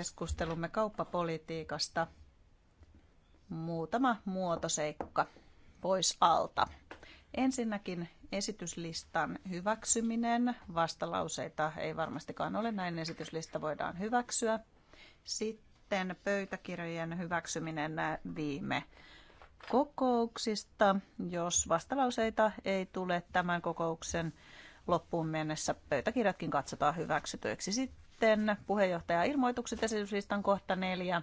keskustelumme kauppapolitiikasta muutama muotoseikka pois alta. Ensinnäkin esityslistan hyväksyminen. Vastalauseita ei varmastikaan ole, näin esityslista voidaan hyväksyä. Sitten pöytäkirjojen hyväksyminen viime kokouksista. Jos vastalauseita ei tule tämän kokouksen loppuun mennessä, pöytäkirjatkin katsotaan hyväksytyiksi. Sitten sitten puheenjohtaja ilmoitukset esityslistan kohta neljä.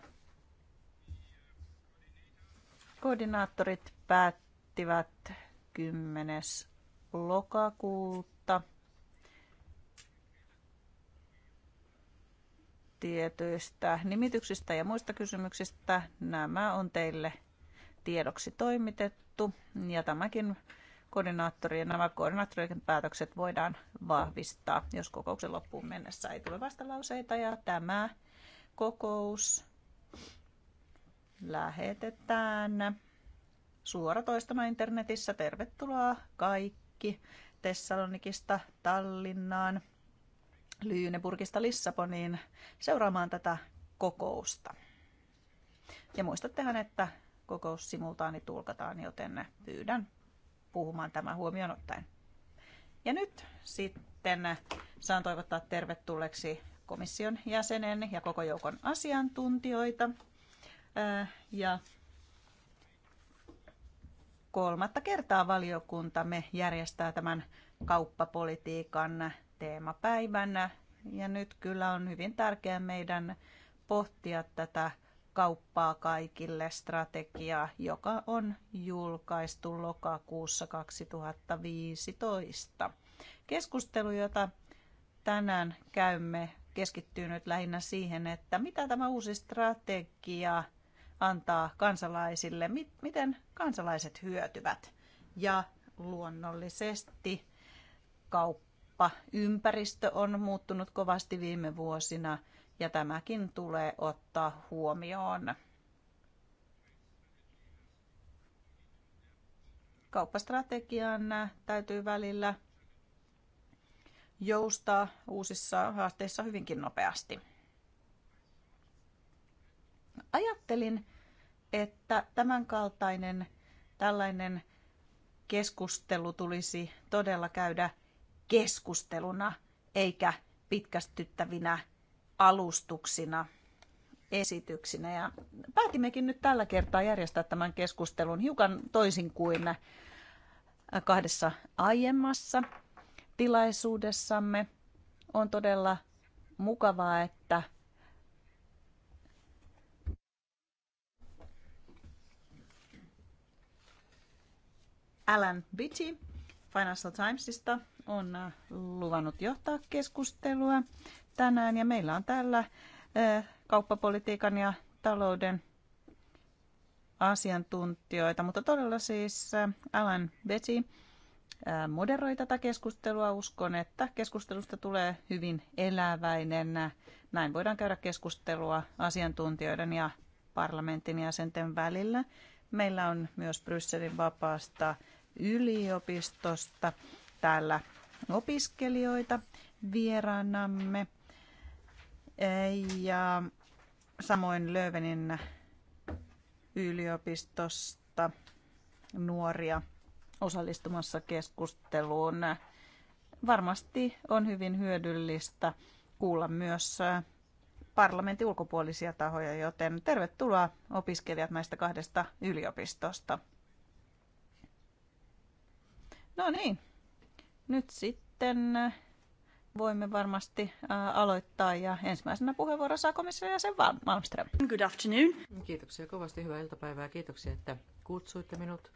Koordinaattorit päättivät 10. lokakuuta tietyistä nimityksistä ja muista kysymyksistä. Nämä on teille tiedoksi toimitettu ja tämäkin koordinaattorien, nämä koordinaattorien päätökset voidaan vahvistaa, jos kokouksen loppuun mennessä ei tule vastalauseita. Ja tämä kokous lähetetään suoratoistona internetissä. Tervetuloa kaikki Tessalonikista Tallinnaan, Lyyneburgista Lissaboniin seuraamaan tätä kokousta. Ja muistattehan, että kokous simultaani tulkataan, joten pyydän puhumaan tämän huomioon ottaen. Ja nyt sitten saan toivottaa tervetulleeksi komission jäsenen ja koko joukon asiantuntijoita. Äh, ja kolmatta kertaa valiokuntamme järjestää tämän kauppapolitiikan teemapäivänä. Ja nyt kyllä on hyvin tärkeää meidän pohtia tätä kauppaa kaikille strategia, joka on julkaistu lokakuussa 2015. Keskustelu, jota tänään käymme, keskittyy nyt lähinnä siihen, että mitä tämä uusi strategia antaa kansalaisille, miten kansalaiset hyötyvät ja luonnollisesti kauppa ympäristö on muuttunut kovasti viime vuosina ja tämäkin tulee ottaa huomioon. Kauppastrategian täytyy välillä joustaa uusissa haasteissa hyvinkin nopeasti. Ajattelin, että tämänkaltainen tällainen keskustelu tulisi todella käydä keskusteluna eikä pitkästyttävinä alustuksina esityksinä. Ja päätimmekin nyt tällä kertaa järjestää tämän keskustelun hiukan toisin kuin äh, kahdessa aiemmassa tilaisuudessamme. On todella mukavaa, että Alan Beatty Financial Timesista on äh, luvannut johtaa keskustelua tänään ja meillä on täällä kauppapolitiikan ja talouden asiantuntijoita, mutta todella siis Alan Betty moderoi tätä keskustelua. Uskon, että keskustelusta tulee hyvin eläväinen. Näin voidaan käydä keskustelua asiantuntijoiden ja parlamentin jäsenten välillä. Meillä on myös Brysselin vapaasta yliopistosta täällä opiskelijoita vieraanamme ja samoin Löövenin yliopistosta nuoria osallistumassa keskusteluun. Varmasti on hyvin hyödyllistä kuulla myös äh, parlamentin ulkopuolisia tahoja, joten tervetuloa opiskelijat näistä kahdesta yliopistosta. No niin, nyt sitten äh, voimme varmasti aloittaa ja ensimmäisenä puheenvuoro saa komissio ja sen Malmström. Good afternoon. Kiitoksia kovasti, hyvää iltapäivää. Kiitoksia, että kutsuitte minut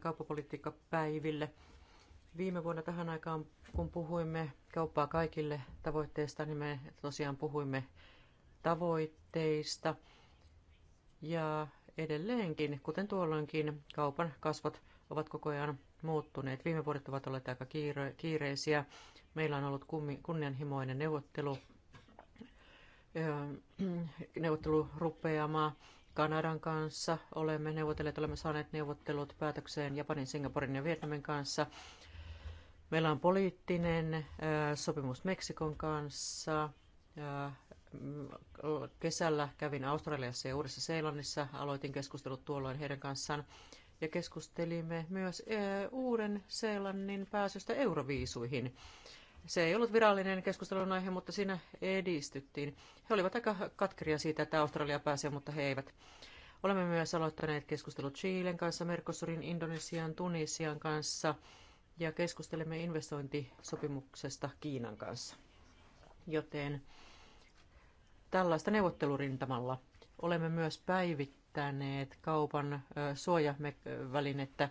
kauppapolitiikkapäiville. Viime vuonna tähän aikaan, kun puhuimme kauppaa kaikille tavoitteista, niin me tosiaan puhuimme tavoitteista. Ja edelleenkin, kuten tuolloinkin, kaupan kasvot ovat koko ajan muuttuneet. Viime vuodet ovat olleet aika kiire- kiireisiä. Meillä on ollut kunnianhimoinen neuvottelu, neuvottelu rupeamaa Kanadan kanssa. Olemme neuvotelleet, olemme saaneet neuvottelut päätökseen Japanin, Singaporen ja Vietnamin kanssa. Meillä on poliittinen sopimus Meksikon kanssa. Kesällä kävin Australiassa ja Uudessa Seelannissa, aloitin keskustelut tuolloin heidän kanssaan ja keskustelimme myös uuden Seelannin pääsystä euroviisuihin. Se ei ollut virallinen keskustelun aihe, mutta siinä edistyttiin. He olivat aika katkeria siitä, että Australia pääsee, mutta he eivät. Olemme myös aloittaneet keskustelut Chilen kanssa, Mercosurin, Indonesian, Tunisian kanssa ja keskustelemme investointisopimuksesta Kiinan kanssa. Joten tällaista neuvottelurintamalla olemme myös päivittäneet kaupan suojavälineitä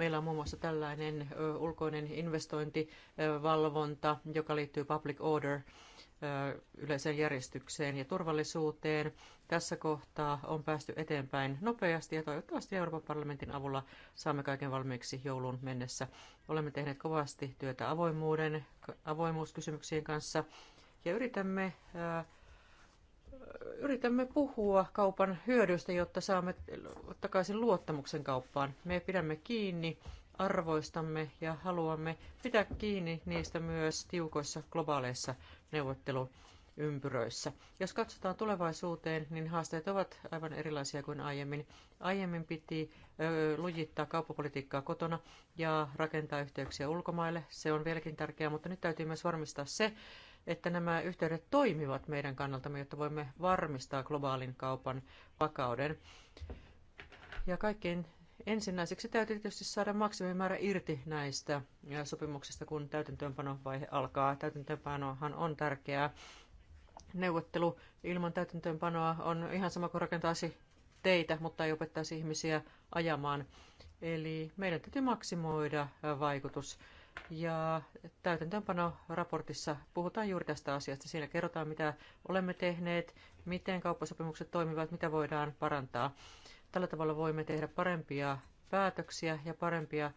Meillä on muun muassa tällainen ulkoinen investointivalvonta, joka liittyy public order yleiseen järjestykseen ja turvallisuuteen. Tässä kohtaa on päästy eteenpäin nopeasti ja toivottavasti Euroopan parlamentin avulla saamme kaiken valmiiksi joulun mennessä. Olemme tehneet kovasti työtä avoimuuden, avoimuuskysymyksien kanssa ja yritämme yritämme puhua kaupan hyödyistä, jotta saamme takaisin luottamuksen kauppaan. Me pidämme kiinni arvoistamme ja haluamme pitää kiinni niistä myös tiukoissa globaaleissa neuvotteluympyröissä. Jos katsotaan tulevaisuuteen, niin haasteet ovat aivan erilaisia kuin aiemmin. Aiemmin piti lujittaa kauppapolitiikkaa kotona ja rakentaa yhteyksiä ulkomaille. Se on vieläkin tärkeää, mutta nyt täytyy myös varmistaa se, että nämä yhteydet toimivat meidän kannaltamme, jotta voimme varmistaa globaalin kaupan vakauden. Ja kaikkein ensinnäiseksi täytyy tietysti saada maksimimäärä irti näistä sopimuksista, kun täytäntöönpanovaihe alkaa. Täytäntöönpanohan on tärkeää. Neuvottelu ilman täytäntöönpanoa on ihan sama kuin rakentaisi teitä, mutta ei opettaisi ihmisiä ajamaan. Eli meidän täytyy maksimoida vaikutus ja raportissa puhutaan juuri tästä asiasta. Siinä kerrotaan, mitä olemme tehneet, miten kauppasopimukset toimivat, mitä voidaan parantaa. Tällä tavalla voimme tehdä parempia päätöksiä ja parempia,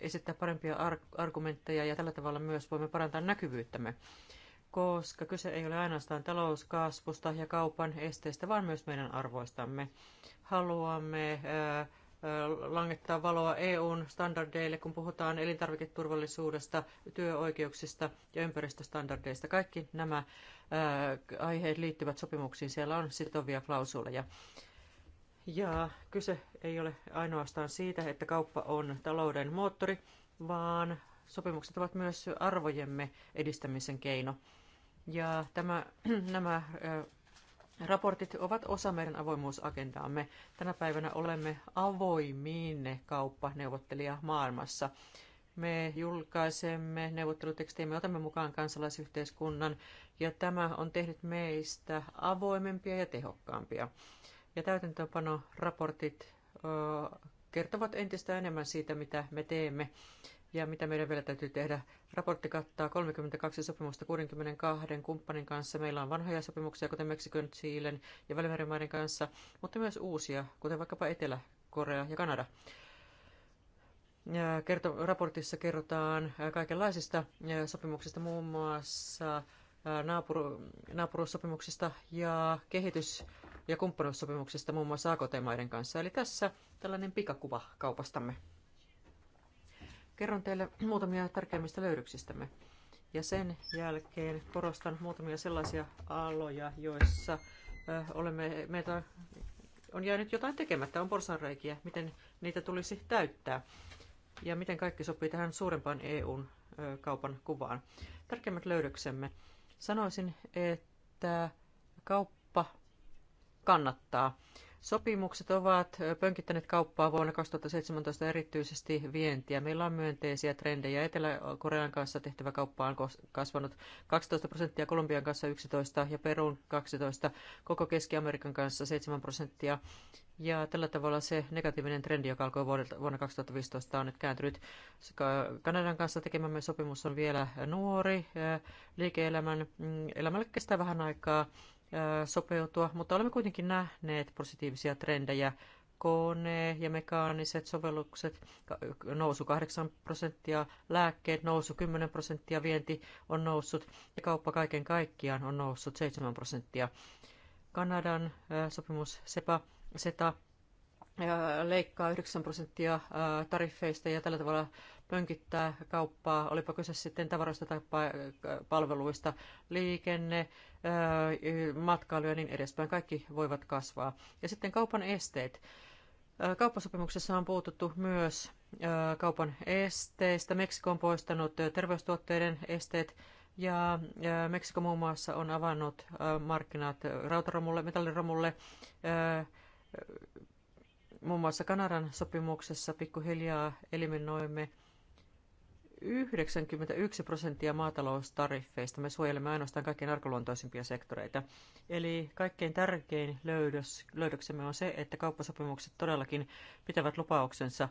esittää parempia argumentteja ja tällä tavalla myös voimme parantaa näkyvyyttämme koska kyse ei ole ainoastaan talouskasvusta ja kaupan esteistä, vaan myös meidän arvoistamme. Haluamme langettaa valoa EUn standardeille, kun puhutaan elintarviketurvallisuudesta, työoikeuksista ja ympäristöstandardeista. Kaikki nämä aiheet liittyvät sopimuksiin. Siellä on sitovia klausuleja. Ja kyse ei ole ainoastaan siitä, että kauppa on talouden moottori, vaan sopimukset ovat myös arvojemme edistämisen keino. Ja tämä, nämä Raportit ovat osa meidän avoimuusagendaamme. Tänä päivänä olemme avoimiin kauppaneuvottelija maailmassa. Me julkaisemme neuvottelutekstejä, me otamme mukaan kansalaisyhteiskunnan ja tämä on tehnyt meistä avoimempia ja tehokkaampia. Ja täytäntöönpanoraportit ö, kertovat entistä enemmän siitä, mitä me teemme ja mitä meidän vielä täytyy tehdä. Raportti kattaa 32 sopimusta 62 kumppanin kanssa. Meillä on vanhoja sopimuksia, kuten Meksikon, Chilen ja Välimerenmaiden kanssa, mutta myös uusia, kuten vaikkapa Etelä-Korea ja Kanada. Kerto, raportissa kerrotaan äh, kaikenlaisista äh, sopimuksista, muun muassa äh, naapur, naapuruussopimuksista ja kehitys- ja kumppanuussopimuksista muun muassa AKT-maiden kanssa. Eli tässä tällainen pikakuva kaupastamme. Kerron teille muutamia tärkeimmistä löydöksistämme. Ja sen jälkeen korostan muutamia sellaisia aloja, joissa olemme, meitä on jäänyt jotain tekemättä, on porsanreikiä, miten niitä tulisi täyttää ja miten kaikki sopii tähän suurempaan EUn kaupan kuvaan. Tärkeimmät löydöksemme. Sanoisin, että kauppa kannattaa. Sopimukset ovat pönkittäneet kauppaa vuonna 2017 erityisesti vientiä. Meillä on myönteisiä trendejä. Etelä-Korean kanssa tehtävä kauppa on kasvanut 12 prosenttia, Kolumbian kanssa 11 ja Perun 12, koko Keski-Amerikan kanssa 7 prosenttia. Ja tällä tavalla se negatiivinen trendi, joka alkoi vuonna 2015, on nyt kääntynyt. Kanadan kanssa tekemämme sopimus on vielä nuori. Liike-elämän elämälle kestää vähän aikaa sopeutua, mutta olemme kuitenkin nähneet positiivisia trendejä. Kone ja mekaaniset sovellukset nousu 8 prosenttia, lääkkeet nousu 10 prosenttia, vienti on noussut ja kauppa kaiken kaikkiaan on noussut 7 prosenttia. Kanadan sopimus SEPA, SETA leikkaa 9 prosenttia tariffeista ja tällä tavalla pönkittää kauppaa, olipa kyse sitten tavaroista tai palveluista, liikenne, matkailu ja niin edespäin. Kaikki voivat kasvaa. Ja sitten kaupan esteet. Kauppasopimuksessa on puututtu myös kaupan esteistä. Meksiko on poistanut terveystuotteiden esteet ja Meksiko muun muassa on avannut markkinat rautaromulle, metalliromulle, muun muassa Kanadan sopimuksessa pikkuhiljaa eliminoimme 91 prosenttia maataloustariffeista. Me suojelemme ainoastaan kaikkein arkaluontoisimpia sektoreita. Eli kaikkein tärkein löydös, löydöksemme on se, että kauppasopimukset todellakin pitävät lupauksensa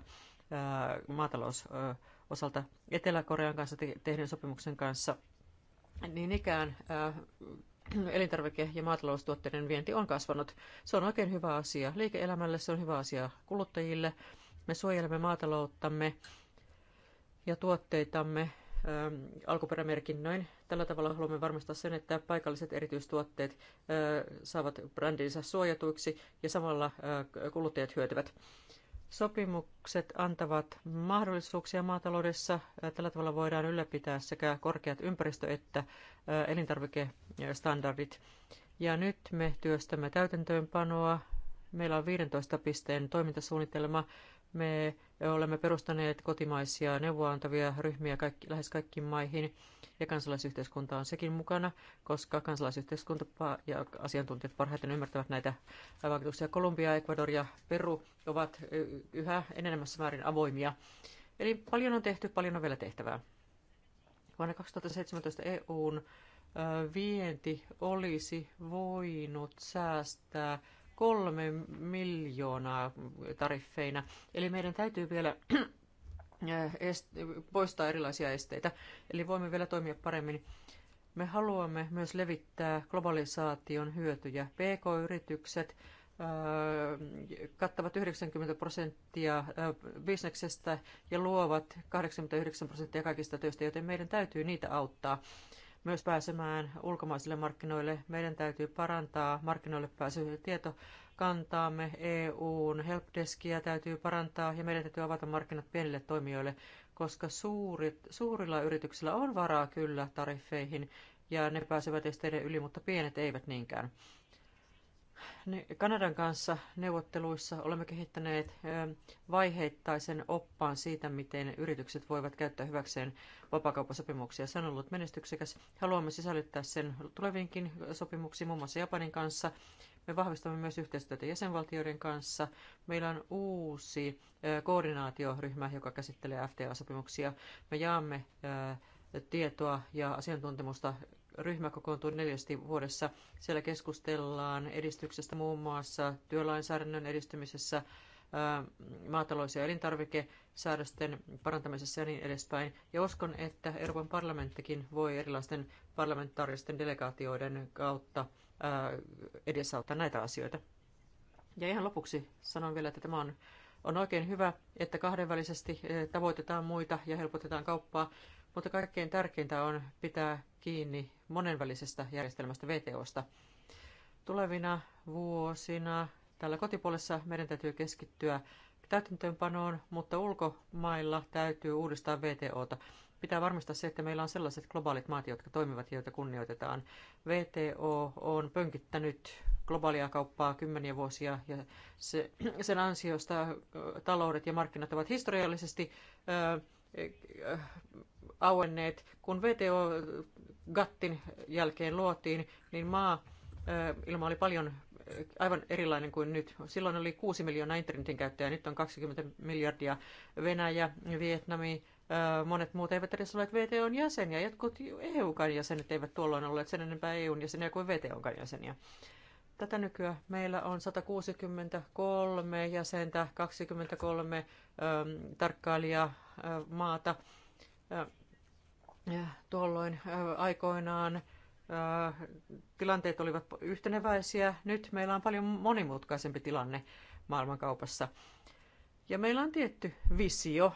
ää, maatalous ää, osalta Etelä-Korean kanssa te- tehdyn sopimuksen kanssa. Niin ikään ää, elintarvike- ja maataloustuotteiden vienti on kasvanut. Se on oikein hyvä asia liike-elämälle, se on hyvä asia kuluttajille. Me suojelemme maatalouttamme ja tuotteitamme ähm, alkuperämerkinnöin. Tällä tavalla haluamme varmistaa sen, että paikalliset erityistuotteet äh, saavat brändinsä suojatuiksi ja samalla äh, kuluttajat hyötyvät. Sopimukset antavat mahdollisuuksia maataloudessa. Tällä tavalla voidaan ylläpitää sekä korkeat ympäristö- että elintarvikestandardit. Ja nyt me työstämme täytäntöönpanoa. Meillä on 15 pisteen toimintasuunnitelma me olemme perustaneet kotimaisia neuvoantavia ryhmiä kaikki, lähes kaikkiin maihin ja kansalaisyhteiskunta on sekin mukana, koska kansalaisyhteiskunta ja asiantuntijat parhaiten ymmärtävät näitä vaikutuksia. Kolumbia, Ecuador ja Peru ovat yhä enenemässä määrin avoimia. Eli paljon on tehty, paljon on vielä tehtävää. Vuonna 2017 EUn vienti olisi voinut säästää kolme miljoonaa tariffeina. Eli meidän täytyy vielä eh, poistaa erilaisia esteitä, eli voimme vielä toimia paremmin. Me haluamme myös levittää globalisaation hyötyjä. PK-yritykset eh, kattavat 90 prosenttia eh, bisneksestä ja luovat 89 prosenttia kaikista töistä, joten meidän täytyy niitä auttaa myös pääsemään ulkomaisille markkinoille. Meidän täytyy parantaa markkinoille pääsyä tietokantaamme, EUn helpdeskiä täytyy parantaa ja meidän täytyy avata markkinat pienille toimijoille, koska suurit, suurilla yrityksillä on varaa kyllä tariffeihin ja ne pääsevät esteiden yli, mutta pienet eivät niinkään. Kanadan kanssa neuvotteluissa olemme kehittäneet vaiheittaisen oppaan siitä, miten yritykset voivat käyttää hyväkseen vapakauppasopimuksia. Se on ollut menestyksekäs. Haluamme sisällyttää sen tuleviinkin sopimuksiin, muun muassa Japanin kanssa. Me vahvistamme myös yhteistyötä jäsenvaltioiden kanssa. Meillä on uusi koordinaatioryhmä, joka käsittelee FTA-sopimuksia. Me jaamme tietoa ja asiantuntemusta ryhmä kokoontuu neljästi vuodessa. Siellä keskustellaan edistyksestä muun muassa työlainsäädännön edistymisessä, maatalous- ja elintarvikesäädösten parantamisessa ja niin edespäin. Ja uskon, että Euroopan parlamenttikin voi erilaisten parlamentaaristen delegaatioiden kautta edesauttaa näitä asioita. Ja ihan lopuksi sanon vielä, että tämä on, on oikein hyvä, että kahdenvälisesti tavoitetaan muita ja helpotetaan kauppaa. Mutta kaikkein tärkeintä on pitää kiinni monenvälisestä järjestelmästä VTOsta. Tulevina vuosina täällä kotipuolessa meidän täytyy keskittyä täytäntöönpanoon, mutta ulkomailla täytyy uudistaa VTOta. Pitää varmistaa se, että meillä on sellaiset globaalit maat, jotka toimivat ja joita kunnioitetaan. VTO on pönkittänyt globaalia kauppaa kymmeniä vuosia ja se, sen ansiosta taloudet ja markkinat ovat historiallisesti auenneet. Kun VTO Gattin jälkeen luotiin, niin maa ilma oli paljon aivan erilainen kuin nyt. Silloin oli 6 miljoonaa internetin käyttäjää, nyt on 20 miljardia. Venäjä, Vietnami, monet muut eivät edes ole VTOn jäseniä. Jotkut EU-kan jäsenet eivät tuolloin olleet sen enempää EUn jäseniä kuin VTOnkaan jäseniä. Tätä nykyään meillä on 163 jäsentä, 23 ähm, tarkkailijamaata. Äh, Tuolloin aikoinaan tilanteet olivat yhteneväisiä. Nyt meillä on paljon monimutkaisempi tilanne maailmankaupassa. Ja meillä on tietty visio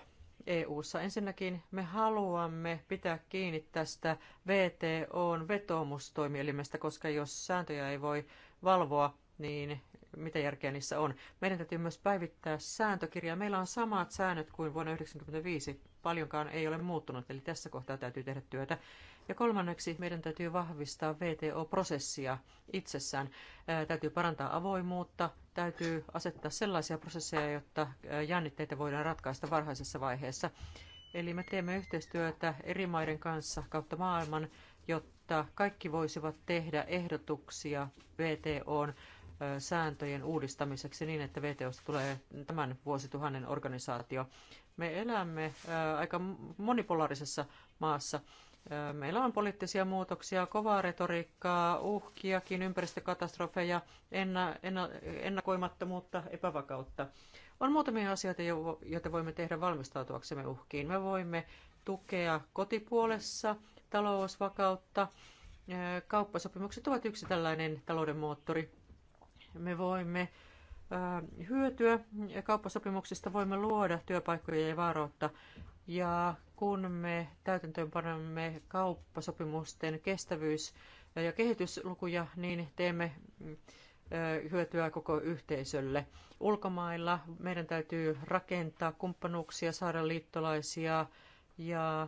EU:ssa. Ensinnäkin me haluamme pitää kiinni tästä VTOn vetoomustoimielimestä, koska jos sääntöjä ei voi valvoa, niin mitä järkeä niissä on. Meidän täytyy myös päivittää sääntökirjaa. Meillä on samat säännöt kuin vuonna 1995 paljonkaan ei ole muuttunut, eli tässä kohtaa täytyy tehdä työtä. Ja kolmanneksi meidän täytyy vahvistaa VTO-prosessia itsessään. Täytyy parantaa avoimuutta, täytyy asettaa sellaisia prosesseja, jotta jännitteitä voidaan ratkaista varhaisessa vaiheessa. Eli me teemme yhteistyötä eri maiden kanssa kautta maailman, jotta kaikki voisivat tehdä ehdotuksia VTOn sääntöjen uudistamiseksi niin, että VTOsta tulee tämän vuosituhannen organisaatio. Me elämme äh, aika monipolarisessa maassa. Äh, meillä on poliittisia muutoksia, kovaa retoriikkaa, uhkiakin, ympäristökatastrofeja, enna, enna, ennakoimattomuutta, epävakautta. On muutamia asioita, joita voimme tehdä valmistautuaksemme uhkiin. Me voimme tukea kotipuolessa talousvakautta. Äh, kauppasopimukset ovat yksi tällainen talouden moottori. Me voimme hyötyä kauppasopimuksista, voimme luoda työpaikkoja ja varoutta. Ja kun me täytäntöönpanemme kauppasopimusten kestävyys- ja kehityslukuja, niin teemme hyötyä koko yhteisölle. Ulkomailla meidän täytyy rakentaa kumppanuuksia, saada liittolaisia ja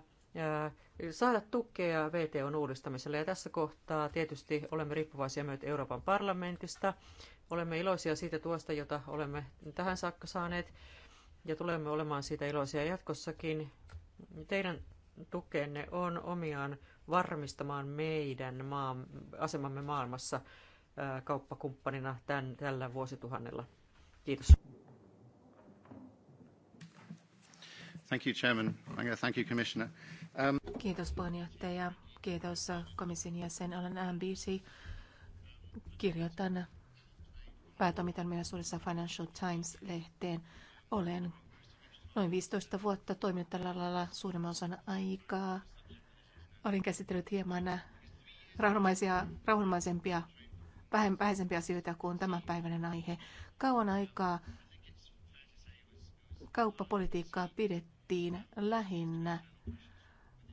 saada tukea VTOn uudistamiselle. Ja tässä kohtaa tietysti olemme riippuvaisia myös Euroopan parlamentista. Olemme iloisia siitä tuosta, jota olemme tähän saakka saaneet, ja tulemme olemaan siitä iloisia jatkossakin. Teidän tukenne on omiaan varmistamaan meidän maa, asemamme maailmassa kauppakumppanina tämän, tällä vuosituhannella. Kiitos. Thank you, Chairman. Thank you, Commissioner. Um... Kiitos puheenjohtaja. Kiitos komission jäsen Alan Ambisi. Kirjoitan suurissa Financial Times-lehteen. Olen noin 15 vuotta toiminut tällä lailla suurimman osan aikaa. Olin käsitellyt hieman rauhanomaisempia, vähäisempiä asioita kuin tämänpäiväinen aihe. Kauan aikaa kauppapolitiikkaa pidettiin lähinnä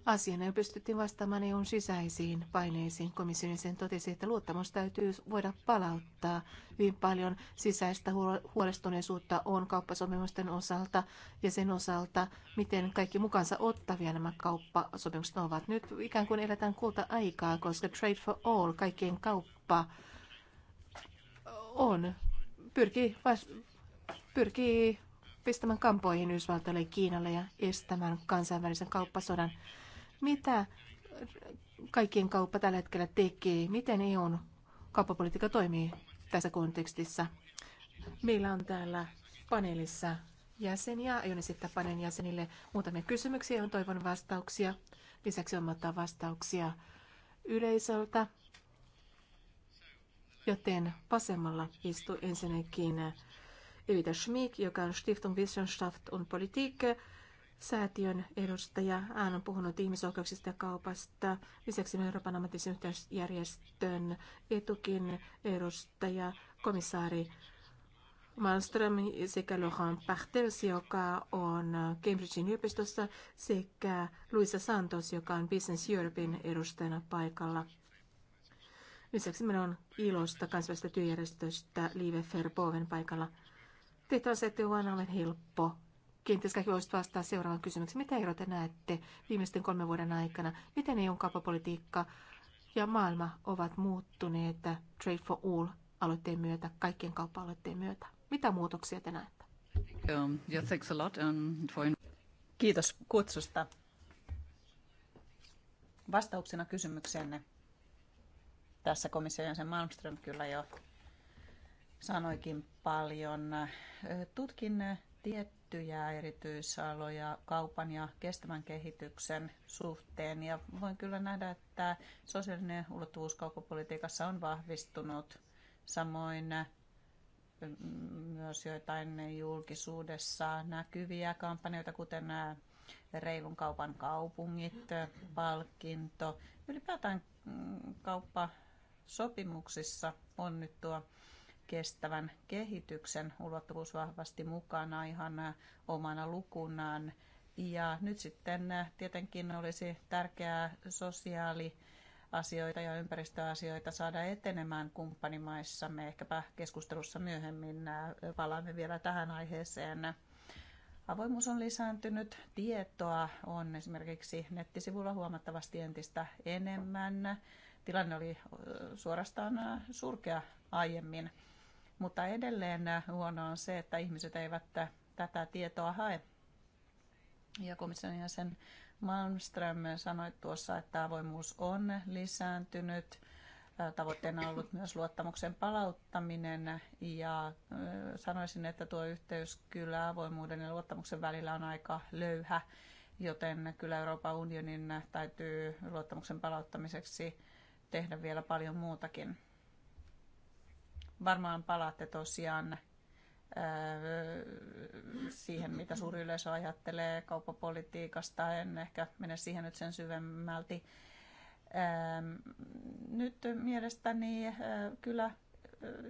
Asian ei pystyttiin vastaamaan EUn sisäisiin paineisiin. Komission sen totesi, että luottamus täytyy voida palauttaa. Hyvin paljon sisäistä huolestuneisuutta on kauppasopimusten osalta ja sen osalta, miten kaikki mukansa ottavia nämä kauppasopimukset ovat. Nyt ikään kuin eletään kulta-aikaa, koska Trade for All, kaikkien kauppa, on, pyrkii, vas, pyrkii pistämään kampoihin Yhdysvaltoille ja Kiinalle ja estämään kansainvälisen kauppasodan mitä kaikkien kauppa tällä hetkellä tekee? Miten EUn kauppapolitiikka toimii tässä kontekstissa? Meillä on täällä paneelissa jäseniä. Aion esittää paneelin jäsenille muutamia kysymyksiä, on toivon vastauksia. Lisäksi on ottaa vastauksia yleisöltä. Joten vasemmalla istuu ensinnäkin Evita Schmick, joka on Stiftung Wissenschaft und Politik säätiön edustaja. Hän on puhunut ihmisoikeuksista ja kaupasta. Lisäksi Euroopan ammatillisen yhteisjärjestön etukin edustaja, komissaari Malmström sekä Lohan Pachtels, joka on Cambridgein yliopistossa, sekä Luisa Santos, joka on Business Europein edustajana paikalla. Lisäksi meillä on ilosta kansainvälisestä työjärjestöstä Live Verboven paikalla. Tehtäväsetti on aivan helppo Kenties kaikki voisit vastaa seuraavan kysymykseen. Mitä eroja näette viimeisten kolmen vuoden aikana? Miten EUn kauppapolitiikka ja maailma ovat muuttuneet Trade for All-aloitteen myötä, kaikkien kauppa-aloitteen myötä? Mitä muutoksia te näette? Um, yeah, thanks a lot, um, for... Kiitos kutsusta. Vastauksena kysymykseenne. Tässä komission jäsen Malmström kyllä jo sanoikin paljon. Tutkin tiet tiettyjä erityisaloja kaupan ja kestävän kehityksen suhteen. Ja voin kyllä nähdä, että sosiaalinen ulottuvuus kauppapolitiikassa on vahvistunut. Samoin äh, myös joitain julkisuudessa näkyviä kampanjoita, kuten nämä äh, reilun kaupan kaupungit, äh, palkinto. Ylipäätään mm, kauppasopimuksissa on nyt tuo kestävän kehityksen ulottuvuus vahvasti mukana ihan äh, omana lukunaan. Ja nyt sitten äh, tietenkin olisi tärkeää sosiaali- asioita ja ympäristöasioita saada etenemään kumppanimaissamme. Ehkäpä keskustelussa myöhemmin äh, palaamme vielä tähän aiheeseen. Avoimuus on lisääntynyt, tietoa on esimerkiksi nettisivulla huomattavasti entistä enemmän. Tilanne oli suorastaan surkea aiemmin. Mutta edelleen äh, huono on se, että ihmiset eivät äh, tätä tietoa hae. Ja komission jäsen Malmström sanoi tuossa, että avoimuus on lisääntynyt. Äh, tavoitteena on ollut myös luottamuksen palauttaminen ja sanoisin, että tuo yhteys kyllä avoimuuden ja luottamuksen välillä on aika löyhä, joten kyllä Euroopan unionin täytyy luottamuksen palauttamiseksi tehdä vielä paljon muutakin varmaan palaatte tosiaan äh, siihen, mitä suuri yleisö ajattelee kauppapolitiikasta. En ehkä mene siihen nyt sen syvemmälti. Ähm, nyt mielestäni äh, kyllä äh,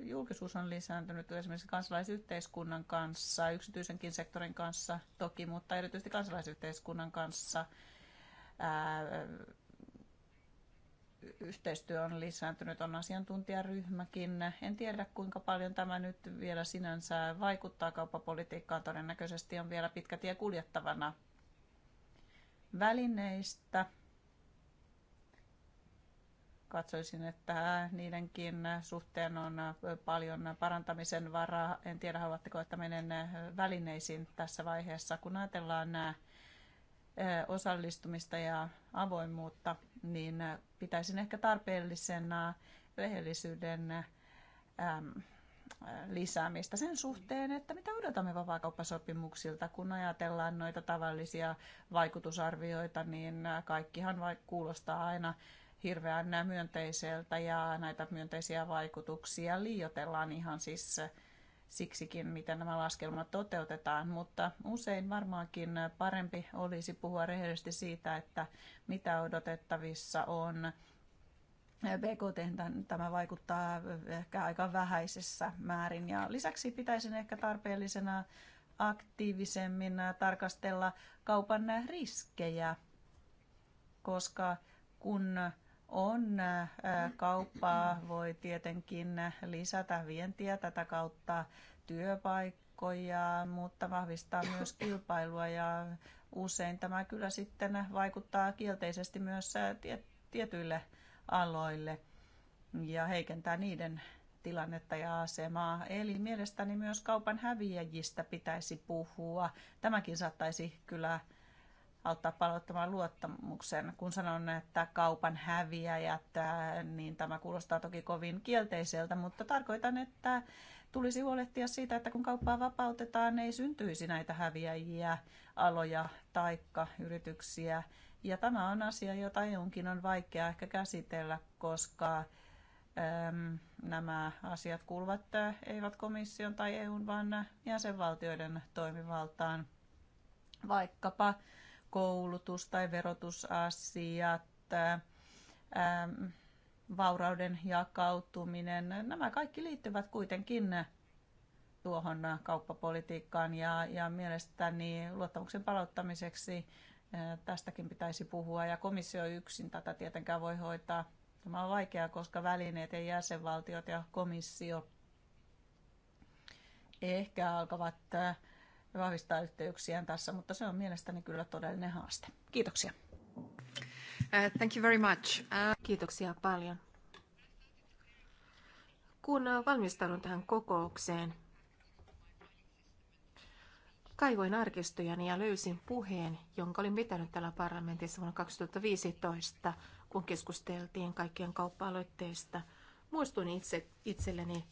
julkisuus on lisääntynyt esimerkiksi kansalaisyhteiskunnan kanssa, yksityisenkin sektorin kanssa toki, mutta erityisesti kansalaisyhteiskunnan kanssa yhteistyö on lisääntynyt, on asiantuntijaryhmäkin. En tiedä, kuinka paljon tämä nyt vielä sinänsä vaikuttaa kauppapolitiikkaan. Todennäköisesti on vielä pitkä tie kuljettavana välineistä. Katsoisin, että niidenkin suhteen on paljon parantamisen varaa. En tiedä, haluatteko, että menen välineisiin tässä vaiheessa. Kun ajatellaan nämä osallistumista ja avoimuutta, niin pitäisin ehkä tarpeellisena rehellisyyden lisäämistä sen suhteen, että mitä odotamme vapaakauppasopimuksilta, kun ajatellaan noita tavallisia vaikutusarvioita, niin kaikkihan vaik- kuulostaa aina hirveän myönteiseltä ja näitä myönteisiä vaikutuksia liioitellaan ihan siis siksikin, miten nämä laskelmat toteutetaan, mutta usein varmaankin parempi olisi puhua rehellisesti siitä, että mitä odotettavissa on. BKT tämä vaikuttaa ehkä aika vähäisessä määrin ja lisäksi pitäisin ehkä tarpeellisena aktiivisemmin tarkastella kaupan riskejä, koska kun on äh, kauppaa, voi tietenkin lisätä vientiä tätä kautta työpaikkoja, mutta vahvistaa myös kilpailua ja usein tämä kyllä sitten vaikuttaa kielteisesti myös äh, tietyille aloille ja heikentää niiden tilannetta ja asemaa. Eli mielestäni myös kaupan häviäjistä pitäisi puhua. Tämäkin saattaisi kyllä auttaa palauttamaan luottamuksen. Kun sanon, että kaupan häviäjät, niin tämä kuulostaa toki kovin kielteiseltä, mutta tarkoitan, että tulisi huolehtia siitä, että kun kauppaa vapautetaan, ei syntyisi näitä häviäjiä, aloja, taikka yrityksiä. Ja tämä on asia, jota EUnkin on vaikea ehkä käsitellä, koska äm, nämä asiat kuuluvat eivät komission tai EUn, vaan jäsenvaltioiden toimivaltaan. Vaikkapa koulutus tai verotusasiat, ähm, vaurauden jakautuminen, nämä kaikki liittyvät kuitenkin tuohon kauppapolitiikkaan ja, ja mielestäni luottamuksen palauttamiseksi äh, tästäkin pitäisi puhua ja komissio yksin tätä tietenkään voi hoitaa. Tämä on vaikeaa, koska välineet ja jäsenvaltiot ja komissio ehkä alkavat äh, vahvistaa yhteyksiään tässä, mutta se on mielestäni kyllä todellinen haaste. Kiitoksia. Uh, thank you very much. Uh... Kiitoksia paljon. Kun valmistaudun tähän kokoukseen, kaivoin arkistojani ja löysin puheen, jonka olin pitänyt täällä parlamentissa vuonna 2015, kun keskusteltiin kaikkien kauppa-aloitteista. Muistuin itse, itselleni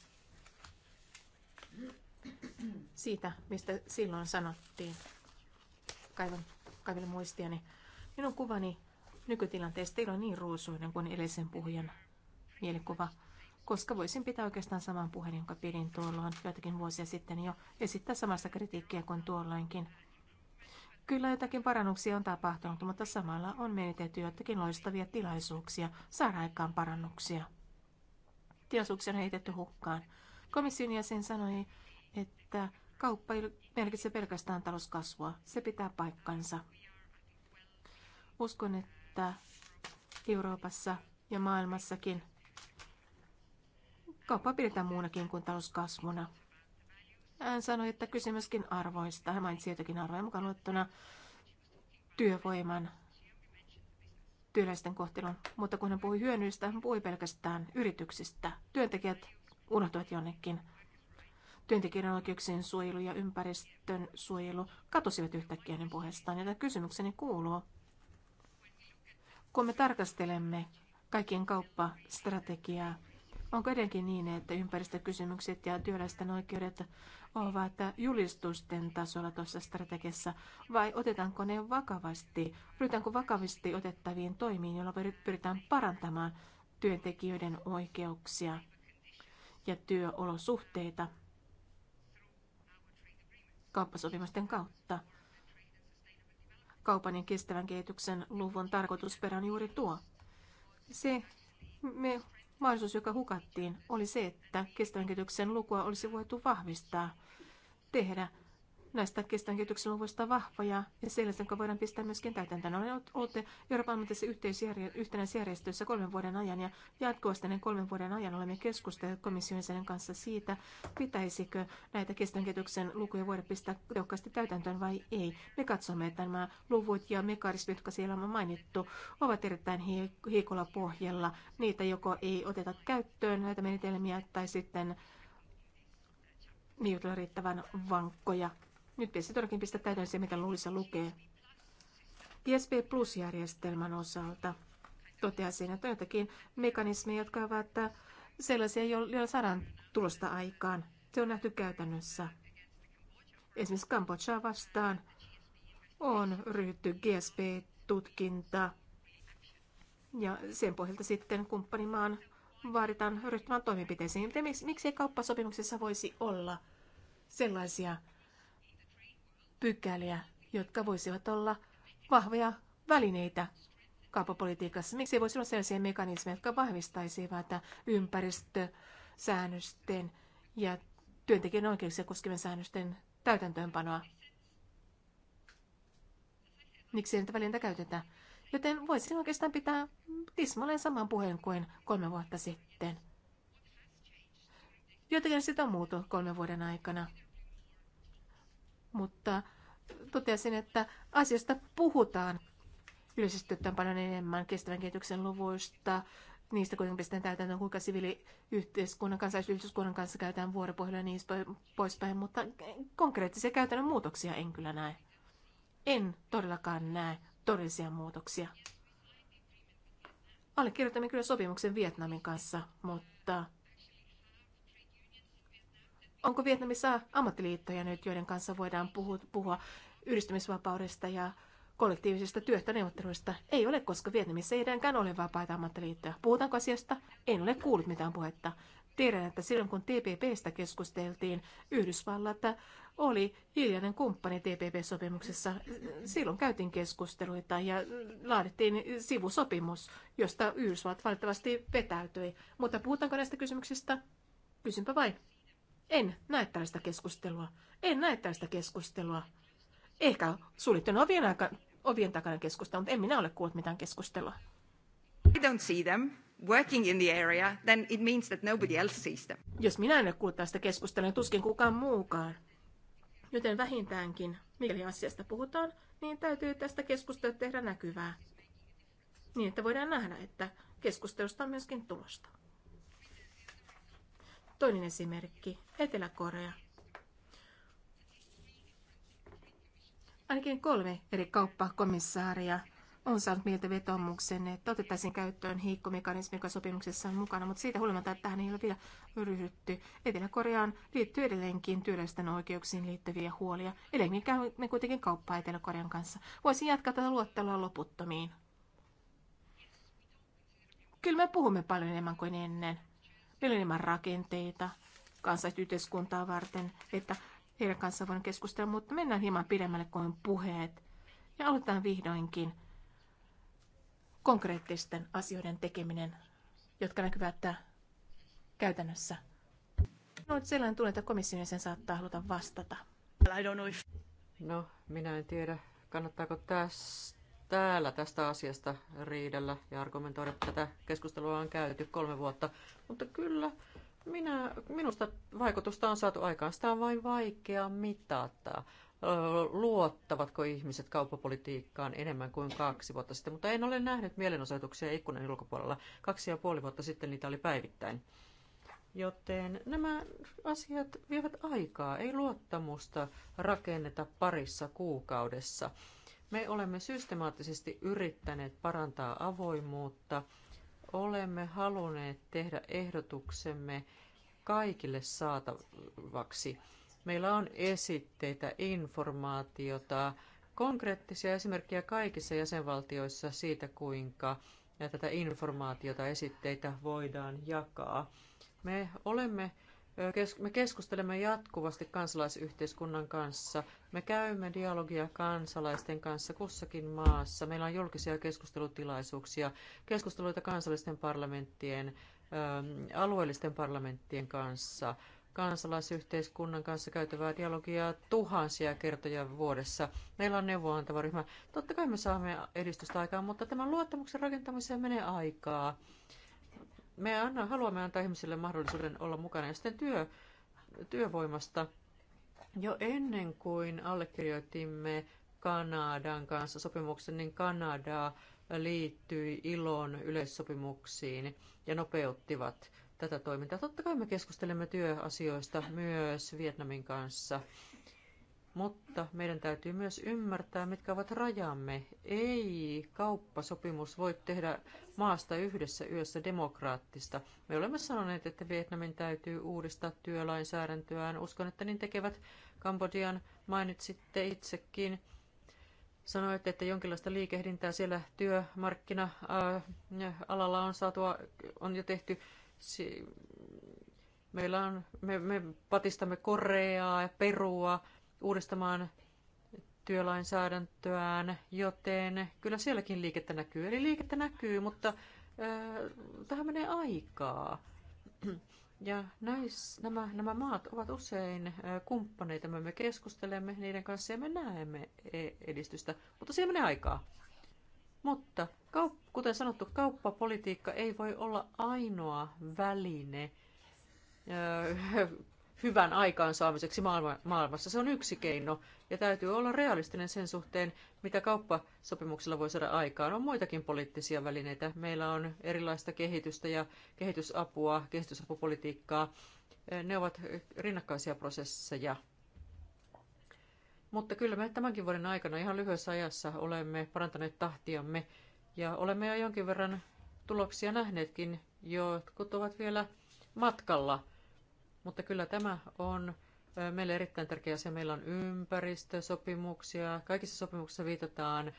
siitä, mistä silloin sanottiin. Kaivan, kaivelen muistiani. Minun kuvani nykytilanteesta ei ole niin ruusuinen kuin edellisen puhujan mielikuva, koska voisin pitää oikeastaan saman puheen, jonka pidin tuolloin joitakin vuosia sitten jo, esittää samasta kritiikkiä kuin tuolloinkin. Kyllä jotakin parannuksia on tapahtunut, mutta samalla on menetetty jotakin loistavia tilaisuuksia saada aikaan parannuksia. Tilaisuuksia on heitetty hukkaan. Komission jäsen sanoi että kauppa ei merkitse pelkästään talouskasvua. Se pitää paikkansa. Uskon, että Euroopassa ja maailmassakin kauppa pidetään muunakin kuin talouskasvuna. Hän sanoi, että kysymyskin arvoista. Hän mainitsi jotakin arvoja mukaan luettuna työvoiman työläisten kohtelun, mutta kun hän puhui hyönyistä, hän puhui pelkästään yrityksistä. Työntekijät unohtuivat jonnekin työntekijöiden oikeuksien suojelu ja ympäristön suojelu katosivat yhtäkkiä hänen puheestaan. Ja kysymykseni kuuluu, kun me tarkastelemme kaikkien kauppastrategiaa, onko edelleenkin niin, että ympäristökysymykset ja työläisten oikeudet ovat julistusten tasolla tuossa strategiassa, vai otetaanko ne vakavasti, ryhdytäänkö vakavasti otettaviin toimiin, joilla pyritään parantamaan työntekijöiden oikeuksia ja työolosuhteita kauppasopimusten kautta. Kaupan ja kestävän kehityksen luvun tarkoitusperä on juuri tuo. Se me, mahdollisuus, joka hukattiin, oli se, että kestävän kehityksen lukua olisi voitu vahvistaa, tehdä näistä kestävän kehityksen luvuista vahvoja ja sellaisia, jotka voidaan pistää myöskin täytäntöön. Olen ollut Euroopan ammatissa yhtenäisjärjestössä kolmen vuoden ajan ja jatkuvasti kolmen vuoden ajan olemme keskustelleet komission kanssa siitä, pitäisikö näitä kestävän kehityksen lukuja voida pistää tehokkaasti täytäntöön vai ei. Me katsomme, että nämä luvut ja mekanismit, jotka siellä on mainittu, ovat erittäin heikolla pohjalla. Niitä joko ei oteta käyttöön näitä menetelmiä tai sitten niitä on riittävän vankkoja nyt pitäisi todellakin pistää täytäntöön se, mitä luulissa lukee. GSP Plus-järjestelmän osalta toteaa siinä, että on jotakin mekanismeja, jotka ovat sellaisia, joilla saadaan tulosta aikaan. Se on nähty käytännössä. Esimerkiksi Kambodžaa vastaan on ryhdytty GSP-tutkinta ja sen pohjalta sitten kumppanimaan vaaditaan ryhtymään toimenpiteisiin. miksi, miksi ei kauppasopimuksessa voisi olla sellaisia pykäliä, jotka voisivat olla vahvoja välineitä kauppapolitiikassa. Miksi voisi olla sellaisia mekanismeja, jotka vahvistaisivat ympäristösäännösten ja työntekijän oikeuksia koskevien säännösten täytäntöönpanoa? Miksi niitä välineitä käytetään? Joten voisin oikeastaan pitää tismalleen saman puheen kuin kolme vuotta sitten. Jotenkin sitä on muuttunut kolmen vuoden aikana mutta totesin, että asiasta puhutaan yleisesti ottaen paljon enemmän kestävän kehityksen luvuista, niistä kuitenkin pistetään täytäntöön, kuinka siviiliyhteiskunnan, kansalaisyhteiskunnan kanssa käytetään vuoropuhelua ja niin poispäin, mutta konkreettisia käytännön muutoksia en kyllä näe. En todellakaan näe todellisia muutoksia. Allekirjoitamme kyllä sopimuksen Vietnamin kanssa, mutta Onko Vietnamissa ammattiliittoja nyt, joiden kanssa voidaan puhua, yhdistymisvapaudesta ja kollektiivisesta työtä neuvotteluista? Ei ole, koska Vietnamissa ei edelläkään ole vapaita ammattiliittoja. Puhutaanko asiasta? En ole kuullut mitään puhetta. Tiedän, että silloin kun TPPstä keskusteltiin, Yhdysvallat oli hiljainen kumppani TPP-sopimuksessa. Silloin käytiin keskusteluita ja laadittiin sivusopimus, josta Yhdysvallat valitettavasti vetäytyi. Mutta puhutaanko näistä kysymyksistä? Kysynpä vain. En näe tällaista keskustelua. En näe tällaista keskustelua. Ehkä suljettujen ovien, aika, ovien takana keskustelua, mutta en minä ole kuullut mitään keskustelua. I don't see them working in the area, then it means that nobody else sees them. Jos minä en ole kuullut tästä keskustelua, niin tuskin kukaan muukaan. Joten vähintäänkin, mikäli asiasta puhutaan, niin täytyy tästä keskustelua tehdä näkyvää. Niin, että voidaan nähdä, että keskustelusta on myöskin tulosta. Toinen esimerkki, Etelä-Korea. Ainakin kolme eri kauppakomissaaria on saanut mieltä vetomuksen, että otettaisiin käyttöön hiikkomekanismi, joka sopimuksessa on mukana, mutta siitä huolimatta, että tähän ei ole vielä ryhdytty. Etelä-Koreaan liittyy edelleenkin työläisten oikeuksiin liittyviä huolia. Edelleenkin käymme kuitenkin kauppaa Etelä-Korean kanssa. Voisin jatkaa tätä luottelua loputtomiin. Kyllä me puhumme paljon enemmän kuin ennen. Heillä on enemmän rakenteita kansalaisyhteiskuntaa varten, että heidän kanssaan voin keskustella, mutta mennään hieman pidemmälle kuin puheet. Ja aloitetaan vihdoinkin konkreettisten asioiden tekeminen, jotka näkyvät käytännössä. No, sellainen tunne, että komission sen saattaa haluta vastata. No, minä en tiedä, kannattaako tästä täällä tästä asiasta riidellä ja argumentoida. Tätä keskustelua on käyty kolme vuotta, mutta kyllä minä, minusta vaikutusta on saatu aikaan. Sitä on vain vaikea mitata. Luottavatko ihmiset kauppapolitiikkaan enemmän kuin kaksi vuotta sitten, mutta en ole nähnyt mielenosoituksia ikkunan ulkopuolella. Kaksi ja puoli vuotta sitten niitä oli päivittäin. Joten nämä asiat vievät aikaa, ei luottamusta rakenneta parissa kuukaudessa. Me olemme systemaattisesti yrittäneet parantaa avoimuutta. Olemme halunneet tehdä ehdotuksemme kaikille saatavaksi. Meillä on esitteitä, informaatiota, konkreettisia esimerkkejä kaikissa jäsenvaltioissa siitä, kuinka tätä informaatiota, esitteitä voidaan jakaa. Me olemme me keskustelemme jatkuvasti kansalaisyhteiskunnan kanssa. Me käymme dialogia kansalaisten kanssa kussakin maassa. Meillä on julkisia keskustelutilaisuuksia, keskusteluita kansallisten parlamenttien, alueellisten parlamenttien kanssa, kansalaisyhteiskunnan kanssa käytävää dialogia tuhansia kertoja vuodessa. Meillä on neuvoantava ryhmä. Totta kai me saamme edistystä aikaan, mutta tämän luottamuksen rakentamiseen menee aikaa me anna, haluamme antaa ihmisille mahdollisuuden olla mukana. Ja sitten työ, työvoimasta. Jo ennen kuin allekirjoitimme Kanadan kanssa sopimuksen, niin Kanada liittyi ilon yleissopimuksiin ja nopeuttivat tätä toimintaa. Totta kai me keskustelemme työasioista myös Vietnamin kanssa mutta meidän täytyy myös ymmärtää, mitkä ovat rajamme. Ei kauppasopimus voi tehdä maasta yhdessä yössä demokraattista. Me olemme sanoneet, että Vietnamin täytyy uudistaa työlainsäädäntöään. Uskon, että niin tekevät Kambodian mainitsitte itsekin. Sanoitte, että jonkinlaista liikehdintää siellä työmarkkina-alalla äh, on, saatu on jo tehty. Meillä on, me, me patistamme Koreaa ja Perua uudistamaan työlainsäädäntöään, joten kyllä sielläkin liikettä näkyy. Eli liikettä näkyy, mutta äh, tähän menee aikaa. Ja näis, nämä, nämä maat ovat usein kumppaneita, me keskustelemme niiden kanssa ja me näemme e, edistystä, mutta siihen menee aikaa. Mutta kuten sanottu, kauppapolitiikka ei voi olla ainoa väline hyvän aikaansaamiseksi maailmassa. Se on yksi keino ja täytyy olla realistinen sen suhteen, mitä kauppasopimuksella voi saada aikaan. On muitakin poliittisia välineitä. Meillä on erilaista kehitystä ja kehitysapua, kehitysapupolitiikkaa. Ne ovat rinnakkaisia prosesseja. Mutta kyllä me tämänkin vuoden aikana ihan lyhyessä ajassa olemme parantaneet tahtiamme ja olemme jo jonkin verran tuloksia nähneetkin. Jotkut ovat vielä matkalla – mutta kyllä tämä on meille erittäin tärkeä asia. Meillä on ympäristösopimuksia. Kaikissa sopimuksissa viitataan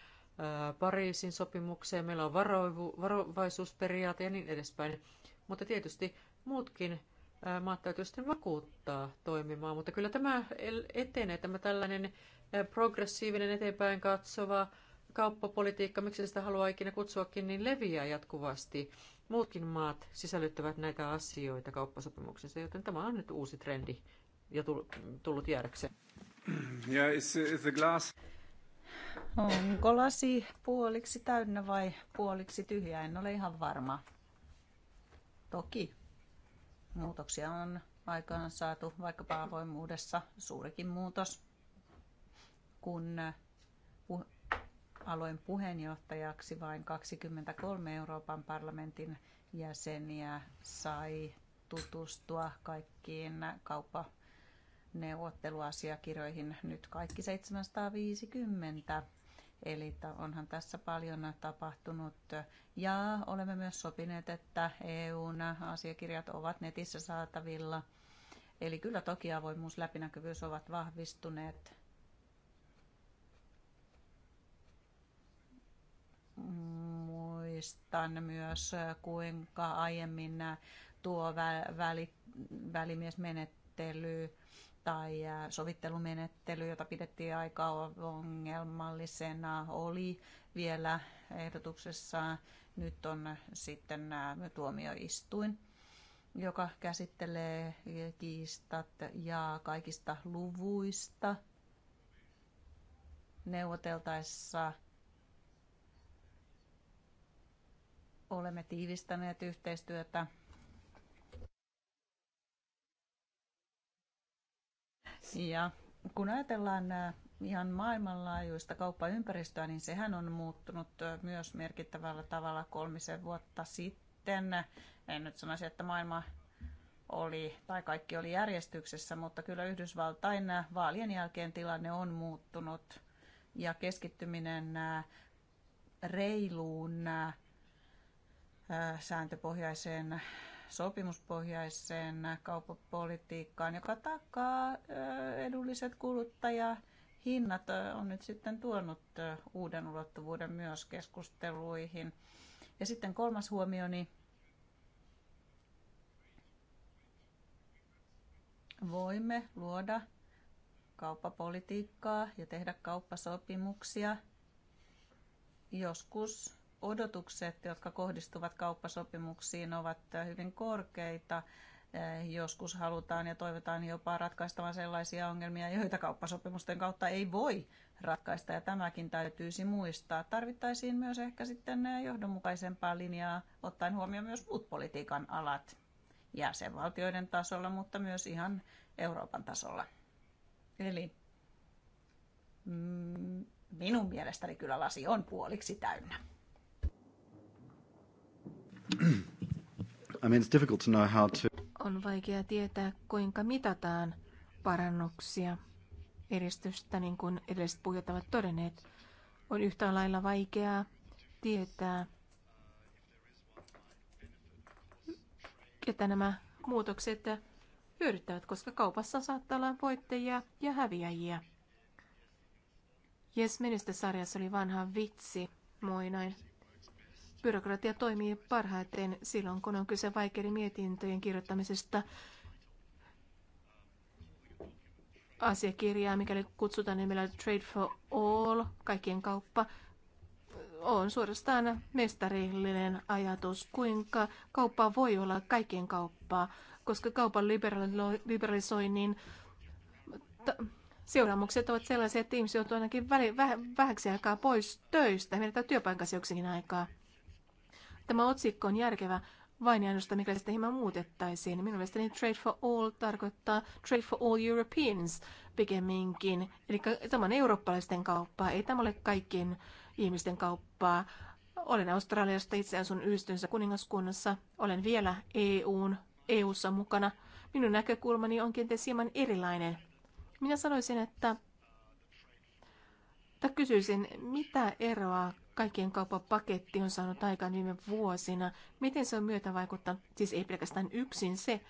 Pariisin sopimukseen. Meillä on varoivu, varovaisuusperiaate ja niin edespäin. Mutta tietysti muutkin maat täytyy sitten vakuuttaa toimimaan. Mutta kyllä tämä etenee, tämä tällainen progressiivinen eteenpäin katsova kauppapolitiikka, miksi sitä haluaa ikinä kutsuakin, niin leviää jatkuvasti muutkin maat sisällyttävät näitä asioita kauppasopimuksensa, joten tämä on nyt uusi trendi ja tullut jäädäkseen. Yeah, it's, it's the glass. Onko lasi puoliksi täynnä vai puoliksi tyhjä? En ole ihan varma. Toki muutoksia on aikaan saatu, vaikkapa avoimuudessa suurikin muutos, kun aloin puheenjohtajaksi, vain 23 Euroopan parlamentin jäseniä sai tutustua kaikkiin kauppaneuvotteluasiakirjoihin nyt kaikki 750. Eli onhan tässä paljon tapahtunut. Ja olemme myös sopineet, että EUn asiakirjat ovat netissä saatavilla. Eli kyllä toki avoimuus, läpinäkyvyys ovat vahvistuneet muistan myös, äh, kuinka aiemmin äh, tuo väli, välimiesmenettely tai äh, sovittelumenettely, jota pidettiin aika ongelmallisena, oli vielä ehdotuksessa. Nyt on sitten tuomioistuin, joka käsittelee kiistat ja kaikista luvuista neuvoteltaessa – olemme tiivistäneet yhteistyötä Ja kun ajatellaan äh, ihan maailmanlaajuista kauppaympäristöä, niin sehän on muuttunut äh, myös merkittävällä tavalla kolmisen vuotta sitten. En nyt sanoisi, että maailma oli tai kaikki oli järjestyksessä, mutta kyllä Yhdysvaltain äh, vaalien jälkeen tilanne on muuttunut ja keskittyminen reiluun sääntöpohjaiseen sopimuspohjaiseen kauppapolitiikkaan, joka takaa edulliset kuluttajahinnat, on nyt sitten tuonut uuden ulottuvuuden myös keskusteluihin. Ja sitten kolmas huomioni niin voimme luoda kauppapolitiikkaa ja tehdä kauppasopimuksia joskus odotukset, jotka kohdistuvat kauppasopimuksiin, ovat hyvin korkeita. Joskus halutaan ja toivotaan jopa ratkaistavan sellaisia ongelmia, joita kauppasopimusten kautta ei voi ratkaista, ja tämäkin täytyisi muistaa. Tarvittaisiin myös ehkä sitten johdonmukaisempaa linjaa, ottaen huomioon myös muut politiikan alat jäsenvaltioiden tasolla, mutta myös ihan Euroopan tasolla. Eli mm, minun mielestäni kyllä lasi on puoliksi täynnä. I mean, it's difficult to know how to... On vaikea tietää, kuinka mitataan parannuksia, edistystä, niin kuin edelliset puhujat ovat todenneet. On yhtä lailla vaikeaa tietää, että nämä muutokset hyödyttävät, koska kaupassa saattaa olla voittajia ja häviäjiä. Yes, sarjassa oli vanha vitsi, moi Byrokratia toimii parhaiten silloin, kun on kyse vaikeiden mietintöjen kirjoittamisesta asiakirjaa, mikäli kutsutaan nimellä Trade for All, kaikkien kauppa, on suorastaan mestarillinen ajatus, kuinka kauppa voi olla kaikkien kauppaa, koska kaupan liberalisoinnin seuraamukset ovat sellaisia, että ihmiset joutuvat ainakin väli, vähäksi aikaa pois töistä, menettää työpaikkansa joksikin aikaa. Tämä otsikko on järkevä vain ja ainoastaan, mikä sitä hieman muutettaisiin. Minun mielestäni Trade for All tarkoittaa Trade for All Europeans pikemminkin. Eli tämä on eurooppalaisten kauppaa, ei tämä ole kaikkien ihmisten kauppaa. Olen Australiasta, itse asun yhdistynsä kuningaskunnassa, olen vielä EUn, EUssa mukana. Minun näkökulmani on kenties hieman erilainen. Minä sanoisin, että, että kysyisin, mitä eroa kaikkien paketti on saanut aikaan viime vuosina. Miten se on myötä vaikuttanut, siis ei pelkästään yksin se,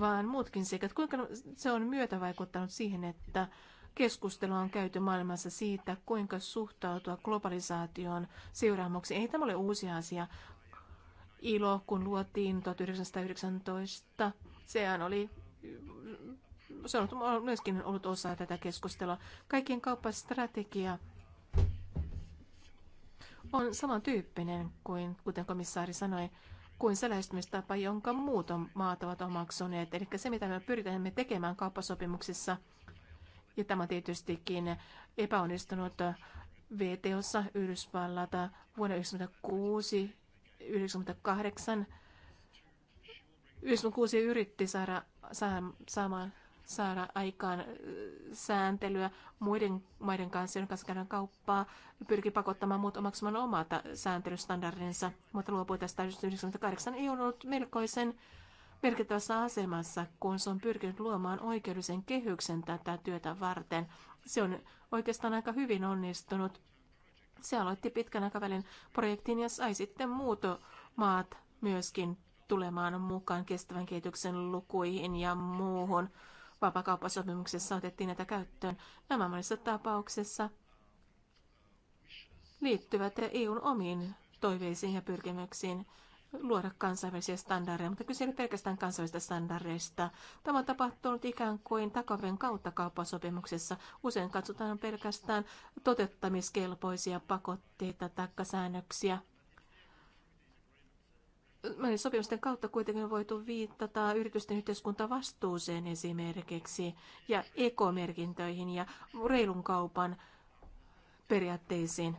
vaan muutkin seikat. Kuinka se on myötä vaikuttanut siihen, että keskustelua on käyty maailmassa siitä, kuinka suhtautua globalisaatioon seuraamuksi. Ei tämä ole uusi asia. ILO, kun luotiin 1919, sehän oli se on myöskin ollut osa tätä keskustelua. Kaikkien kauppastrategia on samantyyppinen kuin, kuten komissaari sanoi, kuin se lähestymistapa, jonka muut on, maat ovat omaksuneet. Eli se, mitä me me tekemään kauppasopimuksissa, ja tämä on tietystikin epäonnistunut VTOssa Yhdysvallat vuonna 1996 1998 1996 yritti saada, saa, saamaan saada aikaan sääntelyä muiden maiden kanssa, joiden kanssa käydään kauppaa, pyrki pakottamaan muut omaksumaan omat sääntelystandardinsa, mutta luopui tästä 1998. Ei ole ollut melkoisen merkittävässä asemassa, kun se on pyrkinyt luomaan oikeudellisen kehyksen tätä työtä varten. Se on oikeastaan aika hyvin onnistunut. Se aloitti pitkän aikavälin projektin ja sai sitten muut maat myöskin tulemaan mukaan kestävän kehityksen lukuihin ja muuhun vapakauppasopimuksessa otettiin näitä käyttöön. Nämä monessa tapauksessa liittyvät EUn omiin toiveisiin ja pyrkimyksiin luoda kansainvälisiä standardeja, mutta kyse ei pelkästään kansainvälisistä standardeista. Tämä on tapahtunut ikään kuin takaven kautta kauppasopimuksessa. Usein katsotaan pelkästään toteuttamiskelpoisia pakotteita tai säännöksiä. Näiden sopimusten kautta kuitenkin voitu viittata yritysten yhteiskuntavastuuseen esimerkiksi ja ekomerkintöihin ja reilun kaupan periaatteisiin.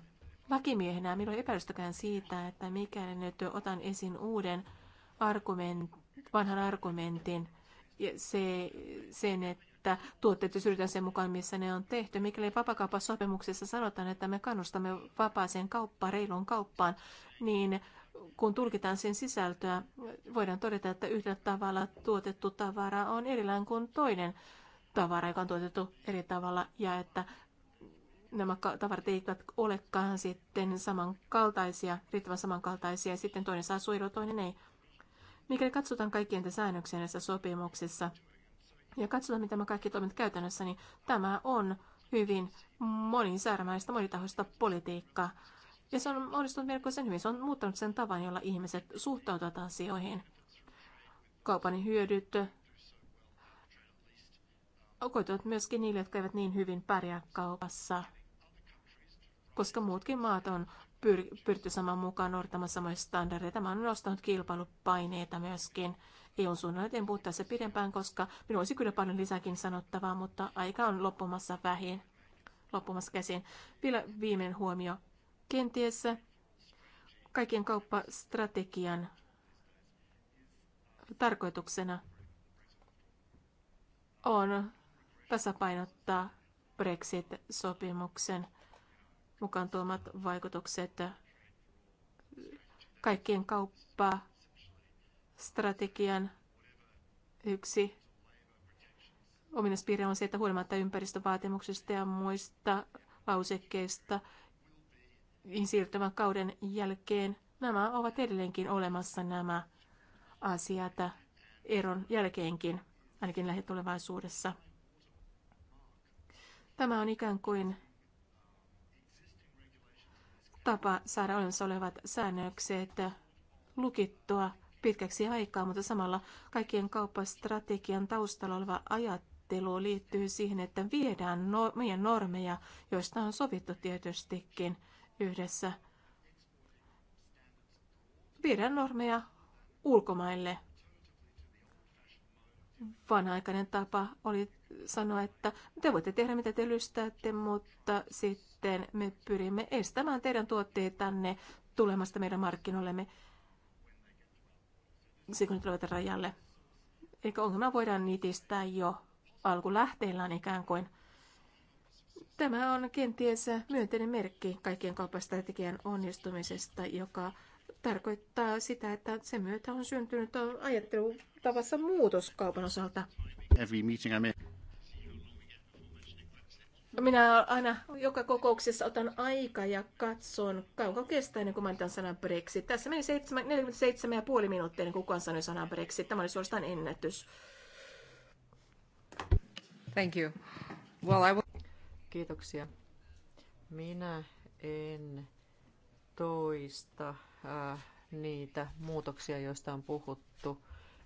Lakimiehenä minulla ei epäilystäkään siitä, että mikäli nyt otan esiin uuden argument, vanhan argumentin ja se, sen, että tuotteet syrjitään sen mukaan, missä ne on tehty. Mikäli sopimuksessa sanotaan, että me kannustamme vapaaseen kauppaan, reiluun kauppaan, niin kun tulkitaan sen sisältöä, voidaan todeta, että yhdellä tavalla tuotettu tavara on erilainen kuin toinen tavara, joka on tuotettu eri tavalla, ja että nämä tavarat eivät olekaan sitten samankaltaisia, riittävän samankaltaisia, ja sitten toinen saa suojelua, toinen ei. Mikäli katsotaan kaikkien te säännöksiä näissä sopimuksissa, ja katsotaan, mitä me kaikki toimit käytännössä, niin tämä on hyvin monisärmäistä, monitahoista politiikkaa. Ja se on onnistunut melkoisen hyvin. Se on muuttanut sen tavan, jolla ihmiset suhtautuvat asioihin. Kaupan hyödyt koituvat myöskin niille, jotka eivät niin hyvin pärjää kaupassa, koska muutkin maat on pyr- pyritty saman mukaan noudattamaan samoja standardeja. Tämä on nostanut kilpailupaineita myöskin EUn suunnalla. En puhu tässä pidempään, koska minulla olisi kyllä paljon lisääkin sanottavaa, mutta aika on loppumassa vähin, loppumassa käsin. Vielä viimeinen huomio Kenties kaiken kauppastrategian tarkoituksena on tasapainottaa Brexit-sopimuksen mukaan tuomat vaikutukset kaikkien kauppaa strategian yksi ominaispiirre on se, että huolimatta ympäristövaatimuksista ja muista lausekkeista niin kauden jälkeen nämä ovat edelleenkin olemassa nämä asiat eron jälkeenkin, ainakin lähitulevaisuudessa. Tämä on ikään kuin tapa saada olemassa olevat säännökset lukittua pitkäksi aikaa, mutta samalla kaikkien kauppastrategian taustalla oleva ajattelu liittyy siihen, että viedään no- meidän normeja, joista on sovittu tietystikin – yhdessä viedään normeja ulkomaille. Vanha-aikainen tapa oli sanoa, että te voitte tehdä mitä te lystäätte, mutta sitten me pyrimme estämään teidän tuotteitanne tulemasta meidän markkinoillemme se, kun tulevat rajalle. Eli ongelma voidaan nitistää jo alkulähteillään ikään kuin. Tämä on kenties myönteinen merkki kaikkien kauppastrategian onnistumisesta, joka tarkoittaa sitä, että sen myötä on syntynyt ajattelutavassa muutos kaupan osalta. Minä aina joka kokouksessa otan aika ja katson, kauanko kestää ennen kuin mä antan sanan Brexit. Tässä meni 47,5 minuuttia ennen kuin kukaan sanoi sanan Brexit. Tämä oli suorastaan ennätys. Thank you. Well, I will... Kiitoksia. Minä en toista äh, niitä muutoksia, joista on puhuttu.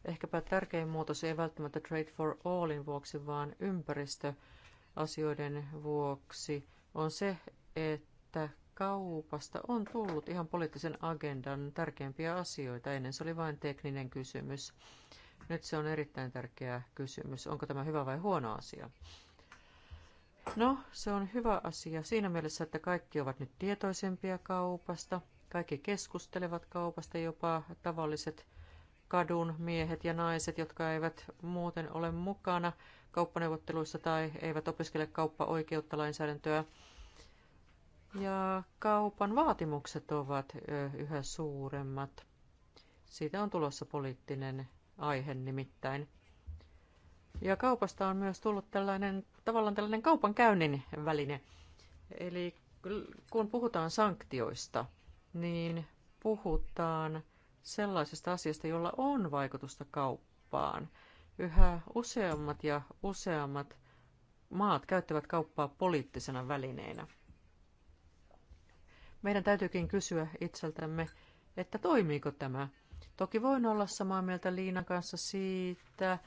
Ehkäpä tärkein muutos ei välttämättä Trade for Allin vuoksi, vaan ympäristöasioiden vuoksi on se, että kaupasta on tullut ihan poliittisen agendan tärkeimpiä asioita. Ennen se oli vain tekninen kysymys. Nyt se on erittäin tärkeä kysymys. Onko tämä hyvä vai huono asia? No, se on hyvä asia siinä mielessä, että kaikki ovat nyt tietoisempia kaupasta. Kaikki keskustelevat kaupasta, jopa tavalliset kadun miehet ja naiset, jotka eivät muuten ole mukana kauppaneuvotteluissa tai eivät opiskele kauppaoikeutta lainsäädäntöä. Ja kaupan vaatimukset ovat yhä suuremmat. Siitä on tulossa poliittinen aihe nimittäin. Ja kaupasta on myös tullut tällainen, tavallaan tällainen kaupankäynnin väline. Eli kun puhutaan sanktioista, niin puhutaan sellaisesta asiasta, jolla on vaikutusta kauppaan. Yhä useammat ja useammat maat käyttävät kauppaa poliittisena välineenä. Meidän täytyykin kysyä itseltämme, että toimiiko tämä. Toki voin olla samaa mieltä Liinan kanssa siitä,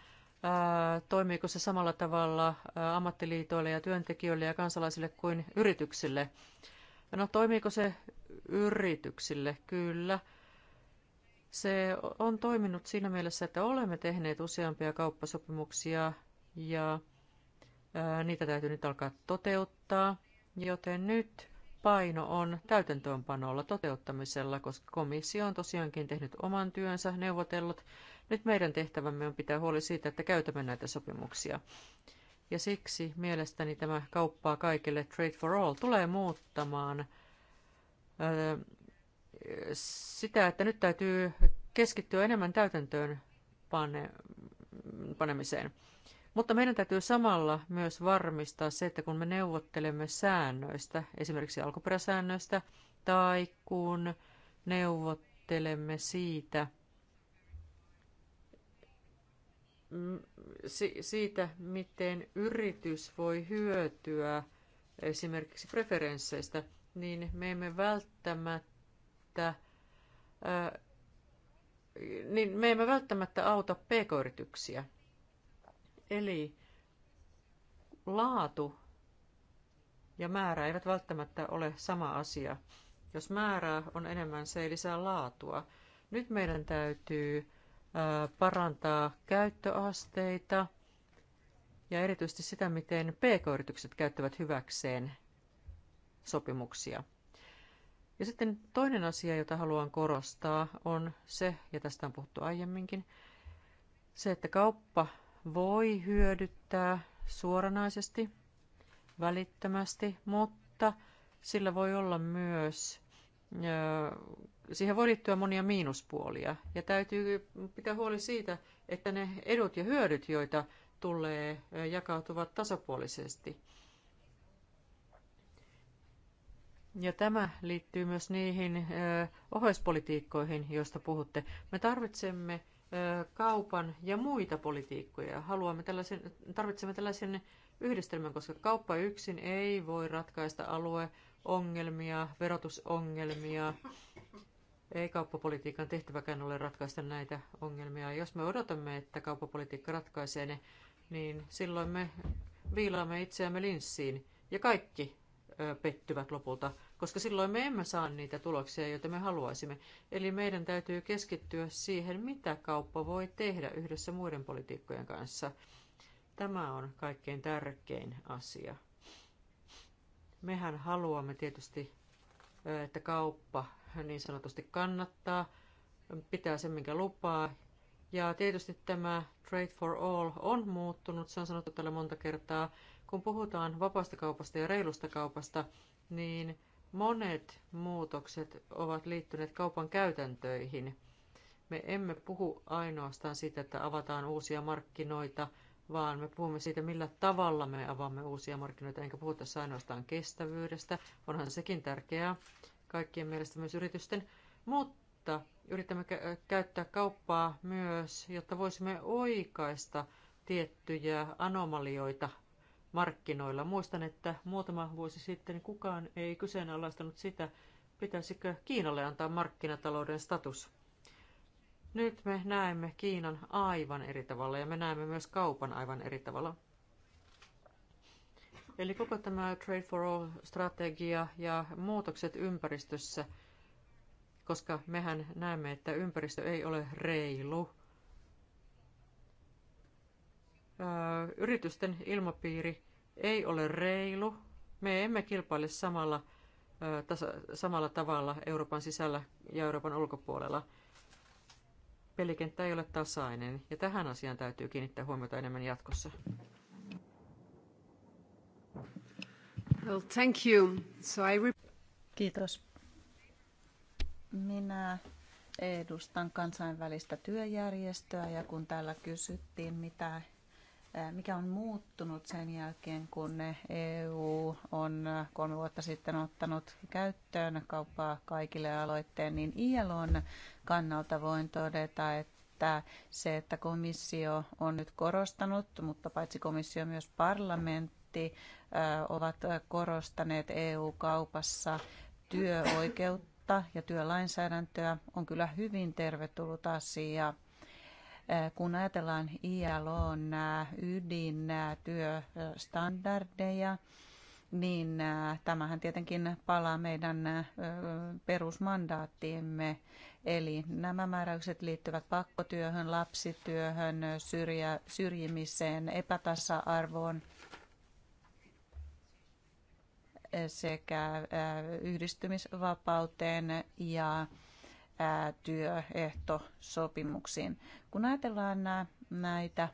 toimiiko se samalla tavalla ammattiliitoille ja työntekijöille ja kansalaisille kuin yrityksille. No toimiiko se yrityksille? Kyllä. Se on toiminut siinä mielessä, että olemme tehneet useampia kauppasopimuksia ja niitä täytyy nyt alkaa toteuttaa, joten nyt paino on täytäntöönpanolla toteuttamisella, koska komissio on tosiaankin tehnyt oman työnsä, neuvotellut nyt meidän tehtävämme on pitää huoli siitä, että käytämme näitä sopimuksia. Ja siksi mielestäni tämä kauppaa kaikille Trade for All tulee muuttamaan sitä, että nyt täytyy keskittyä enemmän täytäntöön pane, panemiseen. Mutta meidän täytyy samalla myös varmistaa se, että kun me neuvottelemme säännöistä, esimerkiksi alkuperäsäännöistä, tai kun neuvottelemme siitä, siitä, miten yritys voi hyötyä esimerkiksi preferensseistä, niin me emme välttämättä ää, niin me emme välttämättä auta pk-yrityksiä. Eli laatu ja määrä eivät välttämättä ole sama asia. Jos määrää on enemmän, se ei lisää laatua. Nyt meidän täytyy parantaa käyttöasteita ja erityisesti sitä, miten pk-yritykset käyttävät hyväkseen sopimuksia. Ja sitten toinen asia, jota haluan korostaa, on se, ja tästä on puhuttu aiemminkin, se, että kauppa voi hyödyttää suoranaisesti, välittömästi, mutta sillä voi olla myös siihen voi liittyä monia miinuspuolia ja täytyy pitää huoli siitä, että ne edut ja hyödyt, joita tulee, jakautuvat tasapuolisesti. Ja tämä liittyy myös niihin ohjauspolitiikkoihin, joista puhutte. Me tarvitsemme kaupan ja muita politiikkoja. Haluamme tällaisen, tarvitsemme tällaisen yhdistelmän, koska kauppa yksin ei voi ratkaista alueongelmia, verotusongelmia, ei kauppapolitiikan tehtäväkään ole ratkaista näitä ongelmia. Jos me odotamme, että kauppapolitiikka ratkaisee ne, niin silloin me viilaamme itseämme linssiin ja kaikki pettyvät lopulta, koska silloin me emme saa niitä tuloksia, joita me haluaisimme. Eli meidän täytyy keskittyä siihen, mitä kauppa voi tehdä yhdessä muiden politiikkojen kanssa. Tämä on kaikkein tärkein asia. Mehän haluamme tietysti että kauppa niin sanotusti kannattaa, pitää sen minkä lupaa. Ja tietysti tämä Trade for All on muuttunut, se on sanottu tällä monta kertaa. Kun puhutaan vapaasta kaupasta ja reilusta kaupasta, niin monet muutokset ovat liittyneet kaupan käytäntöihin. Me emme puhu ainoastaan siitä, että avataan uusia markkinoita – vaan me puhumme siitä, millä tavalla me avaamme uusia markkinoita, enkä puhu tässä ainoastaan kestävyydestä. Onhan sekin tärkeää kaikkien mielestä myös yritysten, mutta yritämme äh, käyttää kauppaa myös, jotta voisimme oikaista tiettyjä anomalioita markkinoilla. Muistan, että muutama vuosi sitten kukaan ei kyseenalaistanut sitä, pitäisikö Kiinalle antaa markkinatalouden status. Nyt me näemme Kiinan aivan eri tavalla ja me näemme myös kaupan aivan eri tavalla. Eli koko tämä Trade for All-strategia ja muutokset ympäristössä, koska mehän näemme, että ympäristö ei ole reilu. Yritysten ilmapiiri ei ole reilu. Me emme kilpaile samalla, samalla tavalla Euroopan sisällä ja Euroopan ulkopuolella pelikenttä ei ole tasainen, ja tähän asiaan täytyy kiinnittää huomiota enemmän jatkossa. Well, thank you. So I... Kiitos. Minä edustan kansainvälistä työjärjestöä ja kun täällä kysyttiin, mitä mikä on muuttunut sen jälkeen, kun EU on kolme vuotta sitten ottanut käyttöön kauppaa kaikille aloitteen, niin ILOn kannalta voin todeta, että se, että komissio on nyt korostanut, mutta paitsi komissio myös parlamentti ovat korostaneet EU-kaupassa työoikeutta ja työlainsäädäntöä, on kyllä hyvin tervetullut asia – kun ajatellaan ILOn ydintyöstandardeja, niin tämähän tietenkin palaa meidän perusmandaattiimme. Eli nämä määräykset liittyvät pakkotyöhön, lapsityöhön, syrjä, syrjimiseen, epätasa-arvoon sekä yhdistymisvapauteen ja työehtosopimuksiin. Kun ajatellaan näitä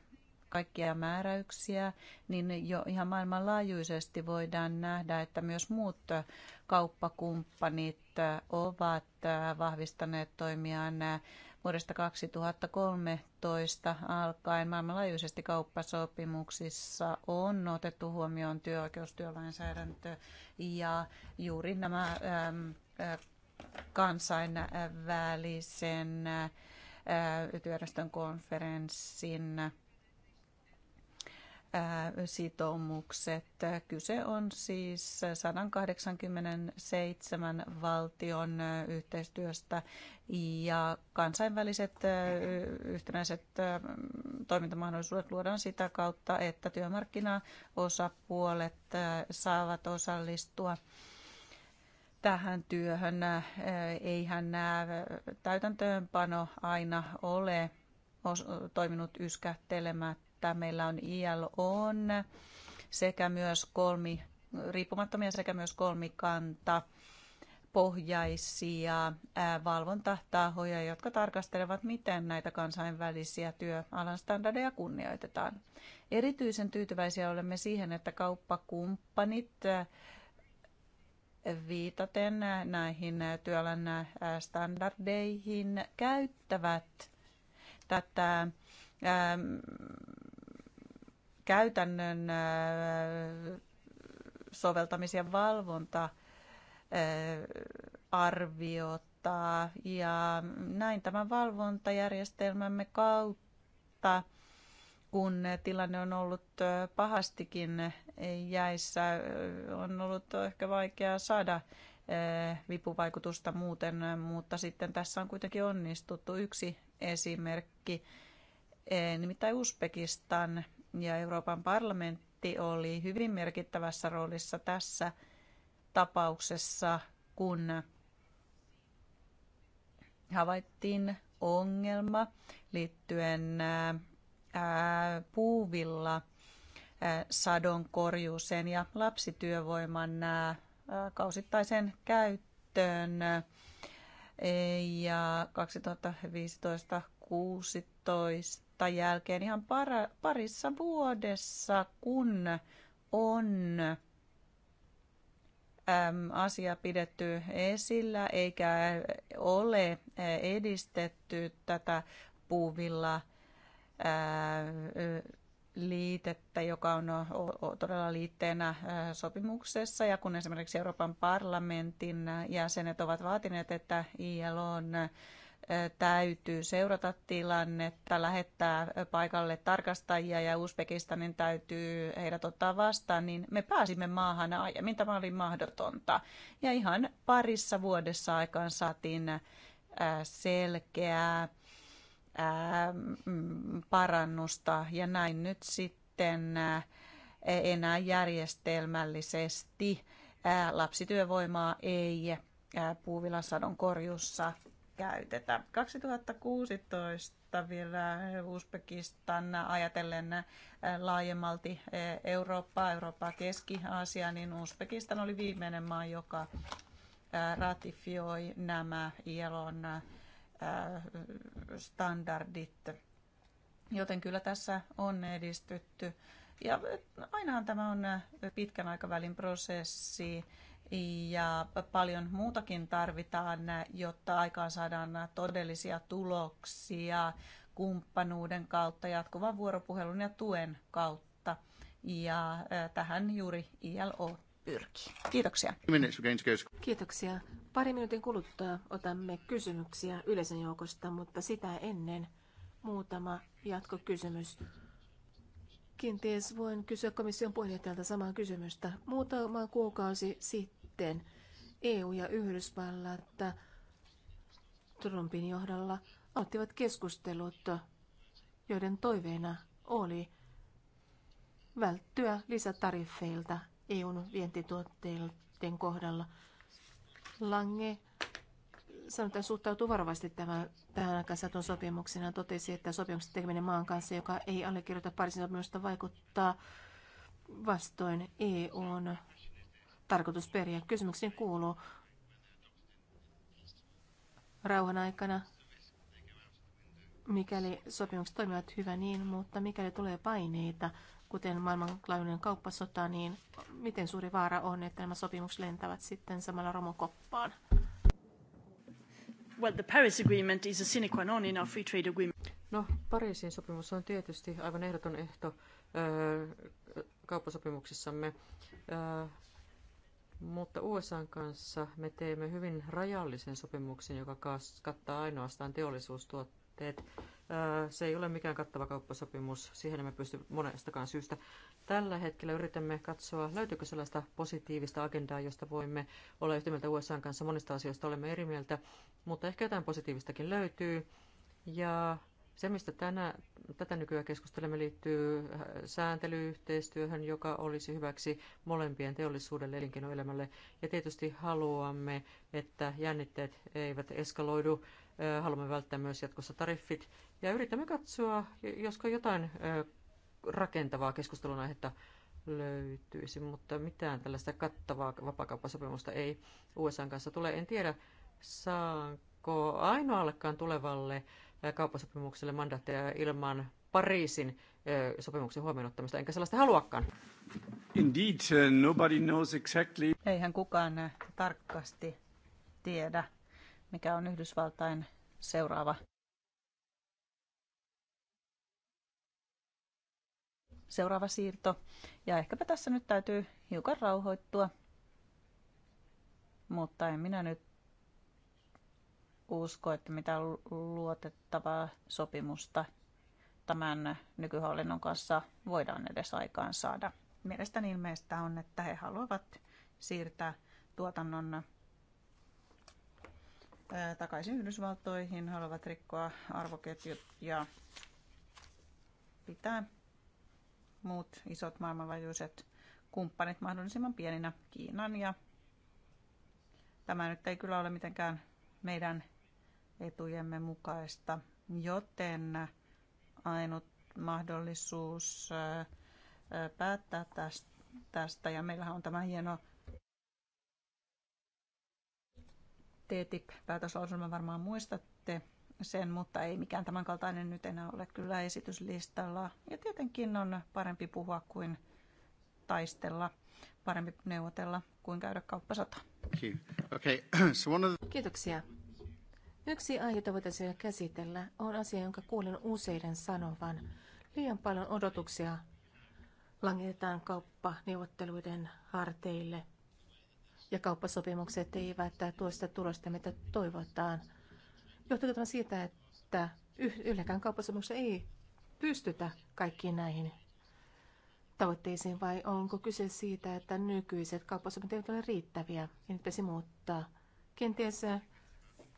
kaikkia määräyksiä, niin jo ihan maailmanlaajuisesti voidaan nähdä, että myös muut kauppakumppanit ovat vahvistaneet toimiaan vuodesta 2013 alkaen. Maailmanlaajuisesti kauppasopimuksissa on otettu huomioon työoikeustyölainsäädäntö ja juuri nämä kansainvälisen äh, työjärjestön konferenssin äh, sitoumukset. Kyse on siis 187 valtion äh, yhteistyöstä ja kansainväliset yhtenäiset toimintamahdollisuudet luodaan sitä kautta, että työmarkkinaosapuolet saavat osallistua tähän työhön. Äh, eihän nämä äh, täytäntöönpano aina ole toiminut yskähtelemättä. Meillä on ILO sekä myös kolmi, riippumattomia sekä myös kolmikanta pohjaisia äh, valvontatahoja, jotka tarkastelevat, miten näitä kansainvälisiä työalan standardeja kunnioitetaan. Erityisen tyytyväisiä olemme siihen, että kauppakumppanit viitaten näihin työalan standardeihin käyttävät tätä ähm, käytännön äh, soveltamis- ja valvonta-arviota. Äh, ja näin tämän valvontajärjestelmämme kautta kun tilanne on ollut pahastikin jäissä, on ollut ehkä vaikea saada vipuvaikutusta muuten, mutta sitten tässä on kuitenkin onnistuttu yksi esimerkki, nimittäin Uzbekistan ja Euroopan parlamentti oli hyvin merkittävässä roolissa tässä tapauksessa, kun havaittiin ongelma liittyen puuvilla sadonkorjuuseen ja lapsityövoiman kausittaisen käyttöön. Ja 2015-2016 jälkeen ihan parissa vuodessa, kun on asia pidetty esillä eikä ole edistetty tätä puuvilla liitettä, joka on todella liitteenä sopimuksessa. Ja kun esimerkiksi Euroopan parlamentin jäsenet ovat vaatineet, että on täytyy seurata tilannetta, lähettää paikalle tarkastajia ja Uzbekistanin täytyy heidät ottaa vastaan, niin me pääsimme maahan aiemmin. Tämä oli mahdotonta. Ja ihan parissa vuodessa aikaan saatiin selkeää Mm, parannusta ja näin nyt sitten e- enää järjestelmällisesti lapsityövoimaa ei puuvilasadon korjussa käytetä. 2016 vielä Uzbekistan ajatellen laajemmalti Eurooppaa, Eurooppaa Keski-Aasia, niin Uzbekistan oli viimeinen maa, joka ratifioi nämä ILOn standardit. Joten kyllä tässä on edistytty. Ja ainahan tämä on pitkän aikavälin prosessi ja paljon muutakin tarvitaan, jotta aikaan saadaan todellisia tuloksia kumppanuuden kautta, jatkuvan vuoropuhelun ja tuen kautta. Ja tähän juuri ILO pyrkii. Kiitoksia. Kiitoksia. Pari minuutin kuluttua otamme kysymyksiä yleisen joukosta, mutta sitä ennen muutama jatkokysymys. Kenties voin kysyä komission puheenjohtajalta samaa kysymystä. Muutama kuukausi sitten EU ja Yhdysvallat Trumpin johdolla ottivat keskustelut, joiden toiveena oli välttyä lisätariffeilta EUn vientituotteiden kohdalla. Lange sanotaan suhtautuu varovasti tämän, tähän aikaan satun sopimuksena. Hän totesi, että sopimuksen tekeminen maan kanssa, joka ei allekirjoita Pariisin sopimusta, vaikuttaa vastoin EUn tarkoitusperiä. Kysymyksiin kuuluu, rauhan aikana, mikäli sopimukset toimivat hyvä niin, mutta mikäli tulee paineita kuten maailmanlaajuinen kauppasota, niin miten suuri vaara on, että nämä sopimukset lentävät sitten samalla romukoppaan? Well, the Paris Agreement is a sine qua non in our free trade agreement. No, Pariisin sopimus on tietysti aivan ehdoton ehto ö, kauppasopimuksissamme, ö, mutta USAn kanssa me teemme hyvin rajallisen sopimuksen, joka kattaa ainoastaan teollisuustuotteita jätteet. Se ei ole mikään kattava kauppasopimus, siihen emme pysty monestakaan syystä. Tällä hetkellä yritämme katsoa, löytyykö sellaista positiivista agendaa, josta voimme olla yhtä mieltä USA kanssa. Monista asioista olemme eri mieltä, mutta ehkä jotain positiivistakin löytyy. Ja se, mistä tänä, tätä nykyään keskustelemme, liittyy sääntelyyhteistyöhön, joka olisi hyväksi molempien teollisuudelle ja elinkeinoelämälle. Ja tietysti haluamme, että jännitteet eivät eskaloidu haluamme välttää myös jatkossa tariffit ja yritämme katsoa, josko jotain rakentavaa keskustelun aihetta löytyisi, mutta mitään tällaista kattavaa vapakauppasopimusta ei USA kanssa tule. En tiedä, saanko ainoallekaan tulevalle kauppasopimukselle mandaatteja ilman Pariisin sopimuksen huomioon ottamista, enkä sellaista haluakaan. Indeed, uh, nobody knows exactly. Eihän kukaan tarkasti tiedä, mikä on Yhdysvaltain seuraava seuraava siirto. Ja ehkäpä tässä nyt täytyy hiukan rauhoittua. Mutta en minä nyt usko, että mitä luotettavaa sopimusta tämän nykyhallinnon kanssa voidaan edes aikaan saada. Mielestäni ilmeistä on, että he haluavat siirtää tuotannon takaisin Yhdysvaltoihin, haluavat rikkoa arvoketjut ja pitää muut isot maailmanlaajuiset kumppanit mahdollisimman pieninä Kiinan ja tämä nyt ei kyllä ole mitenkään meidän etujemme mukaista, joten ainut mahdollisuus päättää tästä, ja meillähän on tämä hieno ttip e päätöslauselma varmaan muistatte sen, mutta ei mikään tämänkaltainen nyt enää ole kyllä esityslistalla. Ja tietenkin on parempi puhua kuin taistella, parempi neuvotella kuin käydä kauppasota. Kiitoksia. Yksi aihe, jota voitaisiin käsitellä, on asia, jonka kuulen useiden sanovan. Liian paljon odotuksia langetetaan kauppaneuvotteluiden harteille ja kauppasopimukset eivät tuosta tulosta, mitä toivotaan. Johtuuko tämä siitä, että yhdelläkään kauppasopimuksessa ei pystytä kaikkiin näihin tavoitteisiin vai onko kyse siitä, että nykyiset kauppasopimukset eivät ole riittäviä ja nyt pitäisi muuttaa? Kenties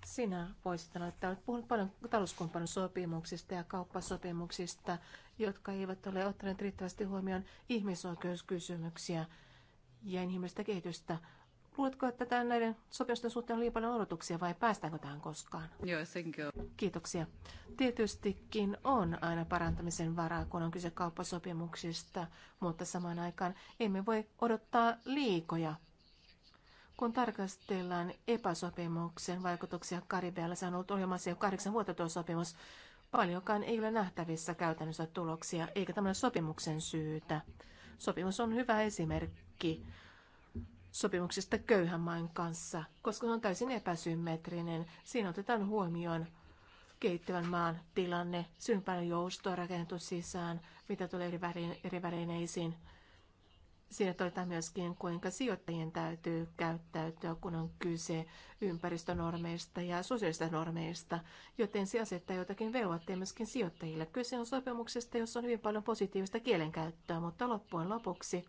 sinä voisit sanoa, että olet puhunut paljon sopimuksista ja kauppasopimuksista, jotka eivät ole ottaneet riittävästi huomioon ihmisoikeuskysymyksiä ja inhimillistä kehitystä. Luuletko, että tämän näiden sopimusten suhteen on liian paljon odotuksia vai päästäänkö tähän koskaan? Joo, thank you. Kiitoksia. Tietystikin on aina parantamisen varaa, kun on kyse kauppasopimuksista, mutta samaan aikaan emme voi odottaa liikoja. Kun tarkastellaan epäsopimuksen vaikutuksia Karibialla, se on ollut ohjelmassa jo kahdeksan vuotta tuo sopimus, paljonkaan ei ole nähtävissä käytännössä tuloksia, eikä tämän sopimuksen syytä. Sopimus on hyvä esimerkki sopimuksesta köyhän maan kanssa, koska se on täysin epäsymmetrinen. Siinä otetaan huomioon kehittyvän maan tilanne, syyn joustoa rakennettu sisään, mitä tulee eri, väri, eri värineisiin. Siinä todetaan myöskin, kuinka sijoittajien täytyy käyttäytyä, kun on kyse ympäristönormeista ja sosiaalista normeista, joten se asettaa jotakin velvoitteita myöskin sijoittajille. Kyse on sopimuksesta, jossa on hyvin paljon positiivista kielenkäyttöä, mutta loppujen lopuksi –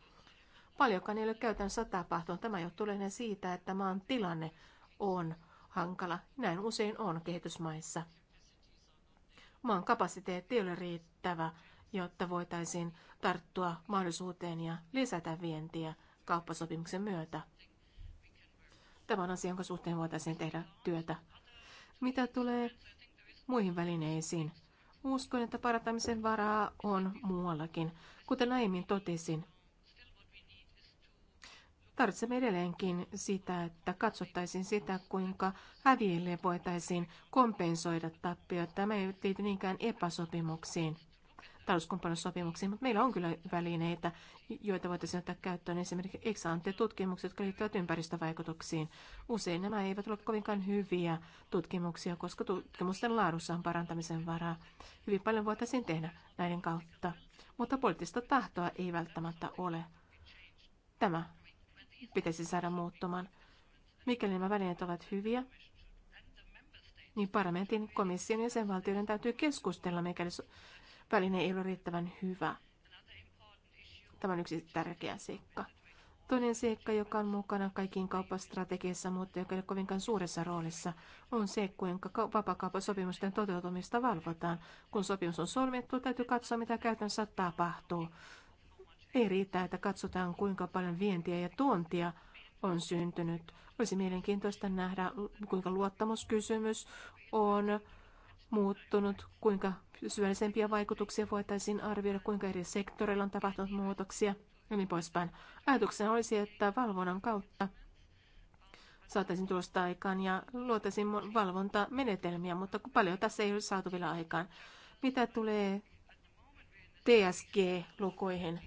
Paljonkaan ei ole käytännössä tapahtunut. Tämä johtuu lähinnä siitä, että maan tilanne on hankala. Näin usein on kehitysmaissa. Maan kapasiteetti ei ole riittävä, jotta voitaisiin tarttua mahdollisuuteen ja lisätä vientiä kauppasopimuksen myötä. Tämän asian jonka suhteen voitaisiin tehdä työtä. Mitä tulee muihin välineisiin? Uskon, että parantamisen varaa on muuallakin. Kuten aiemmin totesin, Tarvitsemme edelleenkin sitä, että katsottaisiin sitä, kuinka häviille voitaisiin kompensoida tappiot. Tämä ei liity niinkään epäsopimuksiin talouskumppanussopimuksiin, mutta meillä on kyllä välineitä, joita voitaisiin ottaa käyttöön. Esimerkiksi ex tutkimukset, jotka liittyvät ympäristövaikutuksiin. Usein nämä eivät ole kovinkaan hyviä tutkimuksia, koska tutkimusten laadussa on parantamisen varaa. Hyvin paljon voitaisiin tehdä näiden kautta, mutta poliittista tahtoa ei välttämättä ole. Tämä pitäisi saada muuttumaan. Mikäli nämä välineet ovat hyviä, niin parlamentin, komission ja sen valtioiden täytyy keskustella, mikäli väline ei ole riittävän hyvä. Tämä on yksi tärkeä seikka. Toinen seikka, joka on mukana kaikkiin kauppastrategiassa, mutta joka ei ole kovinkaan suuressa roolissa, on se, kuinka vapakauppasopimusten toteutumista valvotaan. Kun sopimus on solmittu, täytyy katsoa, mitä käytännössä tapahtuu. Ei riitä, että katsotaan kuinka paljon vientiä ja tuontia on syntynyt. Olisi mielenkiintoista nähdä, kuinka luottamuskysymys on muuttunut, kuinka syvällisempiä vaikutuksia voitaisiin arvioida, kuinka eri sektoreilla on tapahtunut muutoksia ja niin poispäin. Ajatuksena olisi, että valvonnan kautta saataisiin tuosta aikaan ja luotaisiin valvontamenetelmiä, mutta paljon tässä ei ole saatu vielä aikaan. Mitä tulee TSG-lukuihin.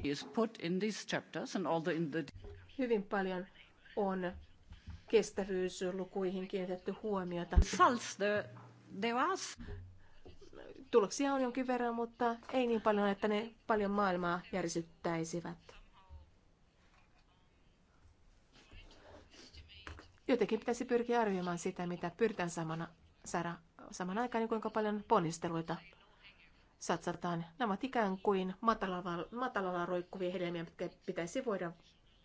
Hyvin paljon on kestävyyslukuihin kiinnitetty huomiota. Tuloksia on jonkin verran, mutta ei niin paljon, että ne paljon maailmaa järsyttäisivät. Jotenkin pitäisi pyrkiä arvioimaan sitä, mitä pyritään samana, saada saman aikaan ja niin kuinka paljon ponnisteluita satsataan. Nämä ovat ikään kuin matalalla, matalalla roikkuvia hedelmiä, jotka pitäisi voida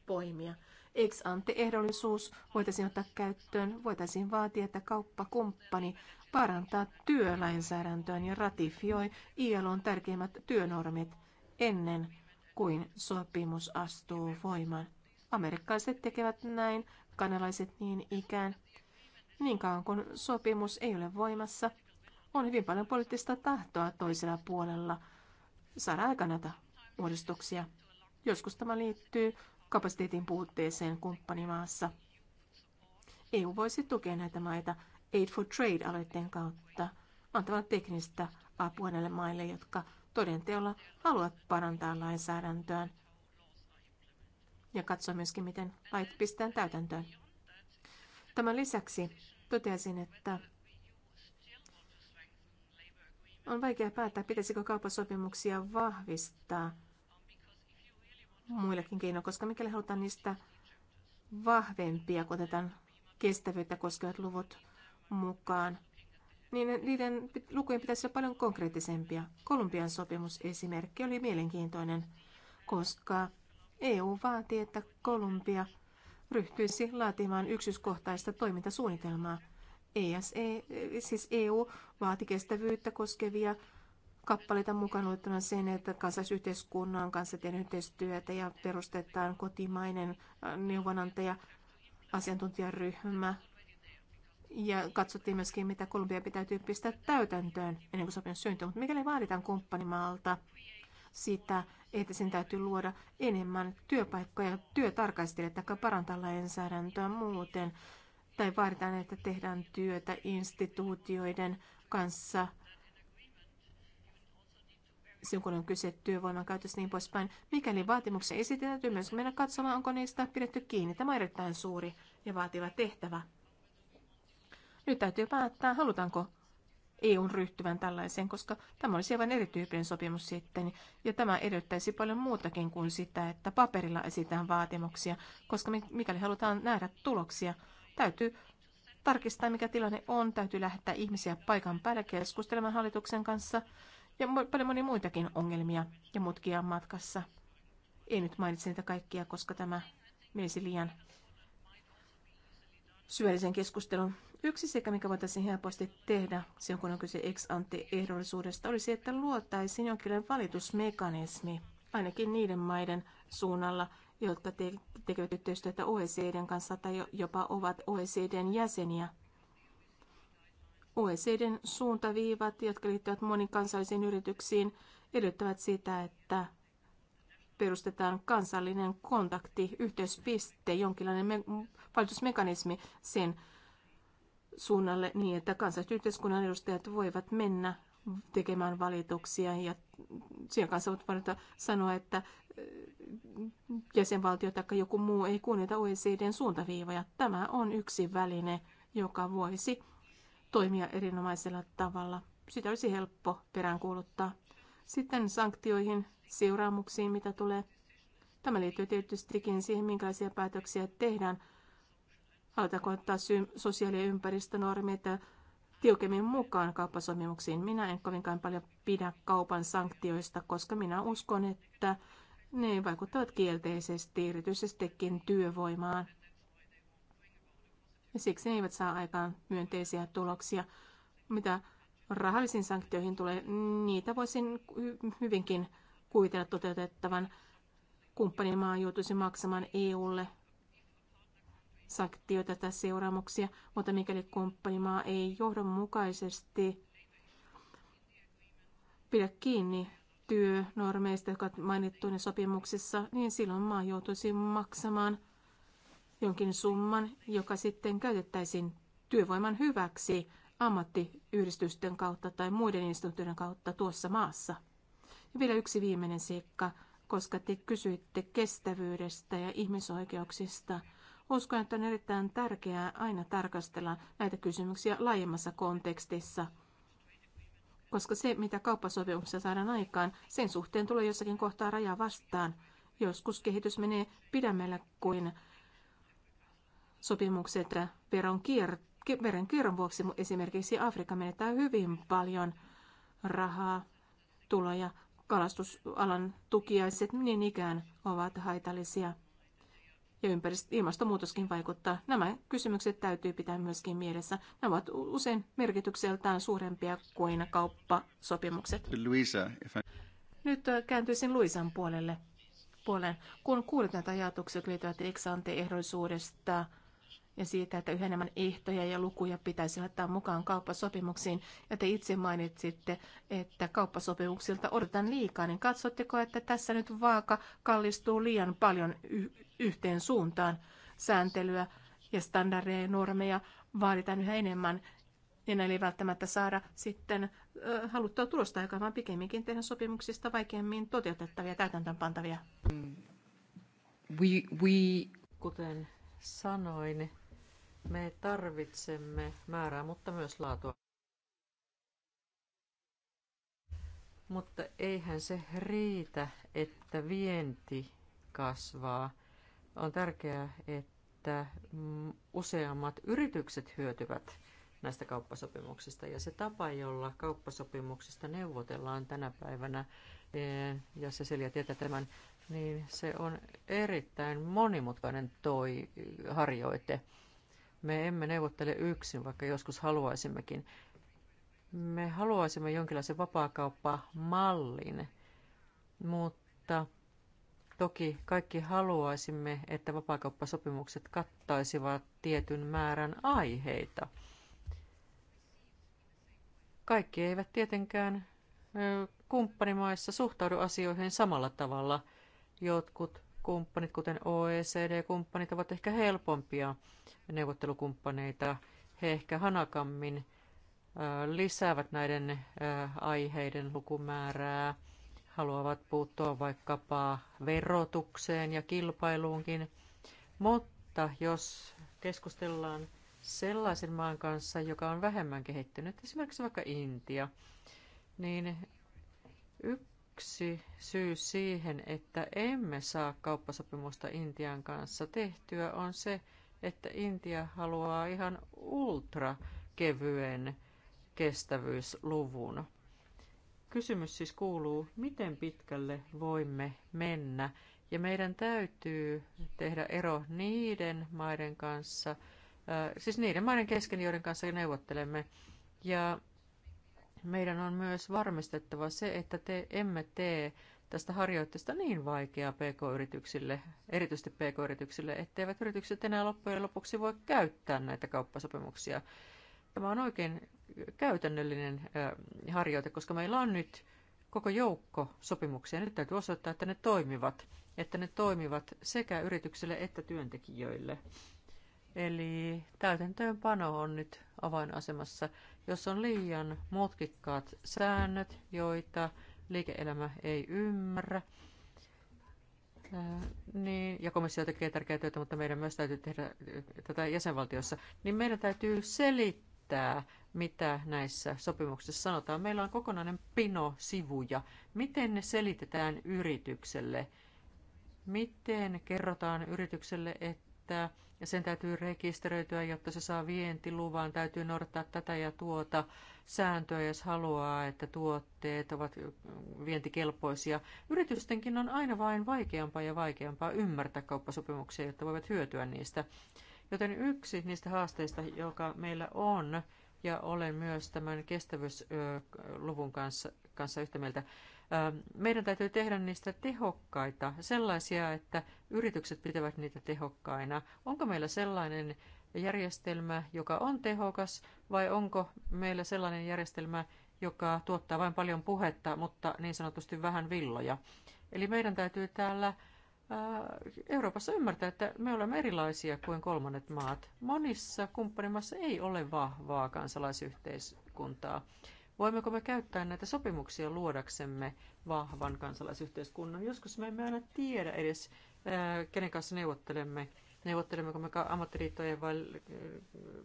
poimia. Ex ante-ehdollisuus voitaisiin ottaa käyttöön. Voitaisiin vaatia, että kauppakumppani parantaa työlainsäädäntöön ja ratifioi ILOn tärkeimmät työnormit ennen kuin sopimus astuu voimaan. Amerikkalaiset tekevät näin, kanalaiset niin ikään. Niin kauan kun sopimus ei ole voimassa, on hyvin paljon poliittista tahtoa toisella puolella saada aikaan näitä uudistuksia. Joskus tämä liittyy kapasiteetin puutteeseen kumppanimaassa. EU voisi tukea näitä maita Aid for Trade-aloitteen kautta antamalla teknistä apua näille maille, jotka todenteolla haluavat parantaa lainsäädäntöään ja katsoa myöskin, miten lait pistetään täytäntöön. Tämän lisäksi toteaisin, että on vaikea päättää, pitäisikö kauppasopimuksia vahvistaa muillakin keinoin, koska mikäli halutaan niistä vahvempia, kun otetaan kestävyyttä koskevat luvut mukaan, niin niiden lukujen pitäisi olla paljon konkreettisempia. Kolumbian sopimusesimerkki oli mielenkiintoinen, koska EU vaatii, että Kolumbia ryhtyisi laatimaan yksityiskohtaista toimintasuunnitelmaa – ESE, e, siis EU vaati kestävyyttä koskevia kappaleita mukaan luettuna sen, että kansalaisyhteiskunnan kanssa tehdään yhteistyötä ja perustetaan kotimainen neuvonantaja asiantuntijaryhmä. Ja katsottiin myöskin, mitä Kolumbia pitäytyy pistää täytäntöön ennen kuin sopimus syntyy. Mutta mikäli vaaditaan kumppanimaalta sitä, että sen täytyy luoda enemmän työpaikkoja työtarkastelijat jotka parantaa lainsäädäntöä muuten, tai vaaditaan, että tehdään työtä instituutioiden kanssa silloin kun on kyse työvoiman käytöstä niin poispäin. Mikäli vaatimuksia esitetään, täytyy myös mennä katsomaan, onko niistä pidetty kiinni. Tämä on erittäin suuri ja vaativa tehtävä. Nyt täytyy päättää, halutaanko EUn ryhtyvän tällaiseen, koska tämä olisi aivan erityyppinen sopimus sitten, ja tämä edellyttäisi paljon muutakin kuin sitä, että paperilla esitään vaatimuksia, koska mikäli halutaan nähdä tuloksia, Täytyy tarkistaa, mikä tilanne on. Täytyy lähettää ihmisiä paikan päälle keskustelemaan hallituksen kanssa ja paljon monia muitakin ongelmia ja mutkia matkassa. Ei nyt mainitse niitä kaikkia, koska tämä menisi liian syvällisen keskustelun. Yksi sekä, mikä voitaisiin helposti tehdä silloin, kun on kyse ex ante ehdollisuudesta, olisi, että luotaisiin jonkinlainen valitusmekanismi, ainakin niiden maiden suunnalla, jotka te- tekevät yhteistyötä OECDn kanssa tai jopa ovat OECDn jäseniä. OECDn suuntaviivat, jotka liittyvät monikansallisiin yrityksiin, edellyttävät sitä, että perustetaan kansallinen kontakti, yhteyspiste, jonkinlainen me- valitusmekanismi sen suunnalle niin, että yhteiskunnan edustajat voivat mennä tekemään valituksia ja sen kanssa voit valita sanoa, että äh, jäsenvaltio tai joku muu ei kunnioita OECDn suuntaviivoja. Tämä on yksi väline, joka voisi toimia erinomaisella tavalla. Sitä olisi helppo peräänkuuluttaa. Sitten sanktioihin, seuraamuksiin, mitä tulee. Tämä liittyy tietystikin siihen, minkälaisia päätöksiä tehdään. Halutaanko ottaa sosiaali- ja ympäristönormit, tiukemmin mukaan kauppasopimuksiin. Minä en kovinkaan paljon pidä kaupan sanktioista, koska minä uskon, että ne vaikuttavat kielteisesti erityisestikin työvoimaan. Ja siksi ne eivät saa aikaan myönteisiä tuloksia. Mitä rahallisiin sanktioihin tulee, niitä voisin hyvinkin kuvitella toteutettavan. Kumppanimaa joutuisi maksamaan EUlle sanktioita tai seuraamuksia, mutta mikäli kumppanimaa ei johdonmukaisesti pidä kiinni työnormeista, jotka on mainittu ne sopimuksissa, niin silloin maa joutuisi maksamaan jonkin summan, joka sitten käytettäisiin työvoiman hyväksi ammattiyhdistysten kautta tai muiden instituutioiden kautta tuossa maassa. Ja vielä yksi viimeinen seikka, koska te kysyitte kestävyydestä ja ihmisoikeuksista – Uskon, että on erittäin tärkeää aina tarkastella näitä kysymyksiä laajemmassa kontekstissa, koska se, mitä kauppasopimuksessa saadaan aikaan, sen suhteen tulee jossakin kohtaa raja vastaan. Joskus kehitys menee pidemmälle kuin sopimukset veron veren kierron vuoksi. Esimerkiksi Afrikka menettää hyvin paljon rahaa, tuloja, kalastusalan tukiaiset niin ikään ovat haitallisia ja ympäristö- ilmastonmuutoskin vaikuttaa. Nämä kysymykset täytyy pitää myöskin mielessä. Nämä ovat usein merkitykseltään suurempia kuin kauppasopimukset. Luisa, I... Nyt äh, kääntyisin Luisan puolelle. Puolen. Kun kuulit näitä ajatuksia, jotka liittyvät ehdollisuudesta ja siitä, että yhä enemmän ehtoja ja lukuja pitäisi laittaa mukaan kauppasopimuksiin. Ja te itse mainitsitte, että kauppasopimuksilta odotan liikaa, niin katsotteko, että tässä nyt vaaka kallistuu liian paljon y- yhteen suuntaan sääntelyä ja standardeja ja normeja vaaditaan yhä enemmän ja näillä ei välttämättä saada sitten haluttua tulosta aikaa, vaan pikemminkin tehdä sopimuksista vaikeammin toteutettavia, täytäntöönpantavia. We, we... Kuten sanoin, me tarvitsemme määrää, mutta myös laatua. Mutta eihän se riitä, että vienti kasvaa. On tärkeää, että useammat yritykset hyötyvät näistä kauppasopimuksista. Ja se tapa, jolla kauppasopimuksista neuvotellaan tänä päivänä, eh, ja Selja tietää tämän, niin se on erittäin monimutkainen toi harjoite. Me emme neuvottele yksin, vaikka joskus haluaisimmekin. Me haluaisimme jonkinlaisen vapaakauppamallin, mutta toki kaikki haluaisimme, että vapaakauppasopimukset kattaisivat tietyn määrän aiheita. Kaikki eivät tietenkään kumppanimaissa suhtaudu asioihin samalla tavalla. Jotkut kumppanit, kuten OECD-kumppanit, ovat ehkä helpompia neuvottelukumppaneita. He ehkä hanakammin lisäävät näiden aiheiden lukumäärää, haluavat puuttua vaikkapa verotukseen ja kilpailuunkin. Mutta jos keskustellaan sellaisen maan kanssa, joka on vähemmän kehittynyt, esimerkiksi vaikka Intia, niin yksi syy siihen, että emme saa kauppasopimusta Intian kanssa tehtyä, on se, että Intia haluaa ihan ultrakevyen kestävyysluvun. Kysymys siis kuuluu, miten pitkälle voimme mennä, ja meidän täytyy tehdä ero niiden maiden kanssa, äh, siis niiden maiden kesken, joiden kanssa neuvottelemme. Ja meidän on myös varmistettava se, että te emme tee tästä harjoitteesta niin vaikeaa pk-yrityksille, erityisesti pk-yrityksille, etteivät yritykset enää loppujen lopuksi voi käyttää näitä kauppasopimuksia. Tämä on oikein käytännöllinen harjoite, koska meillä on nyt koko joukko sopimuksia. Nyt täytyy osoittaa, että ne toimivat, että ne toimivat sekä yrityksille että työntekijöille. Eli täytäntöönpano on nyt avainasemassa. Jos on liian mutkikkaat säännöt, joita liike-elämä ei ymmärrä, niin, ja komissio tekee tärkeää työtä, mutta meidän myös täytyy tehdä tätä jäsenvaltiossa, niin meidän täytyy selittää, mitä näissä sopimuksissa sanotaan. Meillä on kokonainen pino sivuja. Miten ne selitetään yritykselle? Miten kerrotaan yritykselle, että ja sen täytyy rekisteröityä, jotta se saa vientiluvan. Täytyy noudattaa tätä ja tuota sääntöä, jos haluaa, että tuotteet ovat vientikelpoisia. Yritystenkin on aina vain vaikeampaa ja vaikeampaa ymmärtää kauppasopimuksia, jotta voivat hyötyä niistä. Joten yksi niistä haasteista, joka meillä on, ja olen myös tämän kestävyysluvun kanssa, kanssa yhtä mieltä, Ähm, meidän täytyy tehdä niistä tehokkaita, sellaisia, että yritykset pitävät niitä tehokkaina. Onko meillä sellainen järjestelmä, joka on tehokas, vai onko meillä sellainen järjestelmä, joka tuottaa vain paljon puhetta, mutta niin sanotusti vähän villoja? Eli meidän täytyy täällä äh, Euroopassa ymmärtää, että me olemme erilaisia kuin kolmannet maat. Monissa kumppanimassa ei ole vahvaa kansalaisyhteiskuntaa. Voimmeko me käyttää näitä sopimuksia luodaksemme vahvan kansalaisyhteiskunnan? Joskus me emme aina tiedä edes, äh, kenen kanssa neuvottelemme. Neuvottelemmeko me ammattiliittojen vai äh,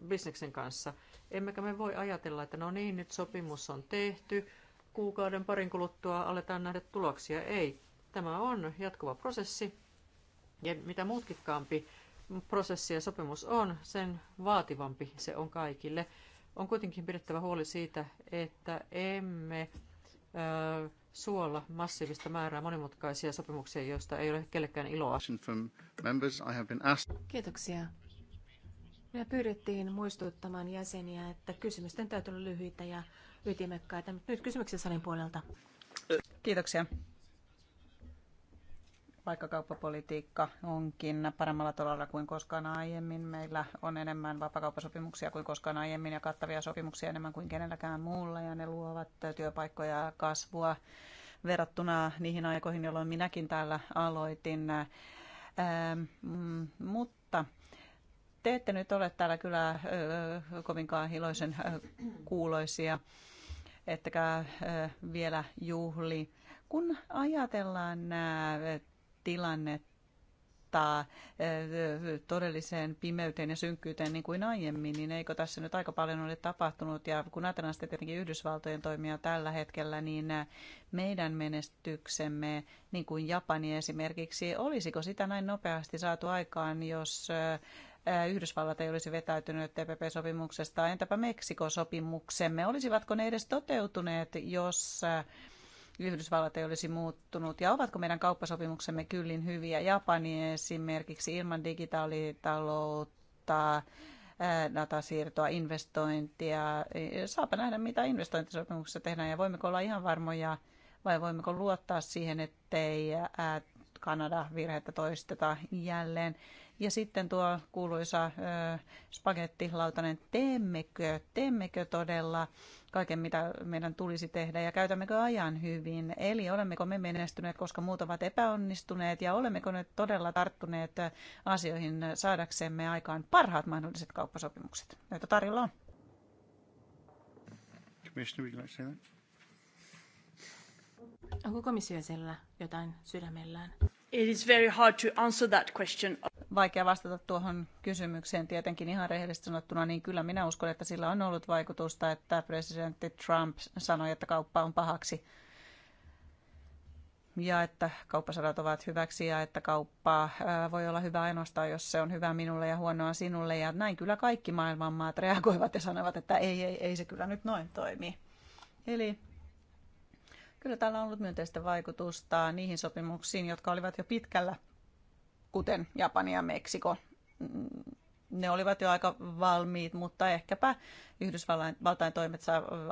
bisneksen kanssa? Emmekä me voi ajatella, että no niin, nyt sopimus on tehty, kuukauden parin kuluttua aletaan nähdä tuloksia. Ei, tämä on jatkuva prosessi. Ja mitä muutkikkaampi prosessi ja sopimus on, sen vaativampi se on kaikille. On kuitenkin pidettävä huoli siitä, että emme ö, suolla massiivista määrää monimutkaisia sopimuksia, joista ei ole kellekään iloa. Kiitoksia. Me pyydettiin muistuttamaan jäseniä, että kysymysten täytyy olla lyhyitä ja ytimekkäitä. Nyt kysymyksiä salin puolelta. Kiitoksia vaikka kauppapolitiikka onkin paremmalla tolalla kuin koskaan aiemmin. Meillä on enemmän vapakauppasopimuksia kuin koskaan aiemmin ja kattavia sopimuksia enemmän kuin kenelläkään muulla ja ne luovat työpaikkoja ja kasvua verrattuna niihin aikoihin, jolloin minäkin täällä aloitin. Ähm, mm, mutta te ette nyt ole täällä kyllä äh, kovinkaan iloisen äh, kuuloisia, ettekä äh, vielä juhli. Kun ajatellaan äh, tilannetta todelliseen pimeyteen ja synkkyyteen niin kuin aiemmin, niin eikö tässä nyt aika paljon ole tapahtunut? Ja kun ajatellaan sitten tietenkin Yhdysvaltojen toimia tällä hetkellä, niin meidän menestyksemme, niin kuin Japani esimerkiksi, olisiko sitä näin nopeasti saatu aikaan, jos Yhdysvallat ei olisi vetäytynyt TPP-sopimuksesta. Entäpä Meksiko-sopimuksemme? Olisivatko ne edes toteutuneet, jos Yhdysvallat ei olisi muuttunut ja ovatko meidän kauppasopimuksemme kyllin hyviä. Japani esimerkiksi ilman digitaalitaloutta, datasiirtoa, investointia. Saapa nähdä, mitä investointisopimuksessa tehdään ja voimmeko olla ihan varmoja vai voimmeko luottaa siihen, ettei Kanada virhettä toisteta jälleen. Ja sitten tuo kuuluisa spagettilautanen, teemmekö, teemmekö todella kaiken, mitä meidän tulisi tehdä ja käytämmekö ajan hyvin. Eli olemmeko me menestyneet, koska muut ovat epäonnistuneet ja olemmeko nyt todella tarttuneet asioihin saadaksemme aikaan parhaat mahdolliset kauppasopimukset, joita tarjolla on. Commissioner, would you like to say that? Onko komissio siellä jotain sydämellään? It is very hard to answer that question. Vaikea vastata tuohon kysymykseen tietenkin ihan rehellisesti sanottuna, niin kyllä minä uskon, että sillä on ollut vaikutusta, että presidentti Trump sanoi, että kauppa on pahaksi ja että kauppasadat ovat hyväksi ja että kauppaa äh, voi olla hyvä ainoastaan, jos se on hyvä minulle ja huonoa sinulle. Ja näin kyllä kaikki maailmanmaat reagoivat ja sanovat, että ei, ei, ei se kyllä nyt noin toimi. Eli Kyllä tällä on ollut myönteistä vaikutusta niihin sopimuksiin, jotka olivat jo pitkällä, kuten Japani ja Meksiko. Mm, ne olivat jo aika valmiit, mutta ehkäpä Yhdysvaltain toimet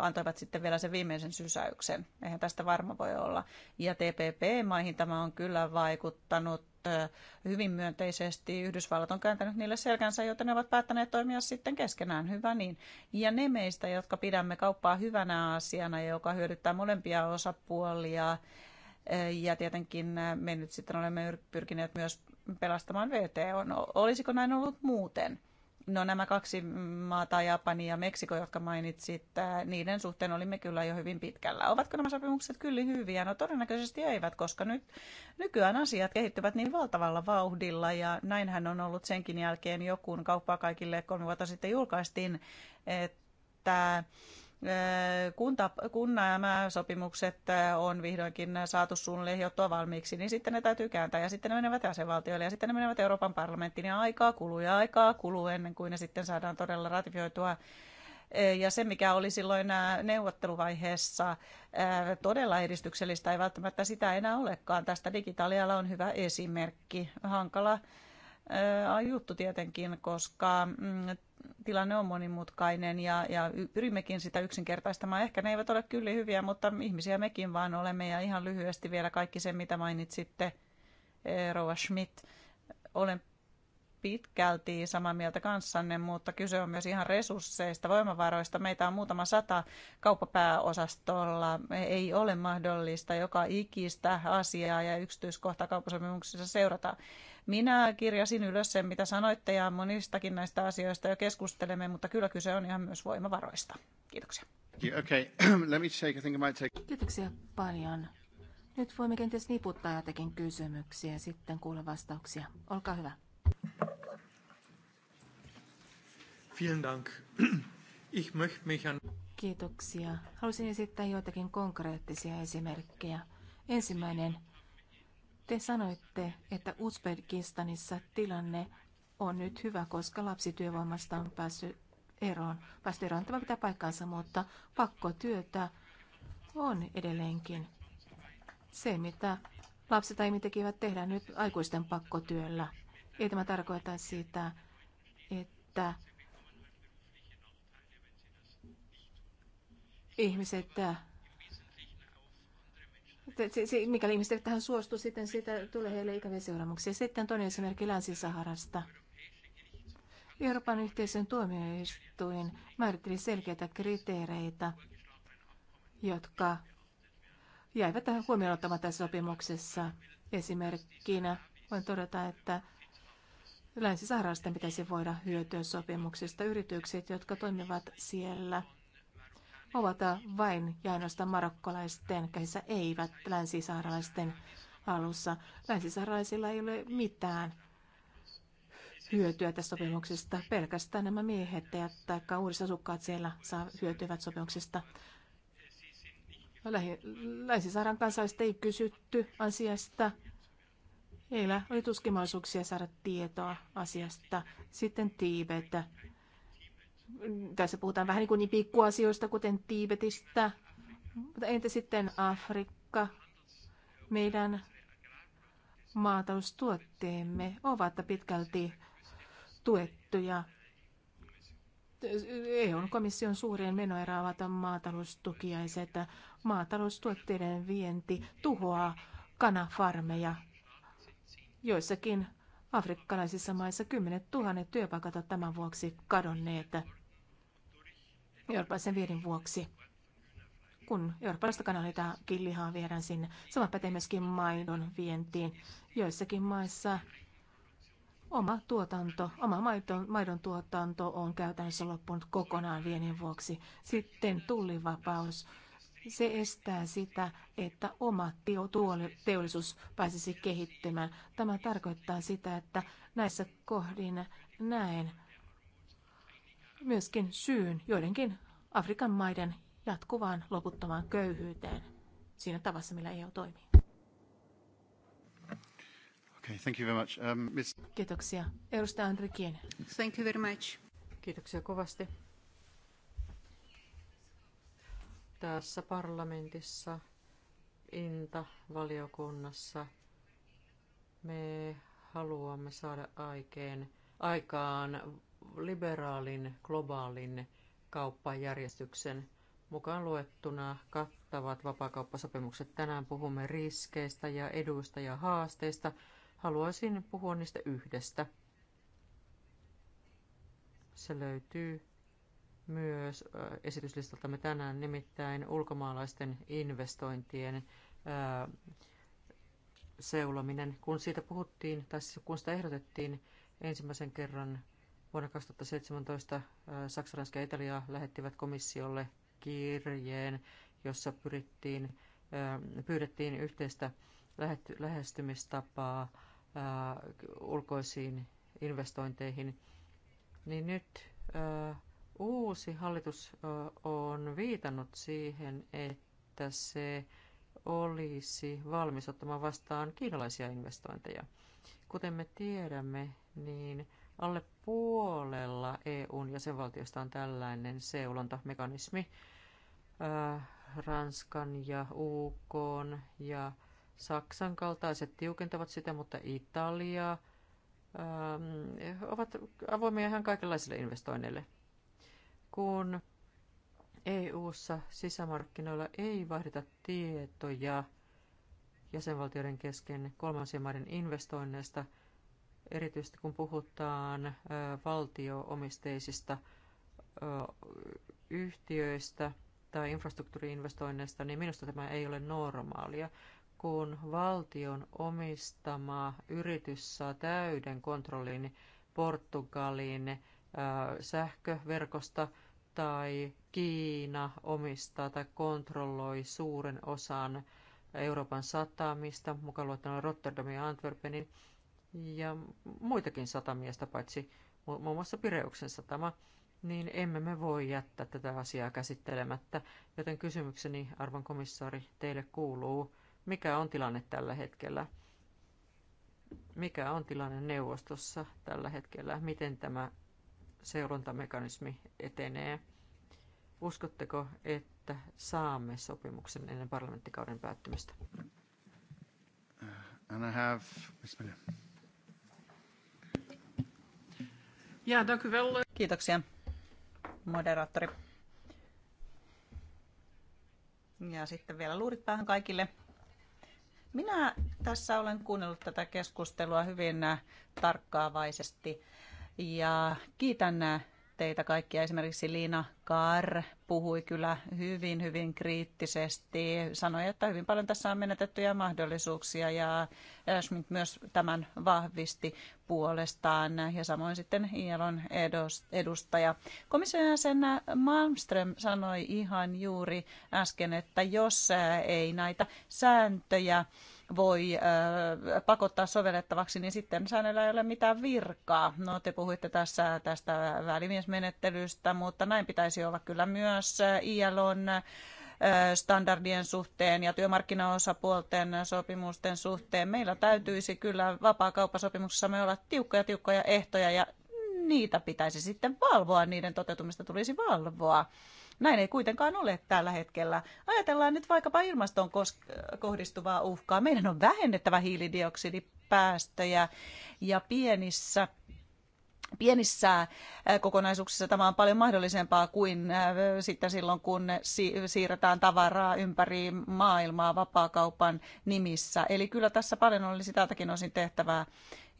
antoivat sitten vielä sen viimeisen sysäyksen. Eihän tästä varma voi olla. Ja TPP-maihin tämä on kyllä vaikuttanut hyvin myönteisesti. Yhdysvallat on kääntänyt niille selkänsä, joten ne ovat päättäneet toimia sitten keskenään. Hyvä niin. Ja ne meistä, jotka pidämme kauppaa hyvänä asiana, joka hyödyttää molempia osapuolia, ja tietenkin me nyt sitten olemme pyrkineet myös pelastamaan No, Olisiko näin ollut muuten? No nämä kaksi maata, Japani ja Meksiko, jotka mainitsit, äh, niiden suhteen olimme kyllä jo hyvin pitkällä. Ovatko nämä sopimukset kyllä hyviä? No todennäköisesti eivät, koska nyt nykyään asiat kehittyvät niin valtavalla vauhdilla ja näinhän on ollut senkin jälkeen joku kauppaa kaikille kolme vuotta sitten julkaistiin, että Äh, kunta, kun nämä sopimukset äh, on vihdoinkin saatu suunnilleen hiottua valmiiksi, niin sitten ne täytyy kääntää ja sitten ne menevät jäsenvaltioille ja sitten ne menevät Euroopan parlamenttiin ja aikaa kuluu ja aikaa kuluu ennen kuin ne sitten saadaan todella ratifioitua äh, ja se, mikä oli silloin neuvotteluvaiheessa todella edistyksellistä, ei välttämättä sitä enää olekaan. Tästä digitaalialla on hyvä esimerkki. Hankala juttu tietenkin, koska mm, tilanne on monimutkainen ja, ja pyrimmekin sitä yksinkertaistamaan. Ehkä ne eivät ole kyllä hyviä, mutta ihmisiä mekin vaan olemme. Ja ihan lyhyesti vielä kaikki se, mitä mainitsitte, eh, Rova Schmidt. Olen pitkälti samaa mieltä kanssanne, mutta kyse on myös ihan resursseista, voimavaroista. Meitä on muutama sata kauppapääosastolla. Ei ole mahdollista joka ikistä asiaa ja yksityiskohtaa kauppasopimuksissa seurata. Minä kirjasin ylös sen, mitä sanoitte, ja monistakin näistä asioista jo keskustelemme, mutta kyllä kyse on ihan myös voimavaroista. Kiitoksia. Okay. Let me take, I think I might take... Kiitoksia paljon. Nyt voimme kenties niputtaa jotakin kysymyksiä ja sitten kuulla vastauksia. Olkaa hyvä. Vielen Dank. Ich möchte mich an... Kiitoksia. Haluaisin esittää joitakin konkreettisia esimerkkejä. Ensimmäinen. Te sanoitte, että Uzbekistanissa tilanne on nyt hyvä, koska lapsityövoimasta on päässyt eroon. Päästy eroon tämä pitää paikkaansa, mutta pakkotyötä on edelleenkin. Se, mitä lapset aiemmin tekivät, tehdään nyt aikuisten pakkotyöllä. Ei tämä tarkoita sitä, että ihmiset, mikäli ihmiset tähän suostuu, sitten siitä tulee heille ikäviä seuraamuksia. Sitten toinen esimerkki Länsi-Saharasta. Euroopan yhteisön tuomioistuin määritteli selkeitä kriteereitä, jotka jäivät tähän huomioon ottamatta sopimuksessa. Esimerkkinä voin todeta, että Länsi-Saharasten pitäisi voida hyötyä sopimuksista. Yritykset, jotka toimivat siellä, ovat vain ja ainoastaan marokkolaisten käsissä, eivät länsisaaralaisten alussa. Länsisaaralaisilla ei ole mitään hyötyä tästä sopimuksesta. Pelkästään nämä miehet uudessa asukkaat siellä saa hyötyvät sopimuksesta. Länsi-Saharan kansalaiset ei kysytty asiasta. Heillä oli tuskin mahdollisuuksia saada tietoa asiasta. Sitten Tiibet. Tässä puhutaan vähän niin kuin pikkuasioista, kuten Tiibetistä. Mutta entä sitten Afrikka? Meidän maataloustuotteemme ovat pitkälti tuettuja. EUn komission suurien menoerä ovat maataloustukiaiset. Maataloustuotteiden vienti tuhoaa kanafarmeja Joissakin afrikkalaisissa maissa kymmenet tuhannet työpaikat ovat tämän vuoksi kadonneet eurooppalaisen viedin vuoksi. Kun eurooppalaista kanalita killihaa viedään sinne. Sama pätee myöskin maidon vientiin. Joissakin maissa oma tuotanto, oma maidon, maidon tuotanto on käytännössä loppunut kokonaan viennin vuoksi. Sitten tullivapaus se estää sitä, että oma teollisuus pääsisi kehittymään. Tämä tarkoittaa sitä, että näissä kohdin näen myöskin syyn joidenkin Afrikan maiden jatkuvaan loputtomaan köyhyyteen siinä tavassa, millä EU toimii. Okay, thank you very much. Um, miss... Kiitoksia. Edustaja Andrikin. Thank you very much. Kiitoksia kovasti. tässä parlamentissa, INTA-valiokunnassa, me haluamme saada aikeen, aikaan liberaalin globaalin kauppajärjestyksen mukaan luettuna kattavat vapaakauppasopimukset. Tänään puhumme riskeistä ja eduista ja haasteista. Haluaisin puhua niistä yhdestä. Se löytyy myös esityslistaltamme tänään, nimittäin ulkomaalaisten investointien seulominen. Kun siitä puhuttiin, tai siis kun sitä ehdotettiin ensimmäisen kerran vuonna 2017, Saksa, Ranska ja Italia lähettivät komissiolle kirjeen, jossa pyrittiin, pyydettiin yhteistä lähestymistapaa ulkoisiin investointeihin. Niin nyt Uusi hallitus on viitannut siihen, että se olisi valmis ottamaan vastaan kiinalaisia investointeja. Kuten me tiedämme, niin alle puolella EUn jäsenvaltiosta on tällainen seulontamekanismi Ranskan ja UK ja Saksan kaltaiset tiukentavat sitä, mutta Italia ovat avoimia ihan kaikenlaisille investoinneille kun EU-ssa sisämarkkinoilla ei vaihdeta tietoja jäsenvaltioiden kesken kolmansien maiden investoinneista, erityisesti kun puhutaan valtioomisteisista yhtiöistä tai infrastruktuuriinvestoinneista, niin minusta tämä ei ole normaalia. Kun valtion omistama yritys saa täyden kontrollin Portugalin sähköverkosta, tai Kiina omistaa tai kontrolloi suuren osan Euroopan satamista, mukaan luettuna Rotterdamin ja Antwerpenin ja muitakin satamiasta, paitsi muun muassa Pireuksen satama, niin emme me voi jättää tätä asiaa käsittelemättä. Joten kysymykseni, arvon komissaari, teille kuuluu, mikä on tilanne tällä hetkellä? Mikä on tilanne neuvostossa tällä hetkellä? Miten tämä seurantamekanismi etenee. Uskotteko, että saamme sopimuksen ennen parlamenttikauden päättymistä? Uh, and I have... Ja, wel. Kiitoksia, moderaattori. Ja sitten vielä luurit päähän kaikille. Minä tässä olen kuunnellut tätä keskustelua hyvin tarkkaavaisesti ja kiitän teitä kaikkia. Esimerkiksi Liina Kar puhui kyllä hyvin, hyvin kriittisesti. Sanoi, että hyvin paljon tässä on menetettyjä mahdollisuuksia ja Schmidt myös tämän vahvisti puolestaan ja samoin sitten ILOn edustaja. Komission jäsen Malmström sanoi ihan juuri äsken, että jos ei näitä sääntöjä voi pakottaa sovellettavaksi, niin sitten säännöllä ei ole mitään virkaa. No te puhuitte tässä tästä välimiesmenettelystä, mutta näin pitäisi olla kyllä myös ILOn standardien suhteen ja työmarkkinaosapuolten sopimusten suhteen. Meillä täytyisi kyllä me olla tiukkoja tiukkoja ehtoja ja niitä pitäisi sitten valvoa, niiden toteutumista tulisi valvoa. Näin ei kuitenkaan ole tällä hetkellä. Ajatellaan nyt vaikkapa ilmaston kohdistuvaa uhkaa. Meidän on vähennettävä hiilidioksidipäästöjä ja pienissä pienissä äh, kokonaisuuksissa tämä on paljon mahdollisempaa kuin äh, sitten silloin, kun siirretään tavaraa ympäri maailmaa vapaakaupan nimissä. Eli kyllä tässä paljon olisi tältäkin osin tehtävää.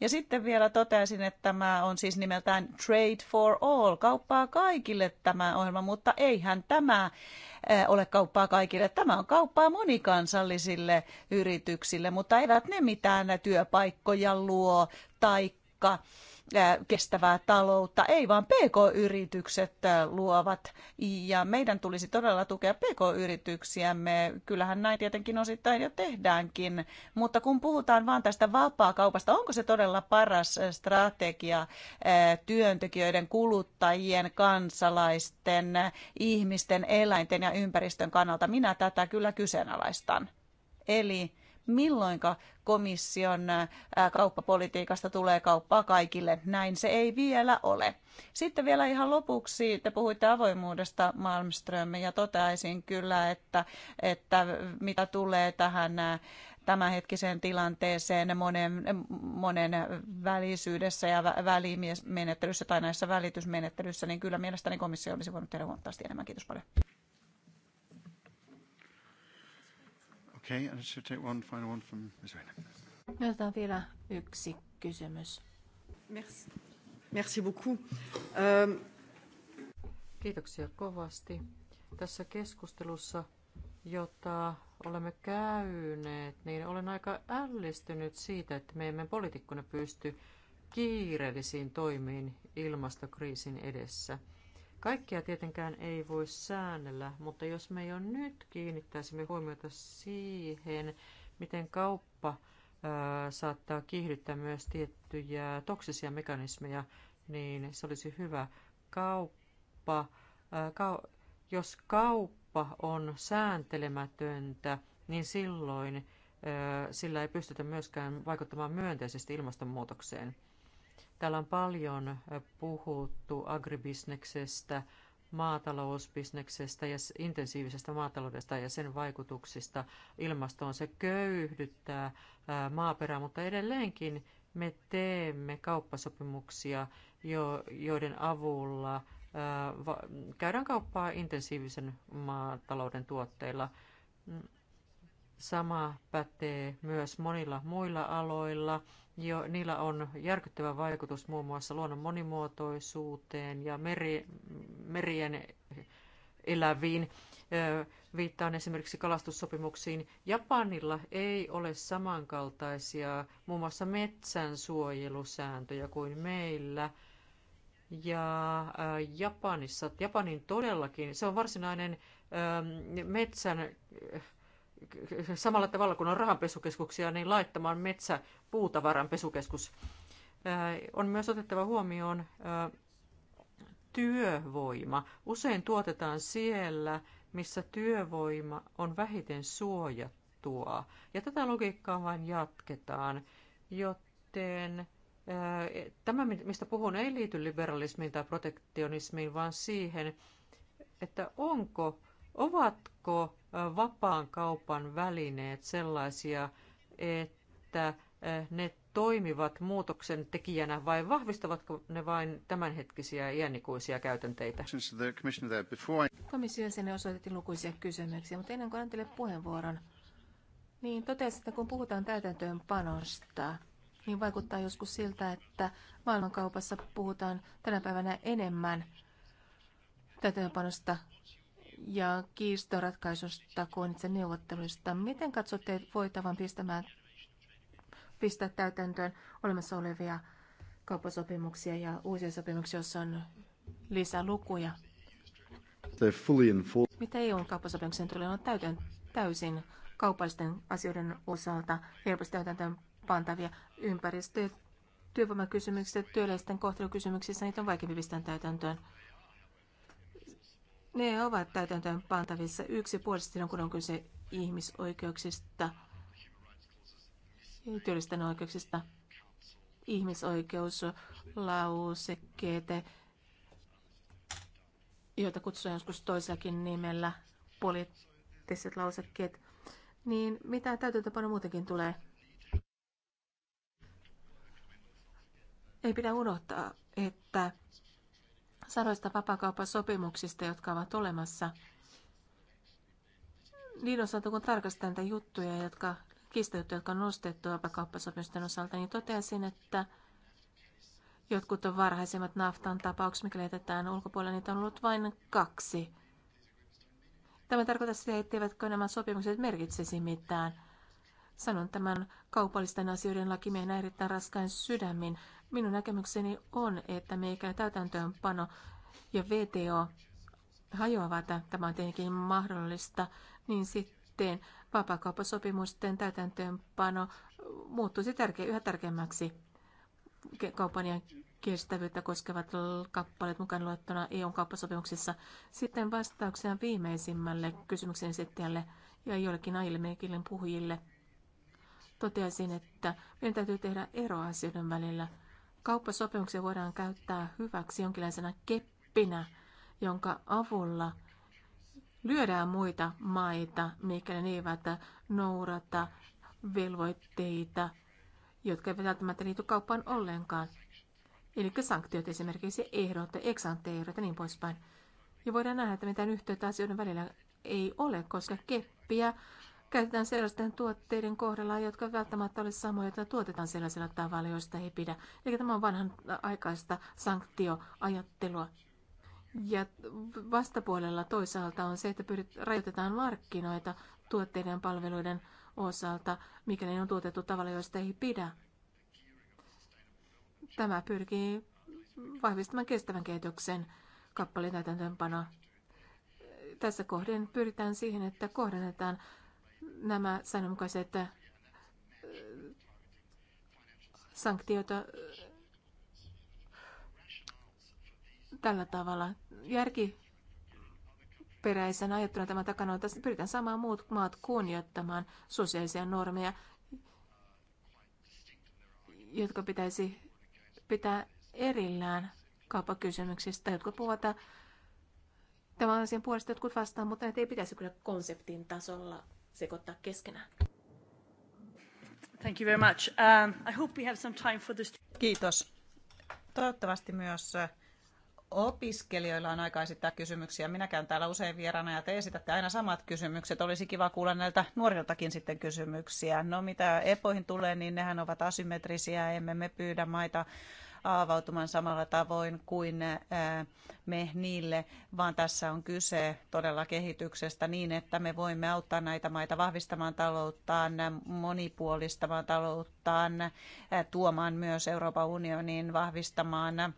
Ja sitten vielä toteaisin, että tämä on siis nimeltään Trade for All, kauppaa kaikille tämä ohjelma, mutta eihän tämä eh, ole kauppaa kaikille. Tämä on kauppaa monikansallisille yrityksille, mutta eivät ne mitään työpaikkoja luo taikka kestävää taloutta, ei vaan PK-yritykset luovat. Ja meidän tulisi todella tukea PK-yrityksiämme. Kyllähän näin tietenkin osittain jo tehdäänkin. Mutta kun puhutaan vaan tästä vapaakaupasta, onko se todella paras strategia työntekijöiden, kuluttajien, kansalaisten, ihmisten, eläinten ja ympäristön kannalta? Minä tätä kyllä kyseenalaistan. Eli milloinka komission kauppapolitiikasta tulee kauppaa kaikille. Näin se ei vielä ole. Sitten vielä ihan lopuksi te puhuitte avoimuudesta Malmström ja toteaisin kyllä, että, että mitä tulee tähän tämänhetkiseen tilanteeseen monen, monen välisyydessä ja välimiesmenettelyssä tai näissä välitysmenettelyissä, niin kyllä mielestäni komissio olisi voinut tehdä huomattavasti enemmän. Kiitos paljon. Okay, and should take one final one from Ms. Reina. Me otetaan vielä yksi kysymys. Merci. Merci beaucoup. Um... Kiitoksia kovasti. Tässä keskustelussa, jota olemme käyneet, niin olen aika ällistynyt siitä, että me emme poliitikkona pysty kiireellisiin toimiin ilmastokriisin edessä – Kaikkea tietenkään ei voi säännellä, mutta jos me jo nyt kiinnittäisimme huomiota siihen, miten kauppa saattaa kiihdyttää myös tiettyjä toksisia mekanismeja, niin se olisi hyvä. Kauppa, jos kauppa on sääntelemätöntä, niin silloin sillä ei pystytä myöskään vaikuttamaan myönteisesti ilmastonmuutokseen. Täällä on paljon puhuttu agribisneksestä, maatalousbisneksestä ja intensiivisestä maataloudesta ja sen vaikutuksista ilmastoon. Se köyhdyttää maaperää, mutta edelleenkin me teemme kauppasopimuksia, joiden avulla käydään kauppaa intensiivisen maatalouden tuotteilla. Mm, Sama pätee myös monilla muilla aloilla. Jo, niillä on järkyttävä vaikutus muun muassa luonnon monimuotoisuuteen ja meri, merien eläviin. Viittaan esimerkiksi kalastussopimuksiin. Japanilla ei ole samankaltaisia muun muassa metsän suojelusääntöjä kuin meillä. Ja Japanissa, Japanin todellakin, se on varsinainen metsän samalla tavalla kuin on rahanpesukeskuksia, niin laittamaan metsä puutavaran pesukeskus. Äh, on myös otettava huomioon äh, työvoima. Usein tuotetaan siellä, missä työvoima on vähiten suojattua. Ja tätä logiikkaa vain jatketaan, joten äh, tämä, mistä puhun, ei liity liberalismiin tai protektionismiin, vaan siihen, että onko, ovatko vapaan kaupan välineet sellaisia, että ne toimivat muutoksen tekijänä vai vahvistavatko ne vain tämänhetkisiä iänikuisia käytänteitä? Komission sen osoitettiin lukuisia kysymyksiä, mutta ennen kuin annan puheenvuoron, niin totesin, että kun puhutaan täytäntöönpanosta, niin vaikuttaa joskus siltä, että maailmankaupassa puhutaan tänä päivänä enemmän täytäntöönpanosta ja kiistoratkaisusta kuin itse neuvotteluista. Miten katsotte voitavan pistämään, pistää täytäntöön olemassa olevia kauppasopimuksia ja uusia sopimuksia, joissa on lisälukuja? Mitä EUn kauppasopimuksen tulee olla täytön, täysin kaupallisten asioiden osalta helposti täytäntöön pantavia ympäristö- työvoimakysymyksissä, työläisten kohtelukysymyksissä, niitä on vaikeampi pistää täytäntöön. Ne ovat täytäntöön pantavissa yksipuolisesti kun on kyse ihmisoikeuksista, työllisten oikeuksista, ihmisoikeuslausekkeet, joita kutsutaan joskus toisellakin nimellä, poliittiset lausekkeet, niin mitä täytäntöpano muutenkin tulee? Ei pidä unohtaa, että sadoista vapakauppasopimuksista, jotka ovat olemassa. Niin osalta, kun tarkastan näitä juttuja, jotka kiistöjuttuja, jotka on nostettu vapakauppasopimusten osalta, niin toteaisin, että jotkut on varhaisimmat naftan tapaukset, mikä lähetetään ulkopuolelle, niitä on ollut vain kaksi. Tämä tarkoittaa sitä, etteivätkö nämä sopimukset merkitsisi mitään. Sanon tämän kaupallisten asioiden lakimiehenä erittäin raskain sydämin. Minun näkemykseni on, että meikä täytäntöönpano ja VTO hajoavat, tämä on tietenkin mahdollista, niin sitten vapaakauppasopimusten täytäntöönpano muuttuisi tärke- yhä tärkeämmäksi kaupan ja kestävyyttä koskevat kappaleet mukaan luettuna EUn kauppasopimuksissa. Sitten vastauksia viimeisimmälle kysymyksen esittäjälle ja joillekin aiemminkin puhujille. Toteaisin, että meidän täytyy tehdä ero asioiden välillä – Kauppasopimuksia voidaan käyttää hyväksi jonkinlaisena keppinä, jonka avulla lyödään muita maita, mikäli ne eivät noudata velvoitteita, jotka eivät välttämättä liity kauppaan ollenkaan. Eli sanktiot esimerkiksi ehdot, eksanteerot ja niin poispäin. Ja voidaan nähdä, että mitään yhteyttä asioiden välillä ei ole, koska keppiä käytetään sellaisten tuotteiden kohdalla, jotka välttämättä ole samoja, joita tuotetaan sellaisella tavalla, joista ei pidä. Eli tämä on vanhan aikaista sanktioajattelua. Ja vastapuolella toisaalta on se, että pyrit, rajoitetaan markkinoita tuotteiden ja palveluiden osalta, mikäli ne on tuotettu tavalla, joista ei pidä. Tämä pyrkii vahvistamaan kestävän kehityksen kappaleen täytäntöönpanoa. Tässä kohden pyritään siihen, että kohdennetaan nämä säännönmukaiset äh, sanktiot äh, tällä tavalla. Järki peräisen ajattuna tämän takana on, että pyritään saamaan muut maat kunnioittamaan sosiaalisia normeja, jotka pitäisi pitää erillään kauppakysymyksistä, jotka puhuvat tämän asian puolesta jotkut vastaan, mutta ne ei pitäisi kyllä konseptin tasolla sekoittaa keskenään. Thank you very much. Um, I hope we have some time for this. Kiitos. Toivottavasti myös äh, opiskelijoilla on aika esittää kysymyksiä. Minä käyn täällä usein vieraana ja te esitätte aina samat kysymykset. Olisi kiva kuulla näiltä nuoriltakin sitten kysymyksiä. No mitä EPOihin tulee, niin nehän ovat asymmetrisiä. Emme me pyydä maita avautumaan samalla tavoin kuin me niille, vaan tässä on kyse todella kehityksestä niin, että me voimme auttaa näitä maita vahvistamaan talouttaan, monipuolistamaan talouttaan, tuomaan myös Euroopan unionin vahvistamaan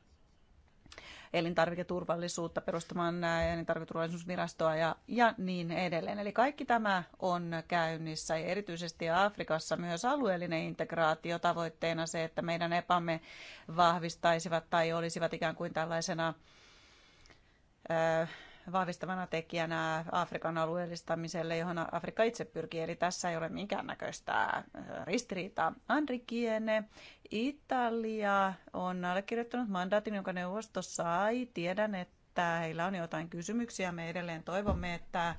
elintarviketurvallisuutta, perustamaan elintarviketurvallisuusvirastoa ja, ja niin edelleen. Eli kaikki tämä on käynnissä ja erityisesti Afrikassa myös alueellinen integraatio tavoitteena se, että meidän epämme vahvistaisivat tai olisivat ikään kuin tällaisena äh, vahvistavana tekijänä Afrikan alueellistamiselle, johon Afrikka itse pyrkii. Eli tässä ei ole minkäännäköistä äh, ristiriitaa. Andri Kiene, Italia on allekirjoittanut mandaatin, jonka neuvosto sai. Tiedän, että heillä on jotain kysymyksiä. Me edelleen toivomme, että äh,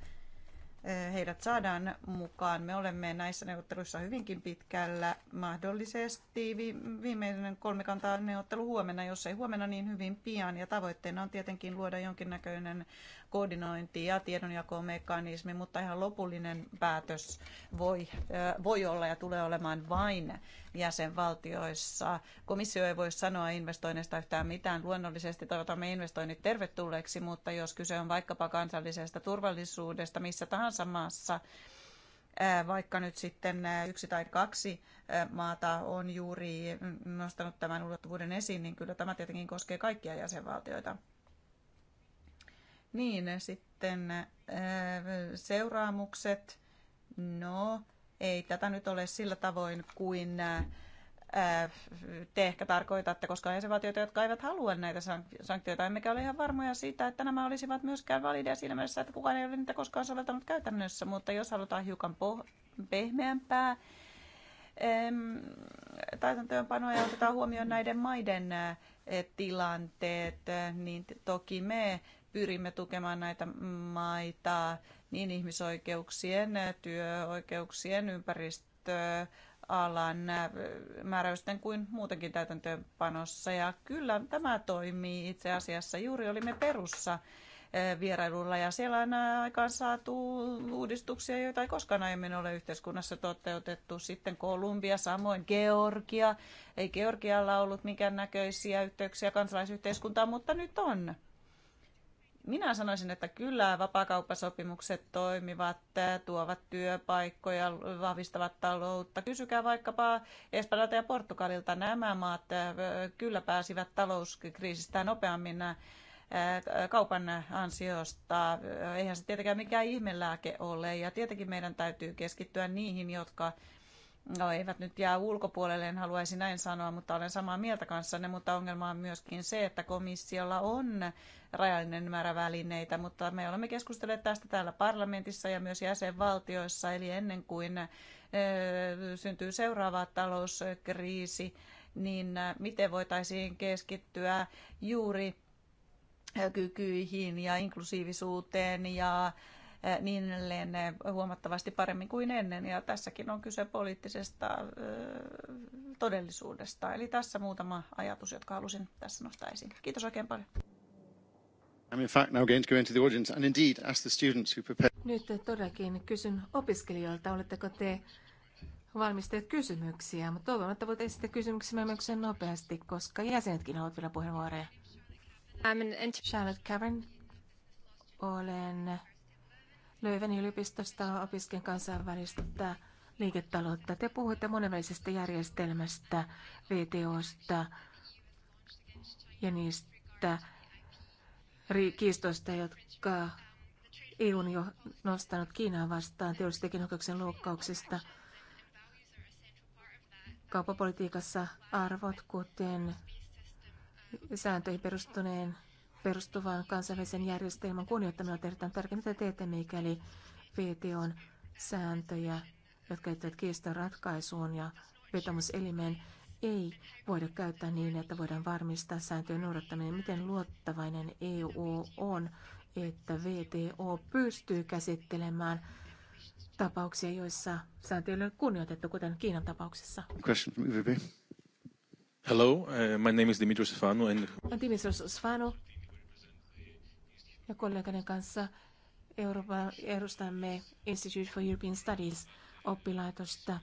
heidät saadaan mukaan. Me olemme näissä neuvotteluissa hyvinkin pitkällä, mahdollisesti viimeinen kolmikanta neuvottelu huomenna, jos ei huomenna niin hyvin pian. Ja tavoitteena on tietenkin luoda jonkinnäköinen koordinointi ja tiedonjakomekanismi, mutta ihan lopullinen päätös voi, voi olla ja tulee olemaan vain jäsenvaltioissa. Komissio ei voi sanoa investoinneista yhtään mitään. Luonnollisesti toivotamme investoinnit tervetulleeksi, mutta jos kyse on vaikkapa kansallisesta turvallisuudesta missä tahansa maassa, vaikka nyt sitten yksi tai kaksi maata on juuri nostanut tämän ulottuvuuden esiin, niin kyllä tämä tietenkin koskee kaikkia jäsenvaltioita. Niin, sitten äh, seuraamukset. No, ei tätä nyt ole sillä tavoin kuin äh, äh, te ehkä tarkoitatte, koska on jäsenvaltioita, jotka eivät halua näitä sanktioita, emmekä ole ihan varmoja siitä, että nämä olisivat myöskään valideja siinä mielessä, että kukaan ei ole niitä koskaan soveltanut käytännössä, mutta jos halutaan hiukan poh- pehmeämpää täytäntöönpanoa ja otetaan huomioon näiden maiden tilanteet, niin toki me pyrimme tukemaan näitä maita niin ihmisoikeuksien, työoikeuksien, ympäristöalan äh, määräysten kuin muutenkin täytäntöönpanossa. Ja kyllä tämä toimii itse asiassa. Juuri olimme perussa äh, vierailulla ja siellä on äh, aikaan saatu uudistuksia, joita ei koskaan aiemmin ole yhteiskunnassa toteutettu. Sitten Kolumbia, samoin Georgia. Ei Georgialla ollut mikään näköisiä yhteyksiä kansalaisyhteiskuntaan, mutta nyt on. Minä sanoisin, että kyllä vapakauppasopimukset toimivat, tuovat työpaikkoja, vahvistavat taloutta. Kysykää vaikkapa Espanjalta ja Portugalilta. Nämä maat kyllä pääsivät talouskriisistä nopeammin kaupan ansiosta. Eihän se tietenkään mikään ihmelääke ole ja tietenkin meidän täytyy keskittyä niihin, jotka no eivät nyt jää ulkopuolelle, en haluaisi näin sanoa, mutta olen samaa mieltä kanssanne, mutta ongelma on myöskin se, että komissiolla on rajallinen määrä välineitä, mutta me olemme keskustelleet tästä täällä parlamentissa ja myös jäsenvaltioissa, eli ennen kuin syntyy seuraava talouskriisi, niin miten voitaisiin keskittyä juuri kykyihin ja inklusiivisuuteen ja niin edelleen huomattavasti paremmin kuin ennen. Ja tässäkin on kyse poliittisesta todellisuudesta. Eli tässä muutama ajatus, jotka halusin tässä nostaa esiin. Kiitos oikein paljon. Nyt todellakin kysyn opiskelijoilta, oletteko te valmistajat kysymyksiä, mutta toivon, että voit esittää kysymyksiä myökseen nopeasti, koska jäsenetkin ovat vielä puheenvuoroja. Charlotte Cavern. Olen Löyven yliopistosta opiskelen kansainvälistä liiketaloutta. Te puhuitte monenvälisestä järjestelmästä, VTOsta ja niistä kiistoista, jotka EU on jo nostanut Kiinaa vastaan teollisten tekijänoikeuksien loukkauksista. Kauppapolitiikassa arvot, kuten sääntöihin perustuneen perustuvan kansainvälisen järjestelmän kunnioittaminen on erittäin tärkeää, mitä teette, mikäli VTOn sääntöjä, jotka liittyvät kiistan ratkaisuun ja vetomuselimeen, ei voida käyttää niin, että voidaan varmistaa sääntöjen noudattaminen. Miten luottavainen EU on, että VTO pystyy käsittelemään tapauksia, joissa sääntöjä on kunnioitettu, kuten Kiinan tapauksessa? Question from Hello, uh, my name is Dimitris Svanu. and... Dimitris Svanu ja kollegani kanssa Euroopan, edustamme Institute for European Studies oppilaitosta.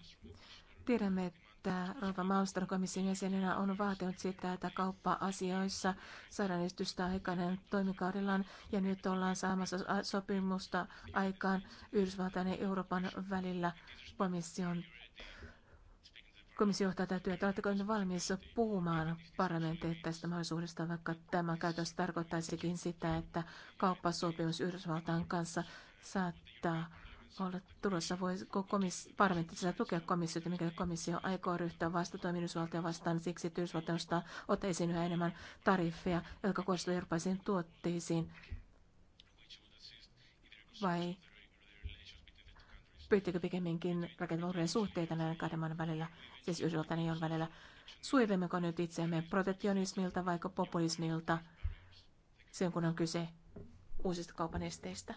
Tiedämme, että Rova Malmström komission jäsenenä on vaatinut sitä, että kauppa-asioissa saadaan esitystä aikainen toimikaudellaan ja nyt ollaan saamassa sopimusta aikaan Yhdysvaltain ja Euroopan välillä komission komissio johtaa tätä työtä. Oletteko nyt valmiissa puhumaan parlamentille tästä mahdollisuudesta, vaikka tämä käytös tarkoittaisikin sitä, että kauppasopimus Yhdysvaltain kanssa saattaa olla tulossa. Voisiko komis- parlamentti sitä tukea komissiota, mikäli komissio aikoo ryhtyä vastatoimiin Yhdysvaltain vastaan siksi, että Yhdysvaltoja nostaa otteisiin yhä enemmän tariffeja, jotka kohdistuvat eurooppalaisiin tuotteisiin? Vai pyrittekö pikemminkin rakentamaan suhteita näiden kahden maan välillä, siis Yhdysvaltain ja välillä? Suojelemmeko nyt itseämme protektionismilta vai populismilta, sen kun on kyse uusista kaupan esteistä?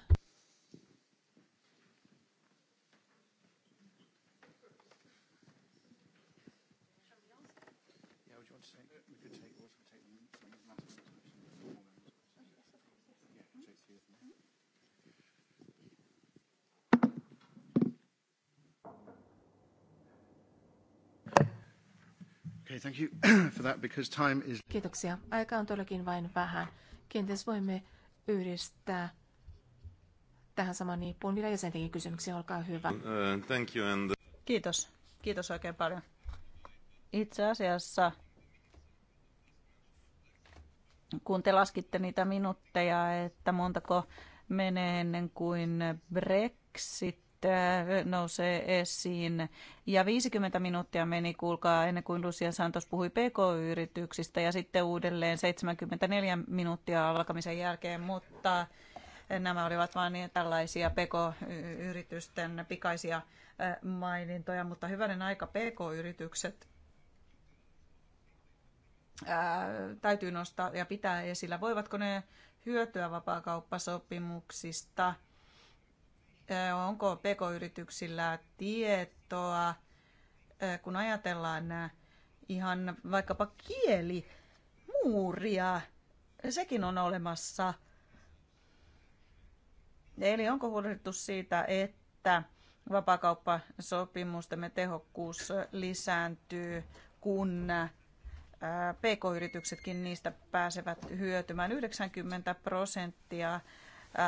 thank you for that, because time is... Kiitoksia. Aika on todellakin vain vähän. Kenties voimme yhdistää tähän samaan niippuun vielä jäsentenkin kysymyksiä. Olkaa hyvä. Uh, thank you and... Kiitos. Kiitos oikein paljon. Itse asiassa kun te laskitte niitä minuutteja, että montako menee ennen kuin Brexit Äh, nousee esiin. Ja 50 minuuttia meni, kuulkaa, ennen kuin Lucia Santos puhui PK-yrityksistä ja sitten uudelleen 74 minuuttia alkamisen jälkeen, mutta nämä olivat vain niin tällaisia PK-yritysten pikaisia äh, mainintoja, mutta hyvänen aika PK-yritykset äh, täytyy nostaa ja pitää esillä. Voivatko ne hyötyä vapaakauppasopimuksista? onko pk-yrityksillä tietoa, kun ajatellaan ihan vaikkapa kielimuuria, sekin on olemassa. Eli onko huolehdittu siitä, että vapakauppasopimustemme tehokkuus lisääntyy, kun PK-yrityksetkin niistä pääsevät hyötymään. 90 prosenttia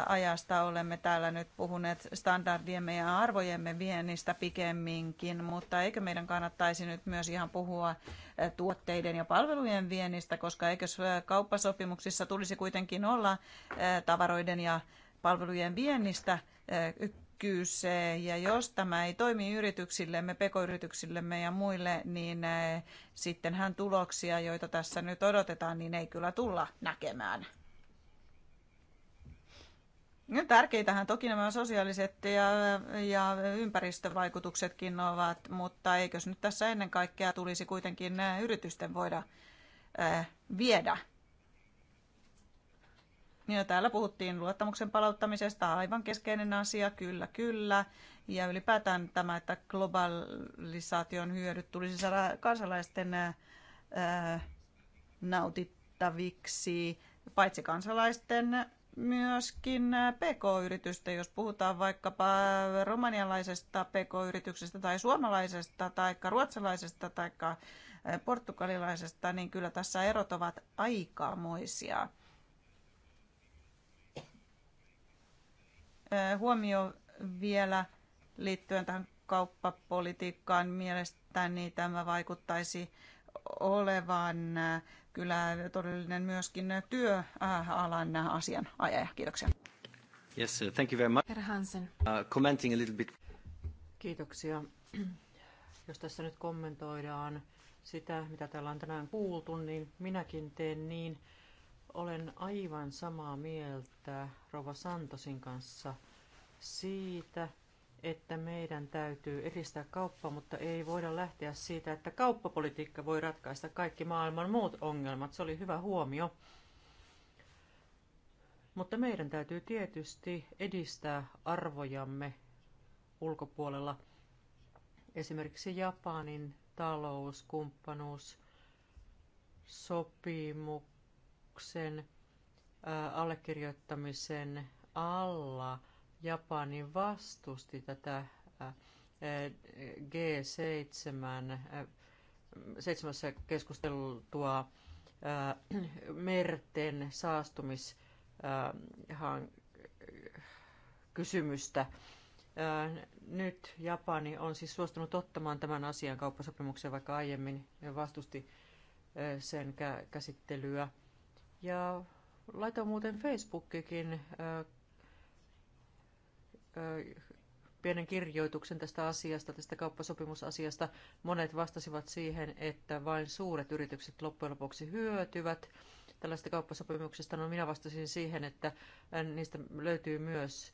ajasta olemme täällä nyt puhuneet standardiemme ja arvojemme viennistä pikemminkin, mutta eikö meidän kannattaisi nyt myös ihan puhua tuotteiden ja palvelujen viennistä, koska eikö kauppasopimuksissa tulisi kuitenkin olla tavaroiden ja palvelujen viennistä kyse. Ja jos tämä ei toimi yrityksillemme, pekoyrityksillemme ja muille, niin sittenhän tuloksia, joita tässä nyt odotetaan, niin ei kyllä tulla näkemään. No, tärkeitähän toki nämä sosiaaliset ja, ja ympäristövaikutuksetkin ovat, mutta eikös nyt tässä ennen kaikkea tulisi kuitenkin yritysten voida äh, viedä? Niin ja täällä puhuttiin luottamuksen palauttamisesta, aivan keskeinen asia, kyllä, kyllä. Ja ylipäätään tämä, että globalisaation hyödyt tulisi saada kansalaisten äh, nautittaviksi, paitsi kansalaisten myöskin äh, pk yritystä jos puhutaan vaikkapa äh, romanialaisesta PK-yrityksestä tai suomalaisesta tai ruotsalaisesta tai äh, portugalilaisesta, niin kyllä tässä erot ovat aikamoisia. Huomio vielä liittyen tähän kauppapolitiikkaan mielestäni tämä vaikuttaisi olevan kyllä todellinen myöskin työalan ajaja. Kiitoksia. Yes, thank you very much. Herra Hansen. Uh, commenting a little bit. Kiitoksia. Jos tässä nyt kommentoidaan sitä, mitä täällä on tänään kuultu, niin minäkin teen niin. Olen aivan samaa mieltä Rova Santosin kanssa siitä, että meidän täytyy edistää kauppaa, mutta ei voida lähteä siitä, että kauppapolitiikka voi ratkaista kaikki maailman muut ongelmat. Se oli hyvä huomio. Mutta meidän täytyy tietysti edistää arvojamme ulkopuolella. Esimerkiksi Japanin talouskumppanuus sopimuksen allekirjoittamisen alla – Japani vastusti tätä äh, G7 äh, seitsemässä keskusteltua äh, merten saastumiskysymystä. kysymystä. Nyt Japani on siis suostunut ottamaan tämän asian kauppasopimukseen, vaikka aiemmin vastusti sen käsittelyä. Ja laitoin muuten Facebookikin pienen kirjoituksen tästä asiasta, tästä kauppasopimusasiasta. Monet vastasivat siihen, että vain suuret yritykset loppujen lopuksi hyötyvät tällaista kauppasopimuksesta. No minä vastasin siihen, että niistä löytyy myös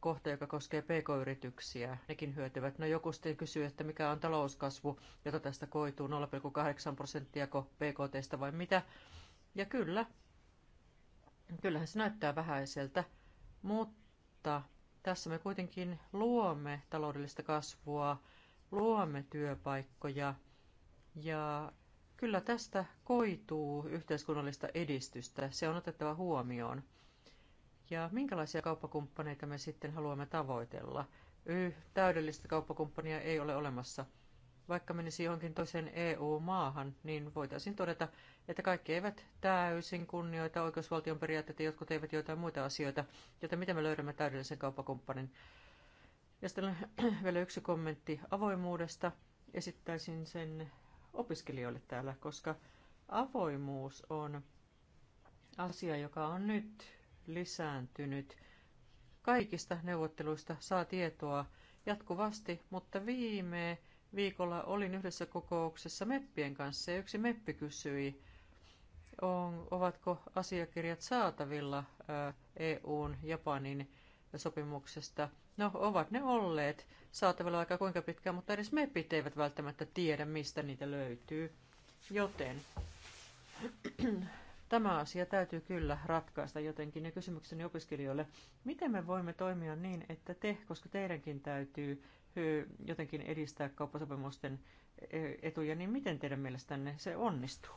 kohta, joka koskee pk-yrityksiä. Nekin hyötyvät. No joku sitten kysyy, että mikä on talouskasvu, jota tästä koituu, 0,8 prosenttia PKTstä vai mitä. Ja kyllä, kyllähän se näyttää vähäiseltä, mutta tässä me kuitenkin luomme taloudellista kasvua, luomme työpaikkoja ja kyllä tästä koituu yhteiskunnallista edistystä. Se on otettava huomioon. Ja minkälaisia kauppakumppaneita me sitten haluamme tavoitella? Y, täydellistä kauppakumppania ei ole olemassa – vaikka menisi johonkin toiseen EU-maahan, niin voitaisiin todeta, että kaikki eivät täysin kunnioita oikeusvaltion periaatteita, jotkut eivät joitain muita asioita, joten miten me löydämme täydellisen kauppakumppanin. Ja sitten vielä yksi kommentti avoimuudesta. Esittäisin sen opiskelijoille täällä, koska avoimuus on asia, joka on nyt lisääntynyt. Kaikista neuvotteluista saa tietoa jatkuvasti, mutta viime viikolla olin yhdessä kokouksessa meppien kanssa ja yksi meppi kysyi, on, ovatko asiakirjat saatavilla EUn Japanin sopimuksesta. No, ovat ne olleet saatavilla aika kuinka pitkään, mutta edes mepit eivät välttämättä tiedä, mistä niitä löytyy. Joten Tämä asia täytyy kyllä ratkaista jotenkin. Ja kysymykseni opiskelijoille, miten me voimme toimia niin, että te, koska teidänkin täytyy jotenkin edistää kauppasopimusten etuja, niin miten teidän mielestänne se onnistuu?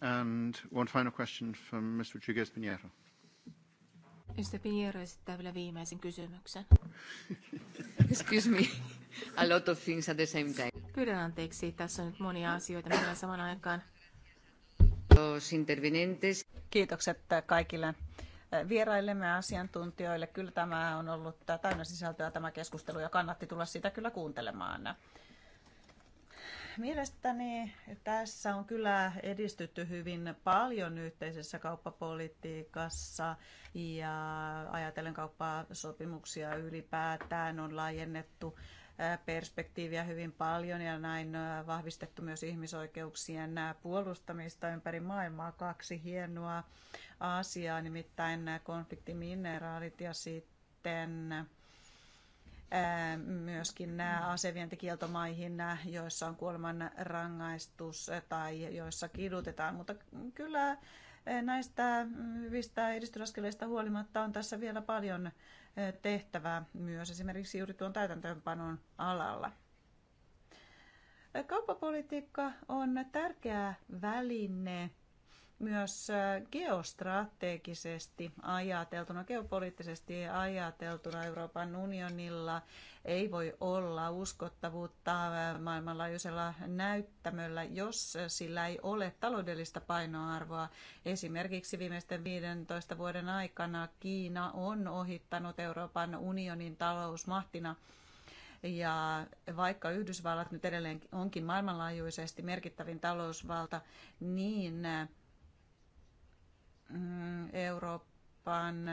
And one final question from Mr. Chiguez Pinheiro. Mr. Pinheiro esittää vielä viimeisen kysymyksen. Excuse me. A lot of things at the same time. Pyydän anteeksi, tässä on nyt monia asioita mitä saman aikaan. Kiitokset kaikille vieraillemme asiantuntijoille. Kyllä tämä on ollut täynnä sisältöä tämä keskustelu ja kannatti tulla sitä kyllä kuuntelemaan. Mielestäni tässä on kyllä edistytty hyvin paljon yhteisessä kauppapolitiikassa ja ajatellen kauppasopimuksia ylipäätään on laajennettu perspektiiviä hyvin paljon ja näin vahvistettu myös ihmisoikeuksien puolustamista ympäri maailmaa. Kaksi hienoa asiaa, nimittäin konfliktimineraalit ja sitten myöskin nämä asevientikieltomaihin, joissa on kuoleman rangaistus tai joissa kidutetaan. Mutta kyllä näistä hyvistä edistysaskeleista huolimatta on tässä vielä paljon tehtävää myös esimerkiksi juuri tuon täytäntöönpanon alalla. Kauppapolitiikka on tärkeä väline myös geostrategisesti ajateltuna, geopoliittisesti ajateltuna Euroopan unionilla ei voi olla uskottavuutta maailmanlaajuisella näyttämöllä, jos sillä ei ole taloudellista painoarvoa. Esimerkiksi viimeisten 15 vuoden aikana Kiina on ohittanut Euroopan unionin talousmahtina ja vaikka Yhdysvallat nyt edelleen onkin maailmanlaajuisesti merkittävin talousvalta, niin Mm, Euroopan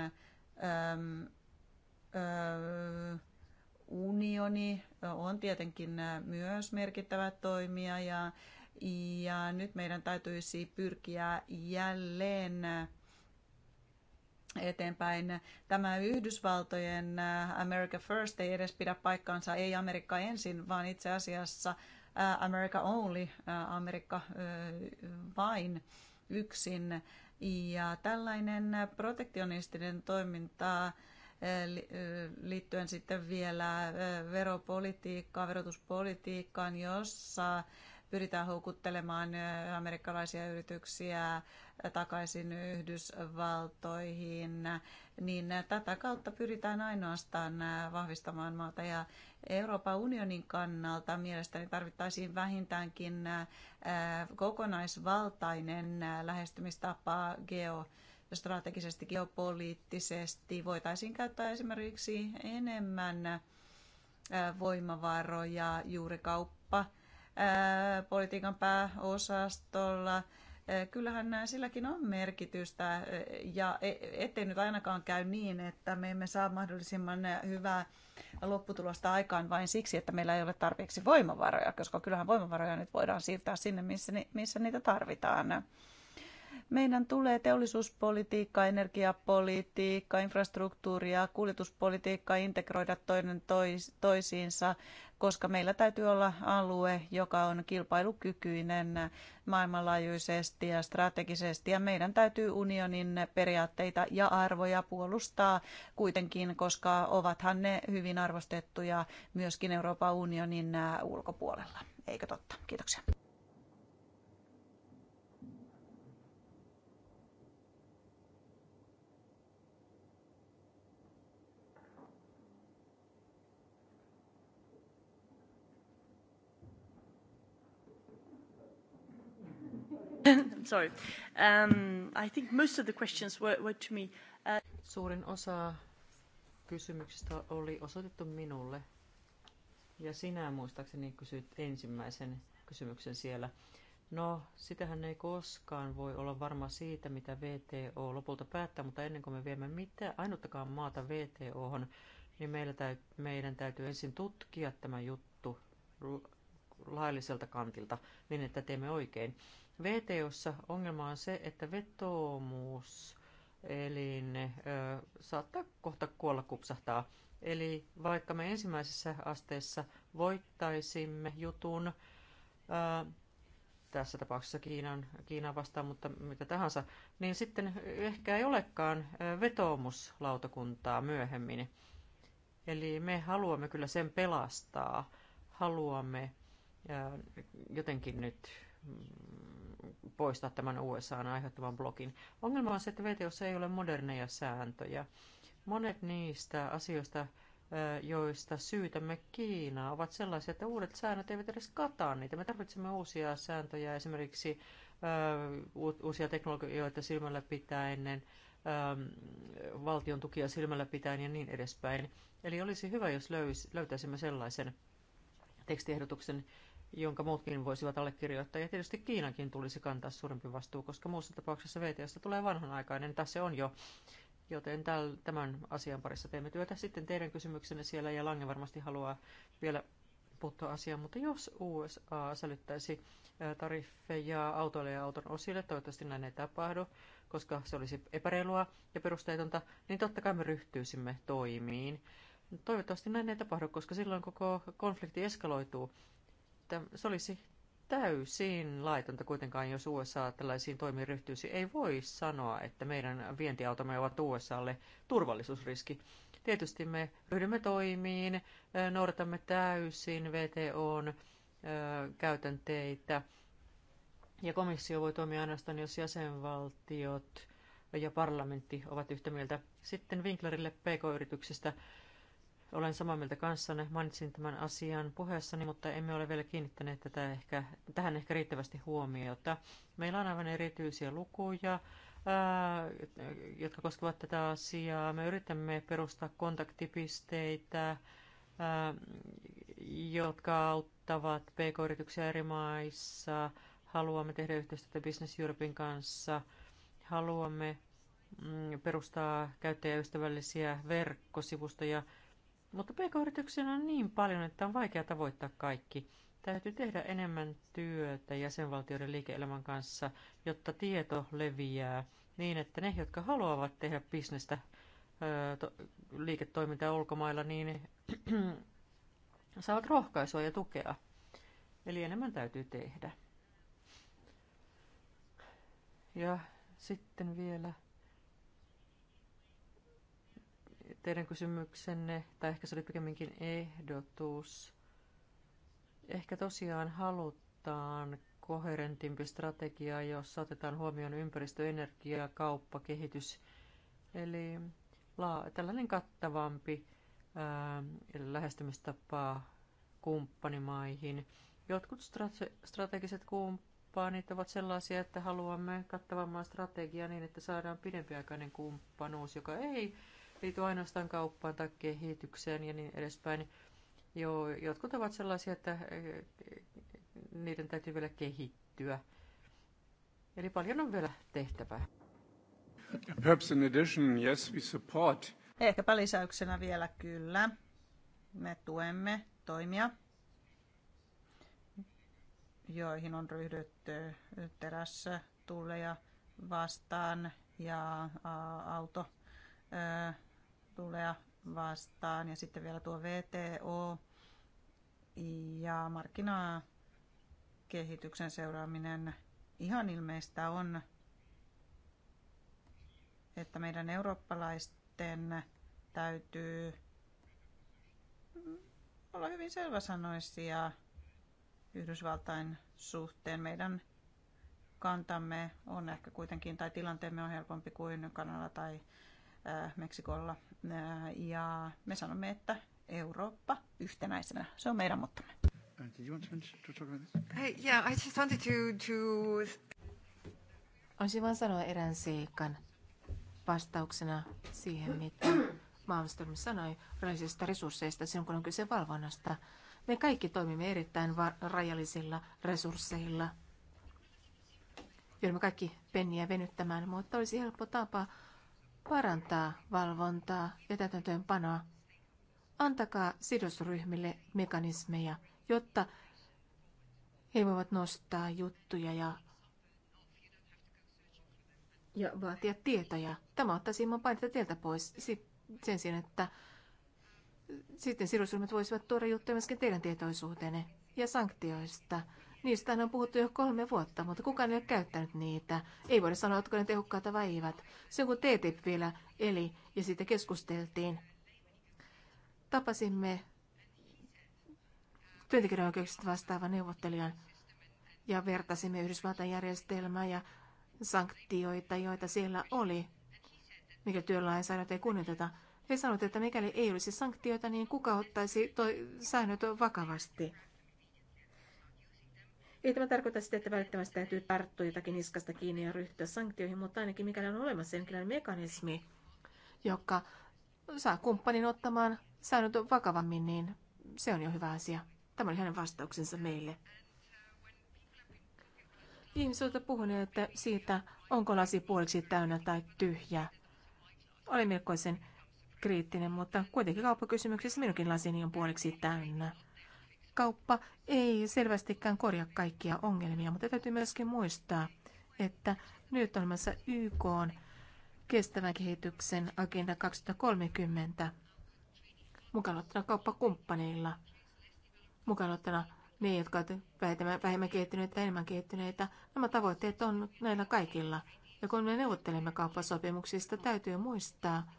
unioni on tietenkin myös merkittävä toimija ja, ja nyt meidän täytyisi pyrkiä jälleen eteenpäin. Tämä Yhdysvaltojen äh, America First ei edes pidä paikkaansa, ei Amerikka ensin, vaan itse asiassa äh, America Only, äh, Amerikka vain yksin. Ja tällainen protektionistinen toiminta eh, eh, liittyen sitten vielä eh, veropolitiikkaan, verotuspolitiikkaan, jossa pyritään houkuttelemaan äh, amerikkalaisia yrityksiä takaisin Yhdysvaltoihin, niin tätä kautta pyritään ainoastaan äh, vahvistamaan maata. Ja Euroopan unionin kannalta mielestäni tarvittaisiin vähintäänkin äh, kokonaisvaltainen lähestymistapa geo strategisesti, geopoliittisesti voitaisiin käyttää esimerkiksi enemmän voimavaroja juuri kauppa- politiikan pääosastolla. Kyllähän silläkin on merkitystä ja e, ettei nyt ainakaan käy niin, että me emme saa mahdollisimman hyvää lopputulosta aikaan vain siksi, että meillä ei ole tarpeeksi voimavaroja, koska kyllähän voimavaroja nyt voidaan siirtää sinne, missä, missä niitä tarvitaan. Meidän tulee teollisuuspolitiikka, energiapolitiikka, infrastruktuuria, kuljetuspolitiikka integroida toinen toisiinsa koska meillä täytyy olla alue, joka on kilpailukykyinen maailmanlaajuisesti ja strategisesti. Ja meidän täytyy unionin periaatteita ja arvoja puolustaa kuitenkin, koska ovathan ne hyvin arvostettuja myöskin Euroopan unionin ulkopuolella. Eikö totta? Kiitoksia. Suurin osa kysymyksistä oli osoitettu minulle. Ja sinä muistaakseni kysyit ensimmäisen kysymyksen siellä. No, sitähän ei koskaan voi olla varma siitä, mitä VTO lopulta päättää, mutta ennen kuin me viemme mitään ainuttakaan maata VTOhon, niin meillä täyt, meidän täytyy ensin tutkia tämä juttu lailliselta kantilta, niin että teemme oikein. VTOssa ongelma on se, että vetoomuus eli ne ö, saattaa kohta kuolla kupsahtaa. Eli vaikka me ensimmäisessä asteessa voittaisimme jutun, ö, tässä tapauksessa Kiinan, Kiinan vastaan, mutta mitä tahansa, niin sitten ehkä ei olekaan vetoomuslautakuntaa myöhemmin. Eli me haluamme kyllä sen pelastaa, haluamme jotenkin nyt mm, poistaa tämän USAn aiheuttaman blokin. Ongelma on se, että VTOssa ei ole moderneja sääntöjä. Monet niistä asioista, joista syytämme Kiinaa, ovat sellaisia, että uudet säännöt eivät edes kata niitä. Me tarvitsemme uusia sääntöjä, esimerkiksi uusia teknologioita silmällä pitäen, valtion tukia silmällä pitäen ja niin edespäin. Eli olisi hyvä, jos löytäisimme sellaisen tekstiehdotuksen, jonka muutkin voisivat allekirjoittaa. Ja tietysti Kiinankin tulisi kantaa suurempi vastuu, koska muussa tapauksessa VTS tulee vanhanaikainen, Tässä on jo. Joten tämän asian parissa teemme työtä. Sitten teidän kysymyksenne siellä, ja Lange varmasti haluaa vielä puuttua asiaan, mutta jos USA sälyttäisi tariffeja autoille ja auton osille, toivottavasti näin ei tapahdu, koska se olisi epäreilua ja perusteetonta, niin totta kai me ryhtyisimme toimiin. Toivottavasti näin ei tapahdu, koska silloin koko konflikti eskaloituu että se olisi täysin laitonta kuitenkaan, jos USA tällaisiin toimiin ryhtyisi. Ei voi sanoa, että meidän vientiautomme ovat USAlle turvallisuusriski. Tietysti me ryhdymme toimiin, noudatamme täysin VTOn käytänteitä. Ja komissio voi toimia ainoastaan, jos jäsenvaltiot ja parlamentti ovat yhtä mieltä. Sitten Winklerille pk yrityksestä olen samaa mieltä kanssanne, mainitsin tämän asian puheessani, mutta emme ole vielä kiinnittäneet tätä ehkä, tähän ehkä riittävästi huomiota. Meillä on aivan erityisiä lukuja, jotka koskevat tätä asiaa. Me yritämme perustaa kontaktipisteitä, jotka auttavat pk-yrityksiä eri maissa. Haluamme tehdä yhteistyötä Business Europein kanssa. Haluamme mm, perustaa käyttäjäystävällisiä verkkosivustoja mutta pk-yrityksiä on niin paljon, että on vaikea tavoittaa kaikki. Täytyy tehdä enemmän työtä jäsenvaltioiden liike-elämän kanssa, jotta tieto leviää niin, että ne, jotka haluavat tehdä bisnestä, liiketoimintaa ulkomailla, niin saavat rohkaisua ja tukea. Eli enemmän täytyy tehdä. Ja sitten vielä teidän kysymyksenne, tai ehkä se oli pikemminkin ehdotus. Ehkä tosiaan halutaan koherentimpi strategia, jossa otetaan huomioon ympäristö, energia, kauppa, kehitys. Eli la- tällainen kattavampi ää, lähestymistapa kumppanimaihin. Jotkut strate- strategiset kumppanit ovat sellaisia, että haluamme kattavamman strategiaa niin, että saadaan pidempiaikainen kumppanuus, joka ei liity ainoastaan kauppaan tai kehitykseen ja niin edespäin. Joo, jotkut ovat sellaisia, että eh, niiden täytyy vielä kehittyä. Eli paljon on vielä tehtävää. Perhaps in addition, yes, we support. Ehkäpä lisäyksenä vielä kyllä. Me tuemme toimia, joihin on ryhdytty terässä tulleja vastaan ja auto tulea vastaan ja sitten vielä tuo VTO ja markkinakehityksen seuraaminen. Ihan ilmeistä on, että meidän eurooppalaisten täytyy olla hyvin selväsanoisia Yhdysvaltain suhteen. Meidän kantamme on ehkä kuitenkin, tai tilanteemme on helpompi kuin Kanada tai Äh, Meksikolla. Äh, ja me sanomme, että Eurooppa yhtenäisenä. Se on meidän mottomme. Yeah, I just wanted to, to... Olisin vain sanoa erään seikan vastauksena siihen, mitä Malmström sanoi rajallisista resursseista silloin, kun on kyse valvonnasta. Me kaikki toimimme erittäin rajallisilla resursseilla. Joudumme kaikki penniä venyttämään, mutta olisi helppo tapa parantaa valvontaa ja täytäntöönpanoa. Antakaa sidosryhmille mekanismeja, jotta he voivat nostaa juttuja ja, ja vaatia tietoja. Tämä ottaisi ilman painetta tieltä pois sen sijaan, että sitten sidosryhmät voisivat tuoda juttuja myöskin teidän tietoisuuteenne ja sanktioista. Niistä on puhuttu jo kolme vuotta, mutta kukaan ei ole käyttänyt niitä. Ei voida sanoa, että ne tehokkaita vai eivät. Se kun TTIP vielä eli ja siitä keskusteltiin. Tapasimme työntekijöiden oikeuksista vastaavan neuvottelijan ja vertasimme Yhdysvaltain järjestelmää ja sanktioita, joita siellä oli, mikä työlainsäädäntö ei kunnioiteta. He sanoivat, että mikäli ei olisi sanktioita, niin kuka ottaisi toi säännöt vakavasti. Ei tämä tarkoita sitä, että välttämättä täytyy tarttua jotakin niskasta kiinni ja ryhtyä sanktioihin, mutta ainakin mikäli on olemassa jonkinlainen mekanismi, joka saa kumppanin ottamaan säännöt vakavammin, niin se on jo hyvä asia. Tämä oli hänen vastauksensa meille. Ihmiset ovat puhuneet siitä, onko lasi puoliksi täynnä tai tyhjä. Olen melkoisen kriittinen, mutta kuitenkin kauppakysymyksessä minunkin lasini on puoliksi täynnä. Kauppa ei selvästikään korjaa kaikkia ongelmia, mutta täytyy myöskin muistaa, että nyt on olemassa YK on kestävän kehityksen agenda 2030 mukaan kauppakumppaneilla, mukaan ne, jotka ovat vähemmän kehittyneitä tai enemmän kehittyneitä. Nämä tavoitteet on näillä kaikilla. Ja kun me neuvottelemme kauppasopimuksista, täytyy muistaa,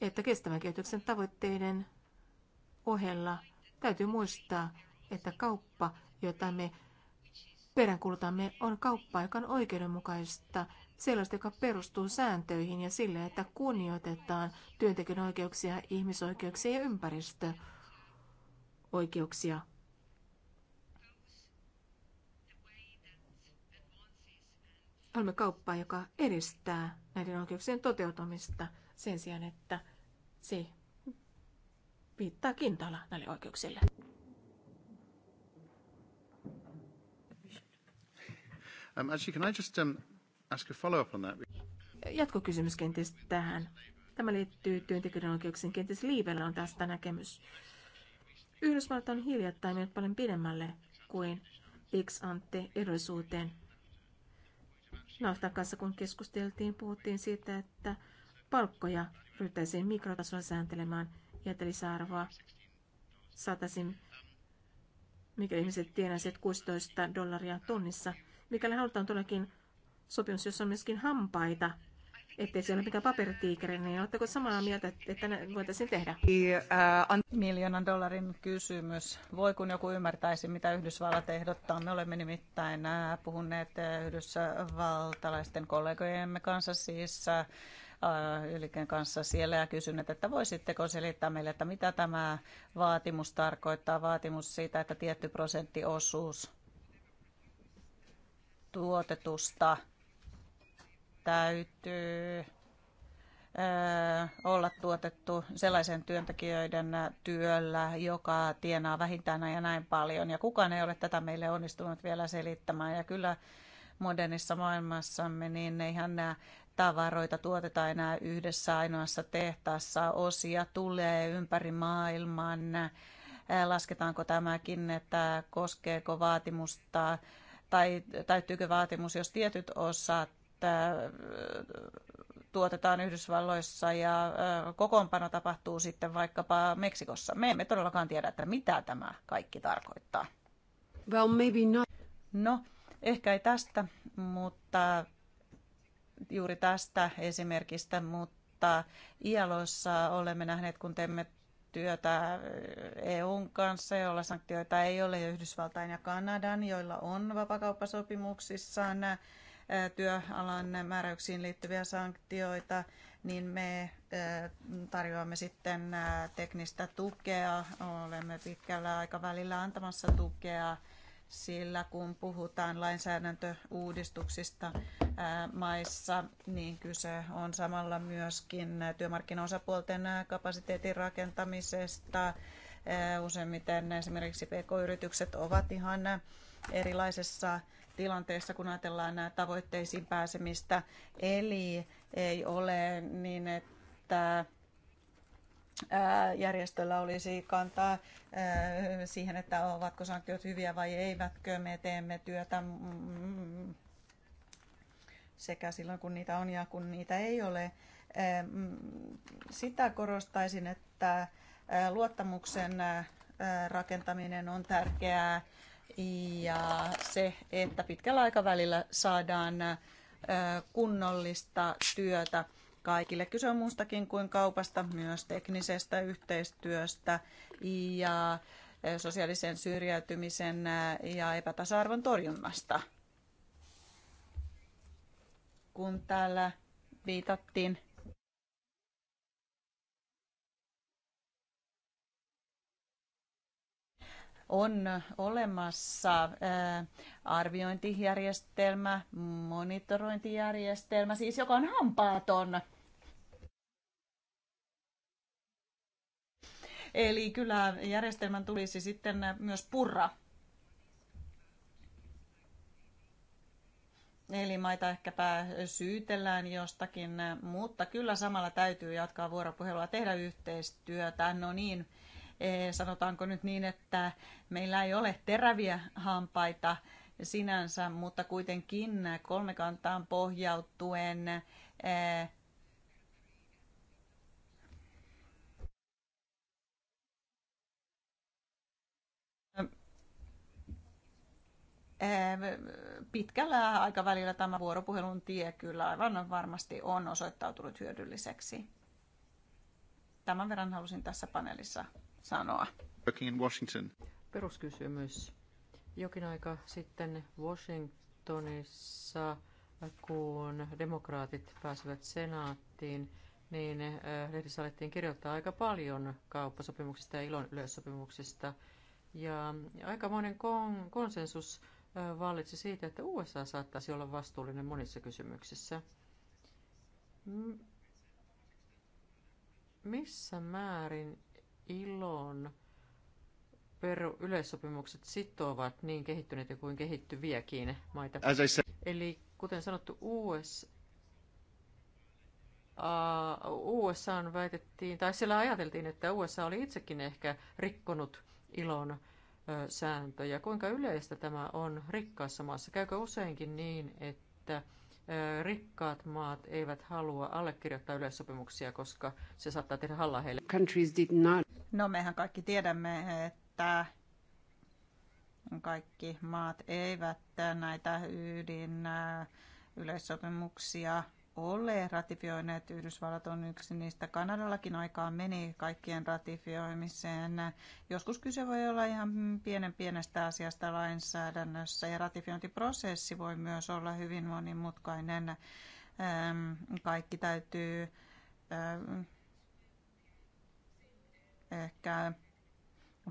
että kestävän kehityksen tavoitteiden ohella – Täytyy muistaa, että kauppa, jota me peräänkuulutamme, on kauppa, joka on oikeudenmukaista, sellaista, joka perustuu sääntöihin ja sille, että kunnioitetaan työntekijän oikeuksia, ihmisoikeuksia ja ympäristöoikeuksia. Olemme kauppaa, joka edistää näiden oikeuksien toteutumista sen sijaan, että se viittaa kintaalla näille oikeuksille. Um, actually, can I just um, ask a follow-up on that? Jatkokysymys kenties tähän. Tämä liittyy työntekijöiden oikeuksiin. Kenties Liivellä on tästä näkemys. Yhdysvallat on hiljattain mennyt paljon pidemmälle kuin ex ante edullisuuteen. Naftan kanssa kun keskusteltiin, puhuttiin siitä, että palkkoja ryhtäisiin mikrotasolla sääntelemään – jätä lisäarvoa. Saataisiin, mikä ihmiset tienasivat 16 dollaria tunnissa. Mikäli halutaan tuollakin sopimus, jossa on myöskin hampaita, ettei siellä ole mikään paperitiikeri, niin oletteko samaa mieltä, että ne voitaisiin tehdä? Miljoonan dollarin kysymys. Voi kun joku ymmärtäisi, mitä Yhdysvallat ehdottaa. Me olemme nimittäin puhuneet yhdysvaltalaisten kollegojemme kanssa siis Äh, Yliken kanssa siellä ja kysynyt, että voisitteko selittää meille, että mitä tämä vaatimus tarkoittaa, vaatimus siitä, että tietty prosenttiosuus tuotetusta täytyy äh, olla tuotettu sellaisen työntekijöiden työllä, joka tienaa vähintään ja näin paljon. Ja kukaan ei ole tätä meille onnistunut vielä selittämään. Ja kyllä modernissa maailmassamme, niin eihän nämä tavaroita tuotetaan enää yhdessä ainoassa tehtaassa, osia tulee ympäri maailman. Lasketaanko tämäkin, että koskeeko vaatimusta tai täyttyykö vaatimus, jos tietyt osat tuotetaan Yhdysvalloissa ja kokoonpano tapahtuu sitten vaikkapa Meksikossa. Me emme todellakaan tiedä, että mitä tämä kaikki tarkoittaa. Well, maybe not. No, ehkä ei tästä, mutta juuri tästä esimerkistä, mutta ILOssa olemme nähneet, kun teemme työtä EUn kanssa, joilla sanktioita ei ole, ja Yhdysvaltain ja Kanadan, joilla on vapakauppasopimuksissaan työalan määräyksiin liittyviä sanktioita, niin me tarjoamme sitten teknistä tukea, olemme pitkällä aikavälillä antamassa tukea sillä kun puhutaan lainsäädäntöuudistuksista maissa, niin kyse on samalla myöskin työmarkkinaosapuolten kapasiteetin rakentamisesta. Useimmiten esimerkiksi pk-yritykset ovat ihan erilaisessa tilanteessa, kun ajatellaan tavoitteisiin pääsemistä. Eli ei ole niin, että järjestöllä olisi kantaa siihen, että ovatko sanktiot hyviä vai eivätkö. Me teemme työtä mm, sekä silloin, kun niitä on ja kun niitä ei ole. Mm, sitä korostaisin, että luottamuksen rakentaminen on tärkeää ja se, että pitkällä aikavälillä saadaan kunnollista työtä kaikille. Kyse on muustakin kuin kaupasta, myös teknisestä yhteistyöstä ja e, sosiaalisen syrjäytymisen e, ja epätasa-arvon torjunnasta. Kun täällä viitattiin on olemassa e, arviointijärjestelmä, monitorointijärjestelmä, siis joka on hampaaton Eli kyllä järjestelmän tulisi sitten myös purra. Eli maita ehkäpä syytellään jostakin, mutta kyllä samalla täytyy jatkaa vuoropuhelua, tehdä yhteistyötä. No niin, e, sanotaanko nyt niin, että meillä ei ole teräviä hampaita sinänsä, mutta kuitenkin kolmekantaan pohjautuen e, pitkällä aikavälillä tämä vuoropuhelun tie kyllä aivan varmasti on osoittautunut hyödylliseksi. Tämän verran halusin tässä paneelissa sanoa. in Washington. Peruskysymys. Jokin aika sitten Washingtonissa, kun demokraatit pääsivät senaattiin, niin eh, lehdissä alettiin kirjoittaa aika paljon kauppasopimuksista ja ilon yleissopimuksista. Ja aikamoinen kon- konsensus vallitsi siitä, että USA saattaisi olla vastuullinen monissa kysymyksissä. Missä määrin ilon peru- yleissopimukset sitovat niin kehittyneitä kuin kehittyviäkin maita? Eli kuten sanottu, USA uh, USA väitettiin, tai siellä ajateltiin, että USA oli itsekin ehkä rikkonut ilon sääntöjä. Kuinka yleistä tämä on rikkaassa maassa? Käykö useinkin niin, että rikkaat maat eivät halua allekirjoittaa yleissopimuksia, koska se saattaa tehdä hallaa heille? No mehän kaikki tiedämme, että kaikki maat eivät näitä ydin yleissopimuksia ole ratifioineet. Yhdysvallat on yksi niistä. Kanadallakin aikaa meni kaikkien ratifioimiseen. Joskus kyse voi olla ihan pienen pienestä asiasta lainsäädännössä ja ratifiointiprosessi voi myös olla hyvin monimutkainen. Kaikki täytyy ehkä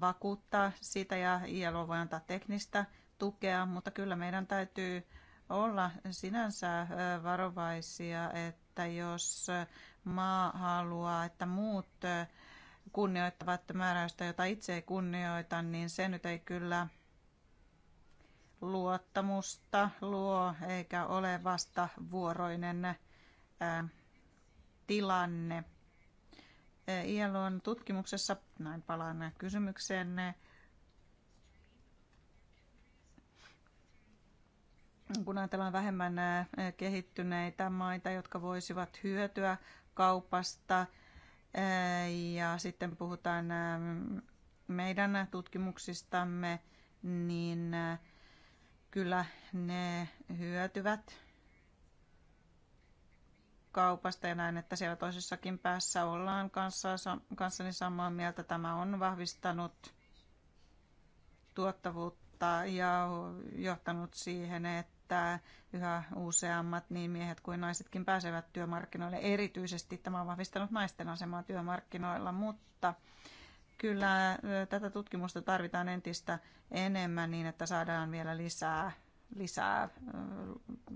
vakuuttaa sitä ja ILO voi antaa teknistä tukea, mutta kyllä meidän täytyy olla sinänsä varovaisia, että jos maa haluaa, että muut kunnioittavat määräystä, jota itse ei kunnioita, niin se nyt ei kyllä luottamusta luo eikä ole vasta vuoroinen tilanne. ILOn tutkimuksessa, näin palaan kysymykseen, kun ajatellaan vähemmän kehittyneitä maita, jotka voisivat hyötyä kaupasta, ja sitten puhutaan meidän tutkimuksistamme, niin kyllä ne hyötyvät kaupasta ja näin, että siellä toisessakin päässä ollaan kanssa. kanssani samaa mieltä. Tämä on vahvistanut tuottavuutta ja johtanut siihen, että että yhä useammat niin miehet kuin naisetkin pääsevät työmarkkinoille. Erityisesti tämä on vahvistanut naisten asemaa työmarkkinoilla, mutta kyllä tätä tutkimusta tarvitaan entistä enemmän niin, että saadaan vielä lisää lisää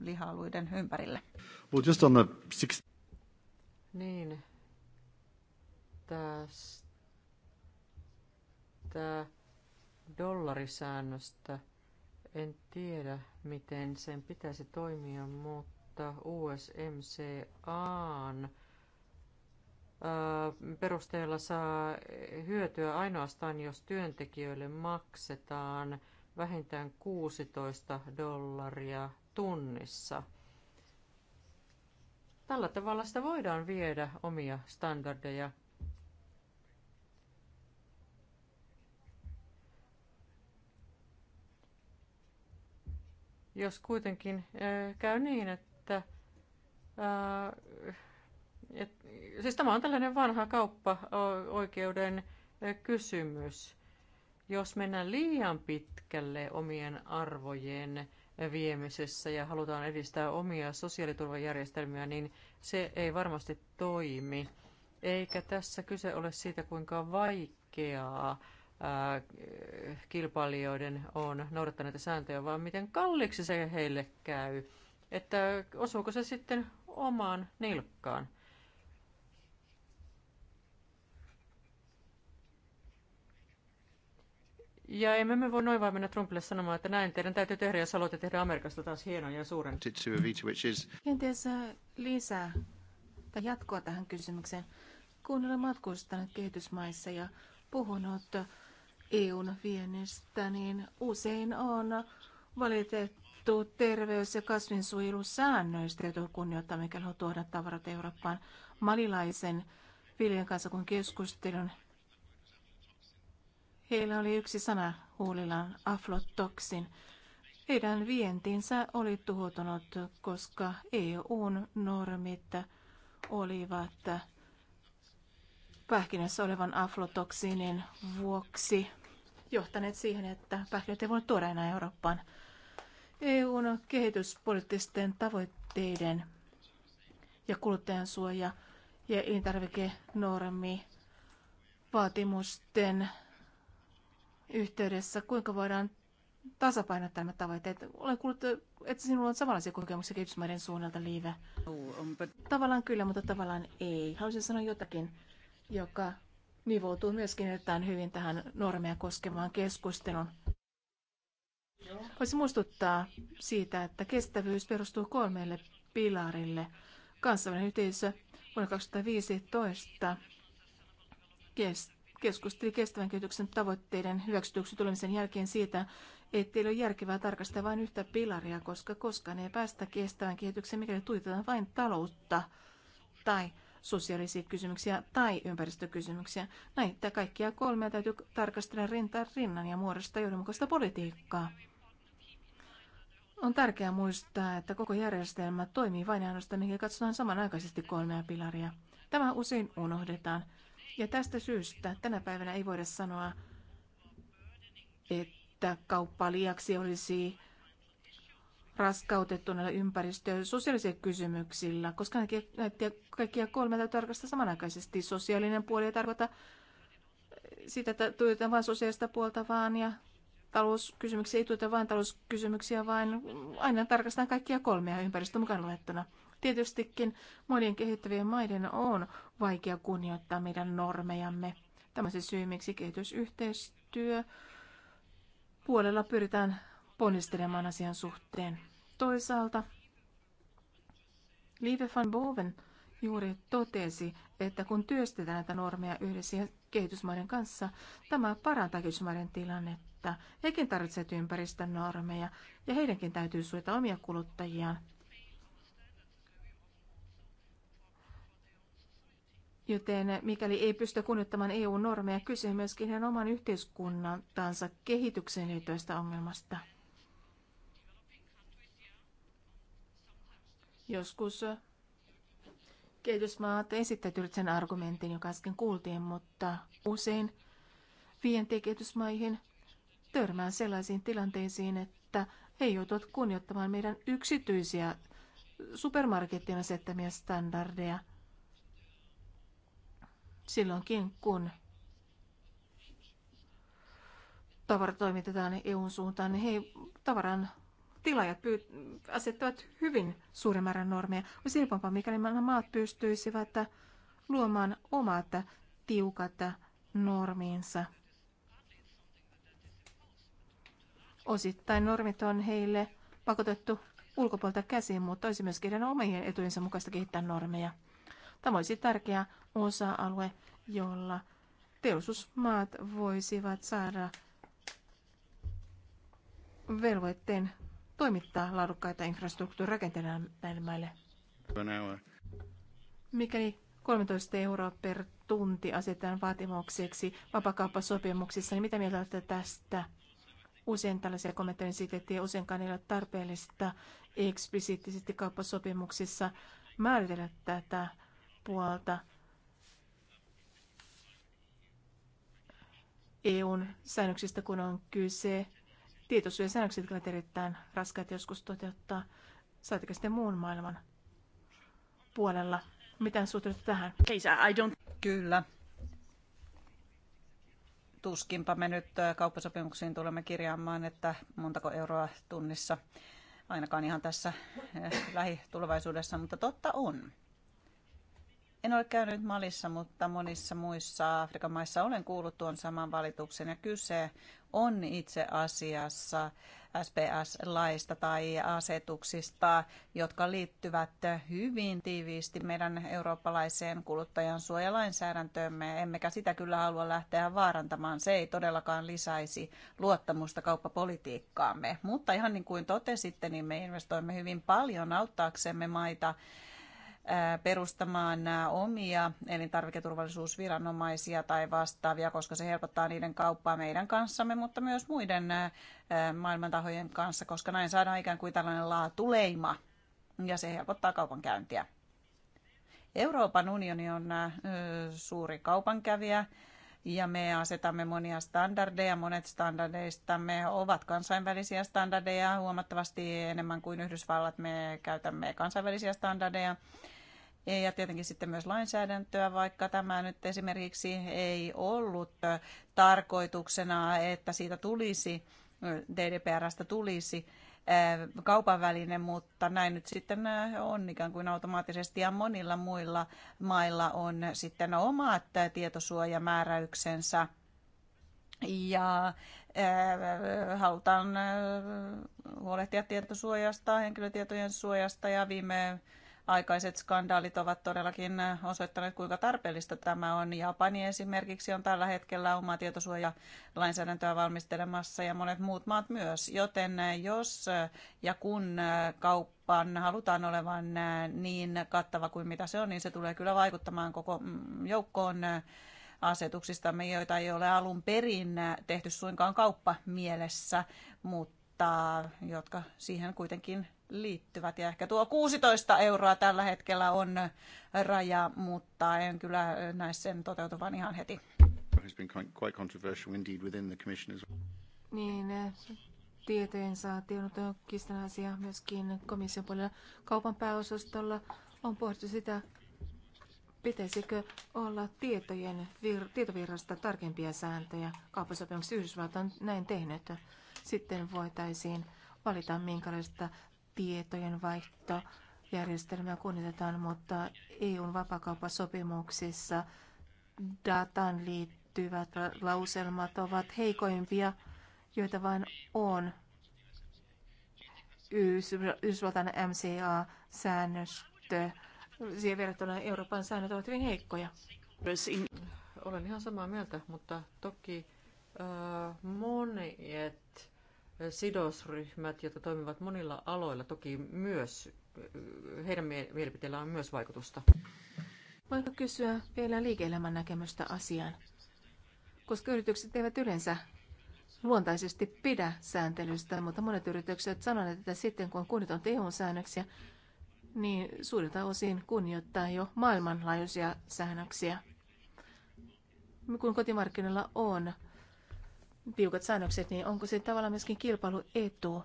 lihaluiden ympärille. Well, just on the six... Niin. Tästä dollarisäännöstä en tiedä, miten sen pitäisi toimia, mutta USMCAn perusteella saa hyötyä ainoastaan, jos työntekijöille maksetaan vähintään 16 dollaria tunnissa. Tällä tavalla sitä voidaan viedä omia standardeja jos kuitenkin käy niin, että et, siis tämä on tällainen vanha kauppaoikeuden kysymys. Jos mennään liian pitkälle omien arvojen viemisessä ja halutaan edistää omia sosiaaliturvajärjestelmiä, niin se ei varmasti toimi. Eikä tässä kyse ole siitä, kuinka vaikeaa kilpailijoiden on noudattaa näitä sääntöjä, vaan miten kalliiksi se heille käy, että osuuko se sitten omaan nilkkaan. Ja emme me voi noin vain mennä Trumpille sanomaan, että näin teidän täytyy tehdä, jos haluatte tehdä Amerikasta taas hienon ja suuren. Kenties lisää tai jatkoa tähän kysymykseen. Kun olen matkustanut kehitysmaissa ja puhunut EUn viennistä, niin usein on valitettu terveys- ja kasvinsuojelusäännöistä, joita on kunnioittaa, mikäli on tuoda tavarat Eurooppaan. Malilaisen viljen kanssa, kun keskustelun, heillä oli yksi sana huulillaan, aflotoksin. Heidän vientinsä oli tuhoutunut, koska EUn normit olivat pähkinässä olevan aflotoksiinin vuoksi johtaneet siihen, että pähkinöitä ei voinut tuoda enää Eurooppaan. EUn kehityspoliittisten tavoitteiden ja kuluttajansuoja ja elintarvikenormi vaatimusten yhteydessä, kuinka voidaan tasapainottaa nämä tavoitteet. Olen kuullut, että sinulla on samanlaisia kokemuksia kehitysmaiden suunnalta, Liive. No, tavallaan kyllä, mutta tavallaan ei. Haluaisin sanoa jotakin, joka nivoutuu myöskin erittäin hyvin tähän normeja koskevaan keskusteluun. Voisi muistuttaa siitä, että kestävyys perustuu kolmelle pilarille. Kansainvälinen yhteisö vuonna 2015 keskusteli kestävän kehityksen tavoitteiden hyväksytyksi tulemisen jälkeen siitä, ettei ole järkevää tarkastaa vain yhtä pilaria, koska koskaan ei päästä kestävän kehityksen, mikäli tuitetaan vain taloutta tai sosiaalisia kysymyksiä tai ympäristökysymyksiä. Näitä kaikkia kolmea täytyy tarkastella rintaa rinnan ja muodostaa johdonmukaista politiikkaa. On tärkeää muistaa, että koko järjestelmä toimii vain ainoastaan, mikä katsotaan samanaikaisesti kolmea pilaria. Tämä usein unohdetaan. Ja tästä syystä tänä päivänä ei voida sanoa, että kauppa liiaksi olisi raskautettuneilla ympäristö- ja sosiaalisilla kysymyksillä, koska näitä kaikkia kolme täytyy tarkastaa samanaikaisesti. Sosiaalinen puoli ei tarkoita sitä, että tuotetaan vain sosiaalista puolta vaan ja talouskysymyksiä ei tueta vain talouskysymyksiä, vaan aina tarkastetaan kaikkia kolmea ympäristö mukaan luettuna. Tietystikin monien kehittävien maiden on vaikea kunnioittaa meidän normejamme. Tämä on se syy, miksi kehitysyhteistyö puolella pyritään ponnistelemaan asian suhteen. Toisaalta Lieve van Boven juuri totesi, että kun työstetään näitä normeja yhdessä kehitysmaiden kanssa, tämä parantaa kehitysmaiden tilannetta. Hekin tarvitsevat ympäristön normeja ja heidänkin täytyy suojata omia kuluttajiaan. Joten mikäli ei pysty kunnioittamaan EU-normeja, kyse myöskin heidän oman yhteiskunnantansa kehityksen liittyvästä ongelmasta. Joskus äh, kehitysmaat esittäytyvät sen argumentin, joka äsken kuultiin, mutta usein vientikehitysmaihin törmään sellaisiin tilanteisiin, että he joutuvat kunnioittamaan meidän yksityisiä supermarkettien asettamia standardeja silloinkin, kun tavara toimitetaan EUn suuntaan, niin he tavaran tilaajat asettavat hyvin suuren määrän normeja. Olisi helpompaa, mikäli nämä maat pystyisivät luomaan omat tiukat normiinsa. Osittain normit on heille pakotettu ulkopuolelta käsiin, mutta olisi myös heidän omien etujensa mukaista kehittää normeja. Tämä olisi tärkeä osa-alue, jolla teollisuusmaat voisivat saada velvoitteen toimittaa laadukkaita infrastruktuurirakenteita näille maille. Mikäli 13 euroa per tunti asetetaan vaatimukseksi vapakauppasopimuksissa, niin mitä mieltä olette tästä? Usein tällaisia kommentteja esitettiin useinkaan ei ole tarpeellista eksplisiittisesti kauppasopimuksissa määritellä tätä puolta. EUn säännöksistä kun on kyse, Tietosuojasäännökset ovat erittäin raskaat joskus toteuttaa, Saatteko sitten muun maailman puolella. Mitä suhteutta tähän? Please, I don't... Kyllä. Tuskinpa me nyt kauppasopimuksiin tulemme kirjaamaan, että montako euroa tunnissa ainakaan ihan tässä lähitulevaisuudessa, mutta totta on, en ole käynyt Malissa, mutta monissa muissa Afrikan maissa olen kuullut tuon saman valituksen ja kyse on itse asiassa SPS-laista tai asetuksista, jotka liittyvät hyvin tiiviisti meidän eurooppalaiseen kuluttajan suojalainsäädäntöömme, emmekä sitä kyllä halua lähteä vaarantamaan. Se ei todellakaan lisäisi luottamusta kauppapolitiikkaamme. Mutta ihan niin kuin totesitte, niin me investoimme hyvin paljon auttaaksemme maita perustamaan omia elintarviketurvallisuusviranomaisia tai vastaavia, koska se helpottaa niiden kauppaa meidän kanssamme, mutta myös muiden maailmantahojen kanssa, koska näin saadaan ikään kuin tällainen laatuleima ja se helpottaa kaupankäyntiä. Euroopan unioni on suuri kaupankävijä ja me asetamme monia standardeja. Monet standardeistamme ovat kansainvälisiä standardeja huomattavasti enemmän kuin Yhdysvallat. Me käytämme kansainvälisiä standardeja ja tietenkin sitten myös lainsäädäntöä, vaikka tämä nyt esimerkiksi ei ollut tarkoituksena, että siitä tulisi, DDPRstä tulisi eh, kaupan väline, mutta näin nyt sitten eh, on ikään kuin automaattisesti ja monilla muilla mailla on sitten omat tietosuojamääräyksensä ja eh, halutaan huolehtia tietosuojasta, henkilötietojen suojasta ja viime aikaiset skandaalit ovat todellakin osoittaneet, kuinka tarpeellista tämä on. Japani esimerkiksi on tällä hetkellä omaa tietosuojalainsäädäntöä valmistelemassa ja monet muut maat myös. Joten jos ja kun kauppaan halutaan olevan niin kattava kuin mitä se on, niin se tulee kyllä vaikuttamaan koko joukkoon asetuksista, joita ei ole alun perin tehty suinkaan kauppa mielessä, mutta jotka siihen kuitenkin liittyvät. Ja ehkä tuo 16 euroa tällä hetkellä on raja, mutta en kyllä näe sen toteutuvan ihan heti. Niin, eh, tietojen saati on ollut asia myöskin komission puolella. Kaupan pääosastolla on pohdittu sitä, pitäisikö olla tietojen vir- tietovirrasta tarkempia sääntöjä. Kauppasopimuksessa Yhdysvallat on näin tehnyt. Sitten voitaisiin valita, minkälaista tietojen vaihto kunnioitetaan, mutta EUn vapakauppasopimuksissa datan liittyvät lauselmat ovat heikoimpia, joita vain on. Yhdysvaltain MCA-säännöstö, siihen verrattuna Euroopan säännöt ovat hyvin heikkoja. Olen ihan samaa mieltä, mutta toki äh, monet sidosryhmät, jotka toimivat monilla aloilla, toki myös heidän mielipiteillään on myös vaikutusta. Voinko kysyä vielä liike-elämän näkemystä asiaan? Koska yritykset eivät yleensä luontaisesti pidä sääntelystä, mutta monet yritykset sanoneet, että sitten kun kunnioitat EU-säännöksiä, niin suurilta osin kunnioittaa jo maailmanlaajuisia säännöksiä. Kun kotimarkkinoilla on tiukat säännökset, niin onko se tavallaan myöskin kilpailuetu?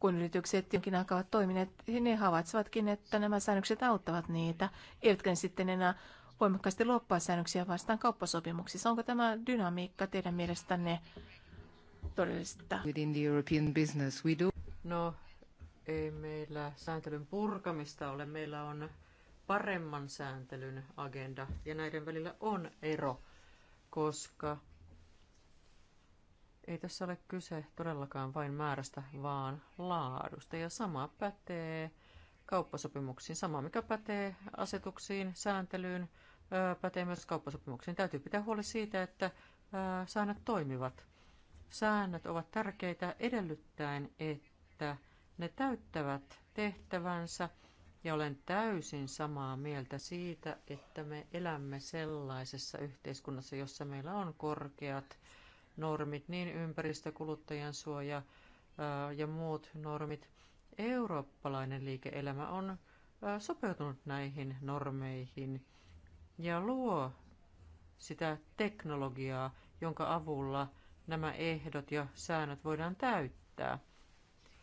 Kun yritykset jonkin aikaa ovat toimineet, ne havaitsevatkin, että nämä säännökset auttavat niitä, eivätkä ne sitten enää voimakkaasti loppaa säännöksiä vastaan kauppasopimuksissa. Onko tämä dynamiikka teidän mielestänne todellista? Within the European business we do. No, ei meillä sääntelyn purkamista ole. Meillä on paremman sääntelyn agenda ja näiden välillä on ero koska ei tässä ole kyse todellakaan vain määrästä, vaan laadusta. Ja sama pätee kauppasopimuksiin, sama mikä pätee asetuksiin, sääntelyyn, pätee myös kauppasopimuksiin. Täytyy pitää huoli siitä, että säännöt toimivat. Säännöt ovat tärkeitä edellyttäen, että ne täyttävät tehtävänsä – ja olen täysin samaa mieltä siitä, että me elämme sellaisessa yhteiskunnassa, jossa meillä on korkeat normit, niin ympäristö, kuluttajan suoja ja muut normit. Eurooppalainen liike-elämä on sopeutunut näihin normeihin ja luo sitä teknologiaa, jonka avulla nämä ehdot ja säännöt voidaan täyttää.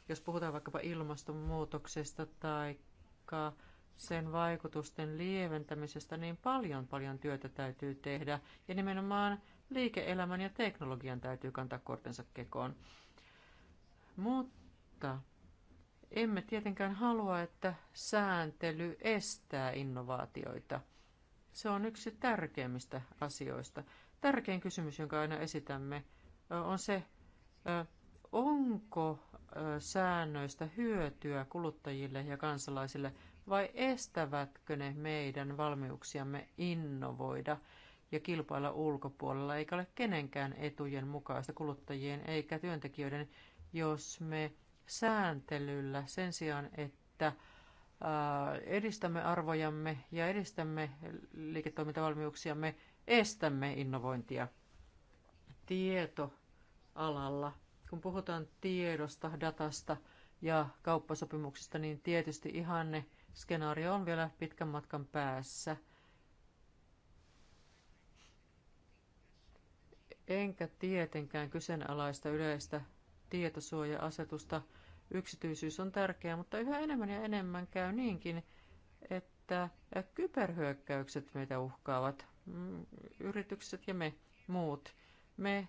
Jos puhutaan vaikkapa ilmastonmuutoksesta tai vaikka sen vaikutusten lieventämisestä, niin paljon paljon työtä täytyy tehdä ja nimenomaan liike-elämän ja teknologian täytyy kantaa kortensa kekoon. Mutta emme tietenkään halua, että sääntely estää innovaatioita. Se on yksi tärkeimmistä asioista. Tärkein kysymys, jonka aina esitämme, on se, onko säännöistä hyötyä kuluttajille ja kansalaisille vai estävätkö ne meidän valmiuksiamme innovoida ja kilpailla ulkopuolella, eikä ole kenenkään etujen mukaista kuluttajien eikä työntekijöiden, jos me sääntelyllä sen sijaan, että edistämme arvojamme ja edistämme liiketoimintavalmiuksiamme, estämme innovointia tietoalalla kun puhutaan tiedosta, datasta ja kauppasopimuksista, niin tietysti ihanne skenaario on vielä pitkän matkan päässä. Enkä tietenkään kyseenalaista yleistä tietosuoja-asetusta. Yksityisyys on tärkeää, mutta yhä enemmän ja enemmän käy niinkin, että kyberhyökkäykset meitä uhkaavat, mm, yritykset ja me muut. Me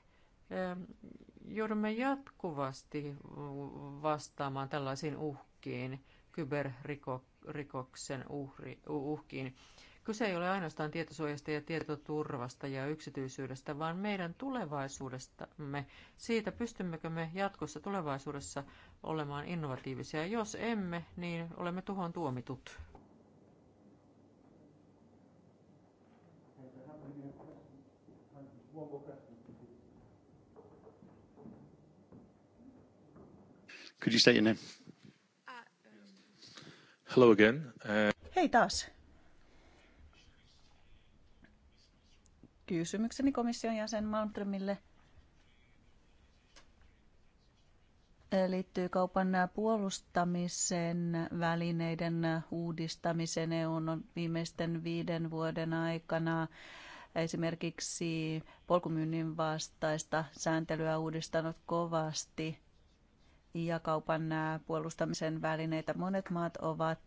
joudumme jatkuvasti vastaamaan tällaisiin uhkiin, kyberrikoksen uhkiin. Kyse ei ole ainoastaan tietosuojasta ja tietoturvasta ja yksityisyydestä, vaan meidän tulevaisuudestamme, siitä pystymmekö me jatkossa tulevaisuudessa olemaan innovatiivisia. Jos emme, niin olemme tuhon tuomitut. Could you state your name? Hello again. Uh, Hei taas. Kysymykseni komission jäsen Malmströmille liittyy kaupan puolustamisen välineiden uudistamiseen EUn viimeisten viiden vuoden aikana esimerkiksi polkumyynnin vastaista sääntelyä uudistanut kovasti ja kaupan puolustamisen välineitä. Monet maat ovat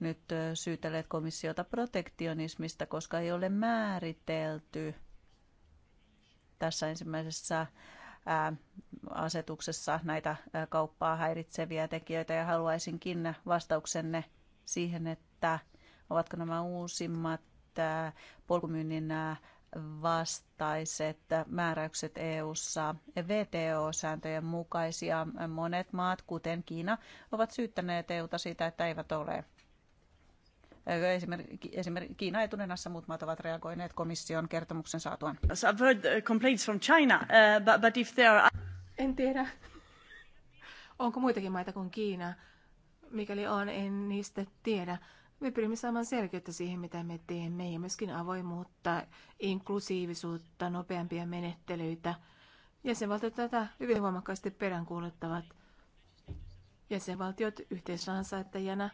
nyt syytelleet komissiota protektionismista, koska ei ole määritelty tässä ensimmäisessä asetuksessa näitä kauppaa häiritseviä tekijöitä ja haluaisinkin vastauksenne siihen, että ovatko nämä uusimmat polkumyynnin vastaiset määräykset EU:ssa VTO-sääntöjen mukaisia. Monet maat, kuten Kiina, ovat syyttäneet EUta siitä, että eivät ole. Esimerkiksi esimerk, Kiina etunenässä muut maat ovat reagoineet komission kertomuksen saatuan. I've heard uh, complaints from China, uh, but, but if there are... En tiedä, onko muitakin maita kuin Kiina. Mikäli on, en niistä tiedä. Me pyrimme saamaan selkeyttä siihen, mitä me teemme, ja myöskin avoimuutta, inklusiivisuutta, nopeampia menettelyitä. Jäsenvaltiot tätä hyvin voimakkaasti peräänkuuluttavat. Jäsenvaltiot yhteisrahansäättäjänä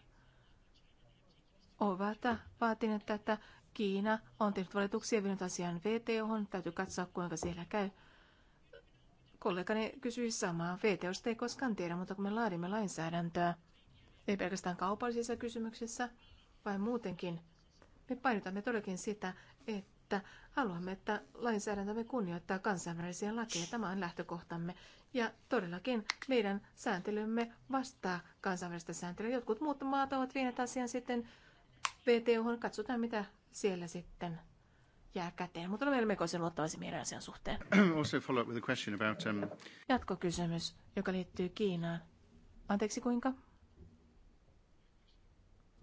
ovat vaatineet tätä. Kiina on tehnyt valituksia vienyt asian VTO, Täytyy katsoa, kuinka siellä käy. Kollegani kysyi samaa. VTOsta ei koskaan tiedä, mutta kun me laadimme lainsäädäntöä, ei pelkästään kaupallisissa kysymyksissä – vai muutenkin. Me painotamme todellakin sitä, että haluamme, että lainsäädäntömme kunnioittaa kansainvälisiä lakeja. Tämä on lähtökohtamme. Ja todellakin meidän sääntelymme vastaa kansainvälistä sääntelyä. Jotkut muut maat ovat vienet asian sitten VTO, Katsotaan, mitä siellä sitten jää käteen, mutta olemme melkoisen luottavaisin meidän asian suhteen. Um, Jatkokysymys, joka liittyy Kiinaan. Anteeksi, kuinka?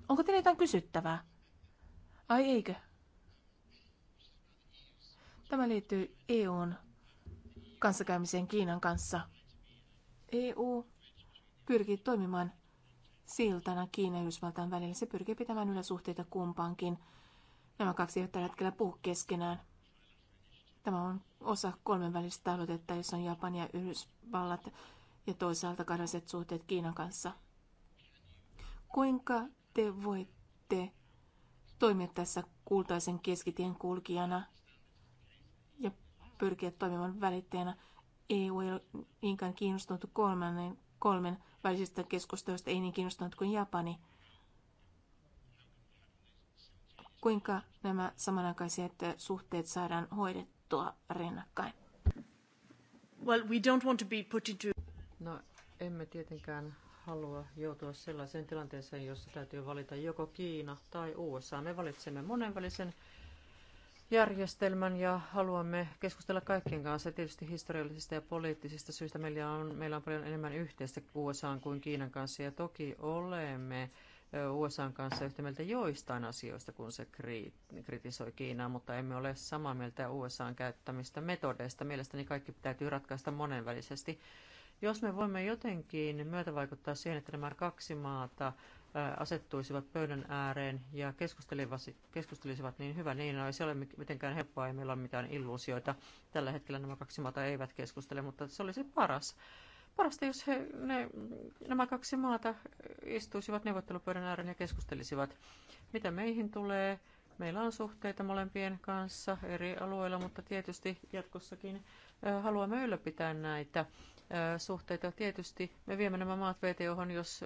Onko teillä jotain kysyttävää? Ai eikö? Tämä liittyy EUn kanssakäymiseen Kiinan kanssa. EU pyrkii toimimaan siltana Kiinan ja Yhdysvaltain välillä. Se pyrkii pitämään yllä suhteita kumpaankin. Nämä kaksi eivät tällä hetkellä puhu keskenään. Tämä on osa kolmenvälistä tavoitetta, jossa on Japani ja Yhdysvallat ja toisaalta kahdelliset suhteet Kiinan kanssa. Kuinka te voitte toimia tässä kultaisen keskitien kulkijana ja pyrkiä toimimaan välittäjänä. EU ei ole niinkään kiinnostunut kolmen kolmen välisistä keskusteluista, ei niin kiinnostunut kuin Japani. Kuinka nämä samanaikaiset suhteet saadaan hoidettua rinnakkain? Well, we don't want to be put into... No, emme tietenkään halua joutua sellaiseen tilanteeseen, jossa täytyy valita joko Kiina tai USA. Me valitsemme monenvälisen järjestelmän ja haluamme keskustella kaikkien kanssa. Tietysti historiallisista ja poliittisista syistä meillä on, meillä on paljon enemmän yhteistä USA kuin Kiinan kanssa ja toki olemme USA kanssa yhtä mieltä joistain asioista, kun se kritisoi Kiinaa, mutta emme ole samaa mieltä USA käyttämistä metodeista. Mielestäni kaikki täytyy ratkaista monenvälisesti. Jos me voimme jotenkin myötävaikuttaa siihen, että nämä kaksi maata asettuisivat pöydän ääreen ja keskustelisivat, niin hyvä niin. No, ei se ole mitenkään helppoa, ei meillä ole mitään illuusioita. Tällä hetkellä nämä kaksi maata eivät keskustele, mutta se olisi paras. Parasta, jos he, ne, nämä kaksi maata istuisivat neuvottelupöydän ääreen ja keskustelisivat, mitä meihin tulee. Meillä on suhteita molempien kanssa eri alueilla, mutta tietysti jatkossakin haluamme ylläpitää näitä suhteita. Tietysti me viemme nämä maat VTOhon, jos,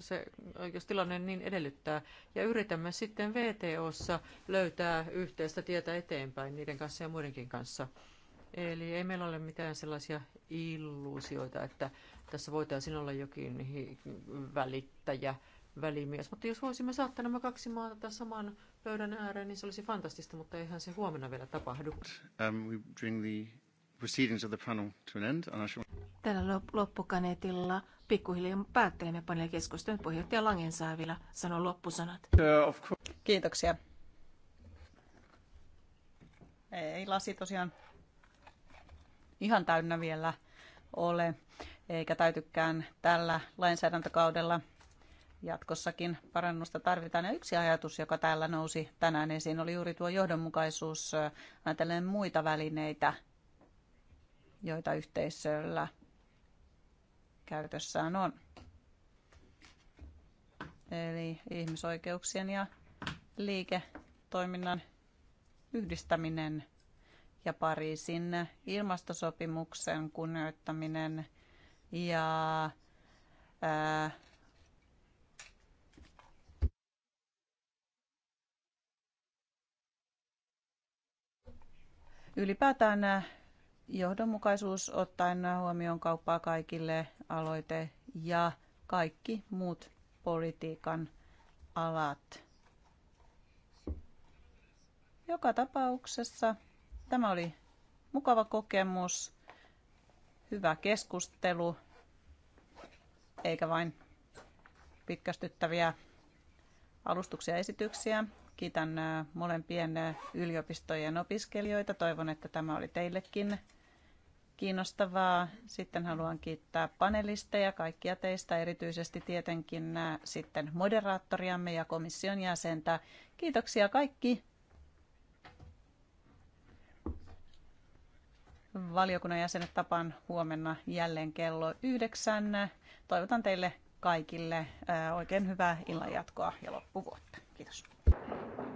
se, jos tilanne niin edellyttää, ja yritämme sitten VTOssa löytää yhteistä tietä eteenpäin niiden kanssa ja muidenkin kanssa. Eli ei meillä ole mitään sellaisia illuusioita, että tässä voitaisiin olla jokin välittäjä, välimies. Mutta jos voisimme saattaa nämä kaksi maata saman pöydän ääreen, niin se olisi fantastista, mutta eihän se huomenna vielä tapahdu. Um, we bring the proceedings of the panel to an end. Tällä loppukaneetilla pikkuhiljaa päättelemme paneelikeskustelun puheenjohtaja Langensaa vielä sanoo loppusanat. Kiitoksia. Ei lasi tosiaan ihan täynnä vielä ole, eikä täytykään tällä lainsäädäntökaudella jatkossakin parannusta tarvitaan. Ja yksi ajatus, joka täällä nousi tänään esiin, oli juuri tuo johdonmukaisuus ajatellen muita välineitä, joita yhteisöllä käytössään on. Eli ihmisoikeuksien ja liiketoiminnan yhdistäminen ja Pariisin ilmastosopimuksen kunnioittaminen ja ää, ylipäätään johdonmukaisuus ottaen huomioon kauppaa kaikille aloite ja kaikki muut politiikan alat. Joka tapauksessa tämä oli mukava kokemus, hyvä keskustelu, eikä vain pitkästyttäviä alustuksia ja esityksiä. Kiitän äh, molempien äh, yliopistojen opiskelijoita. Toivon, että tämä oli teillekin kiinnostavaa. Sitten haluan kiittää panelisteja, kaikkia teistä, erityisesti tietenkin äh, sitten moderaattoriamme ja komission jäsentä. Kiitoksia kaikki valiokunnan jäsenet tapaan huomenna jälleen kello yhdeksän. Toivotan teille kaikille äh, oikein hyvää illanjatkoa ja loppuvuotta. Kiitos.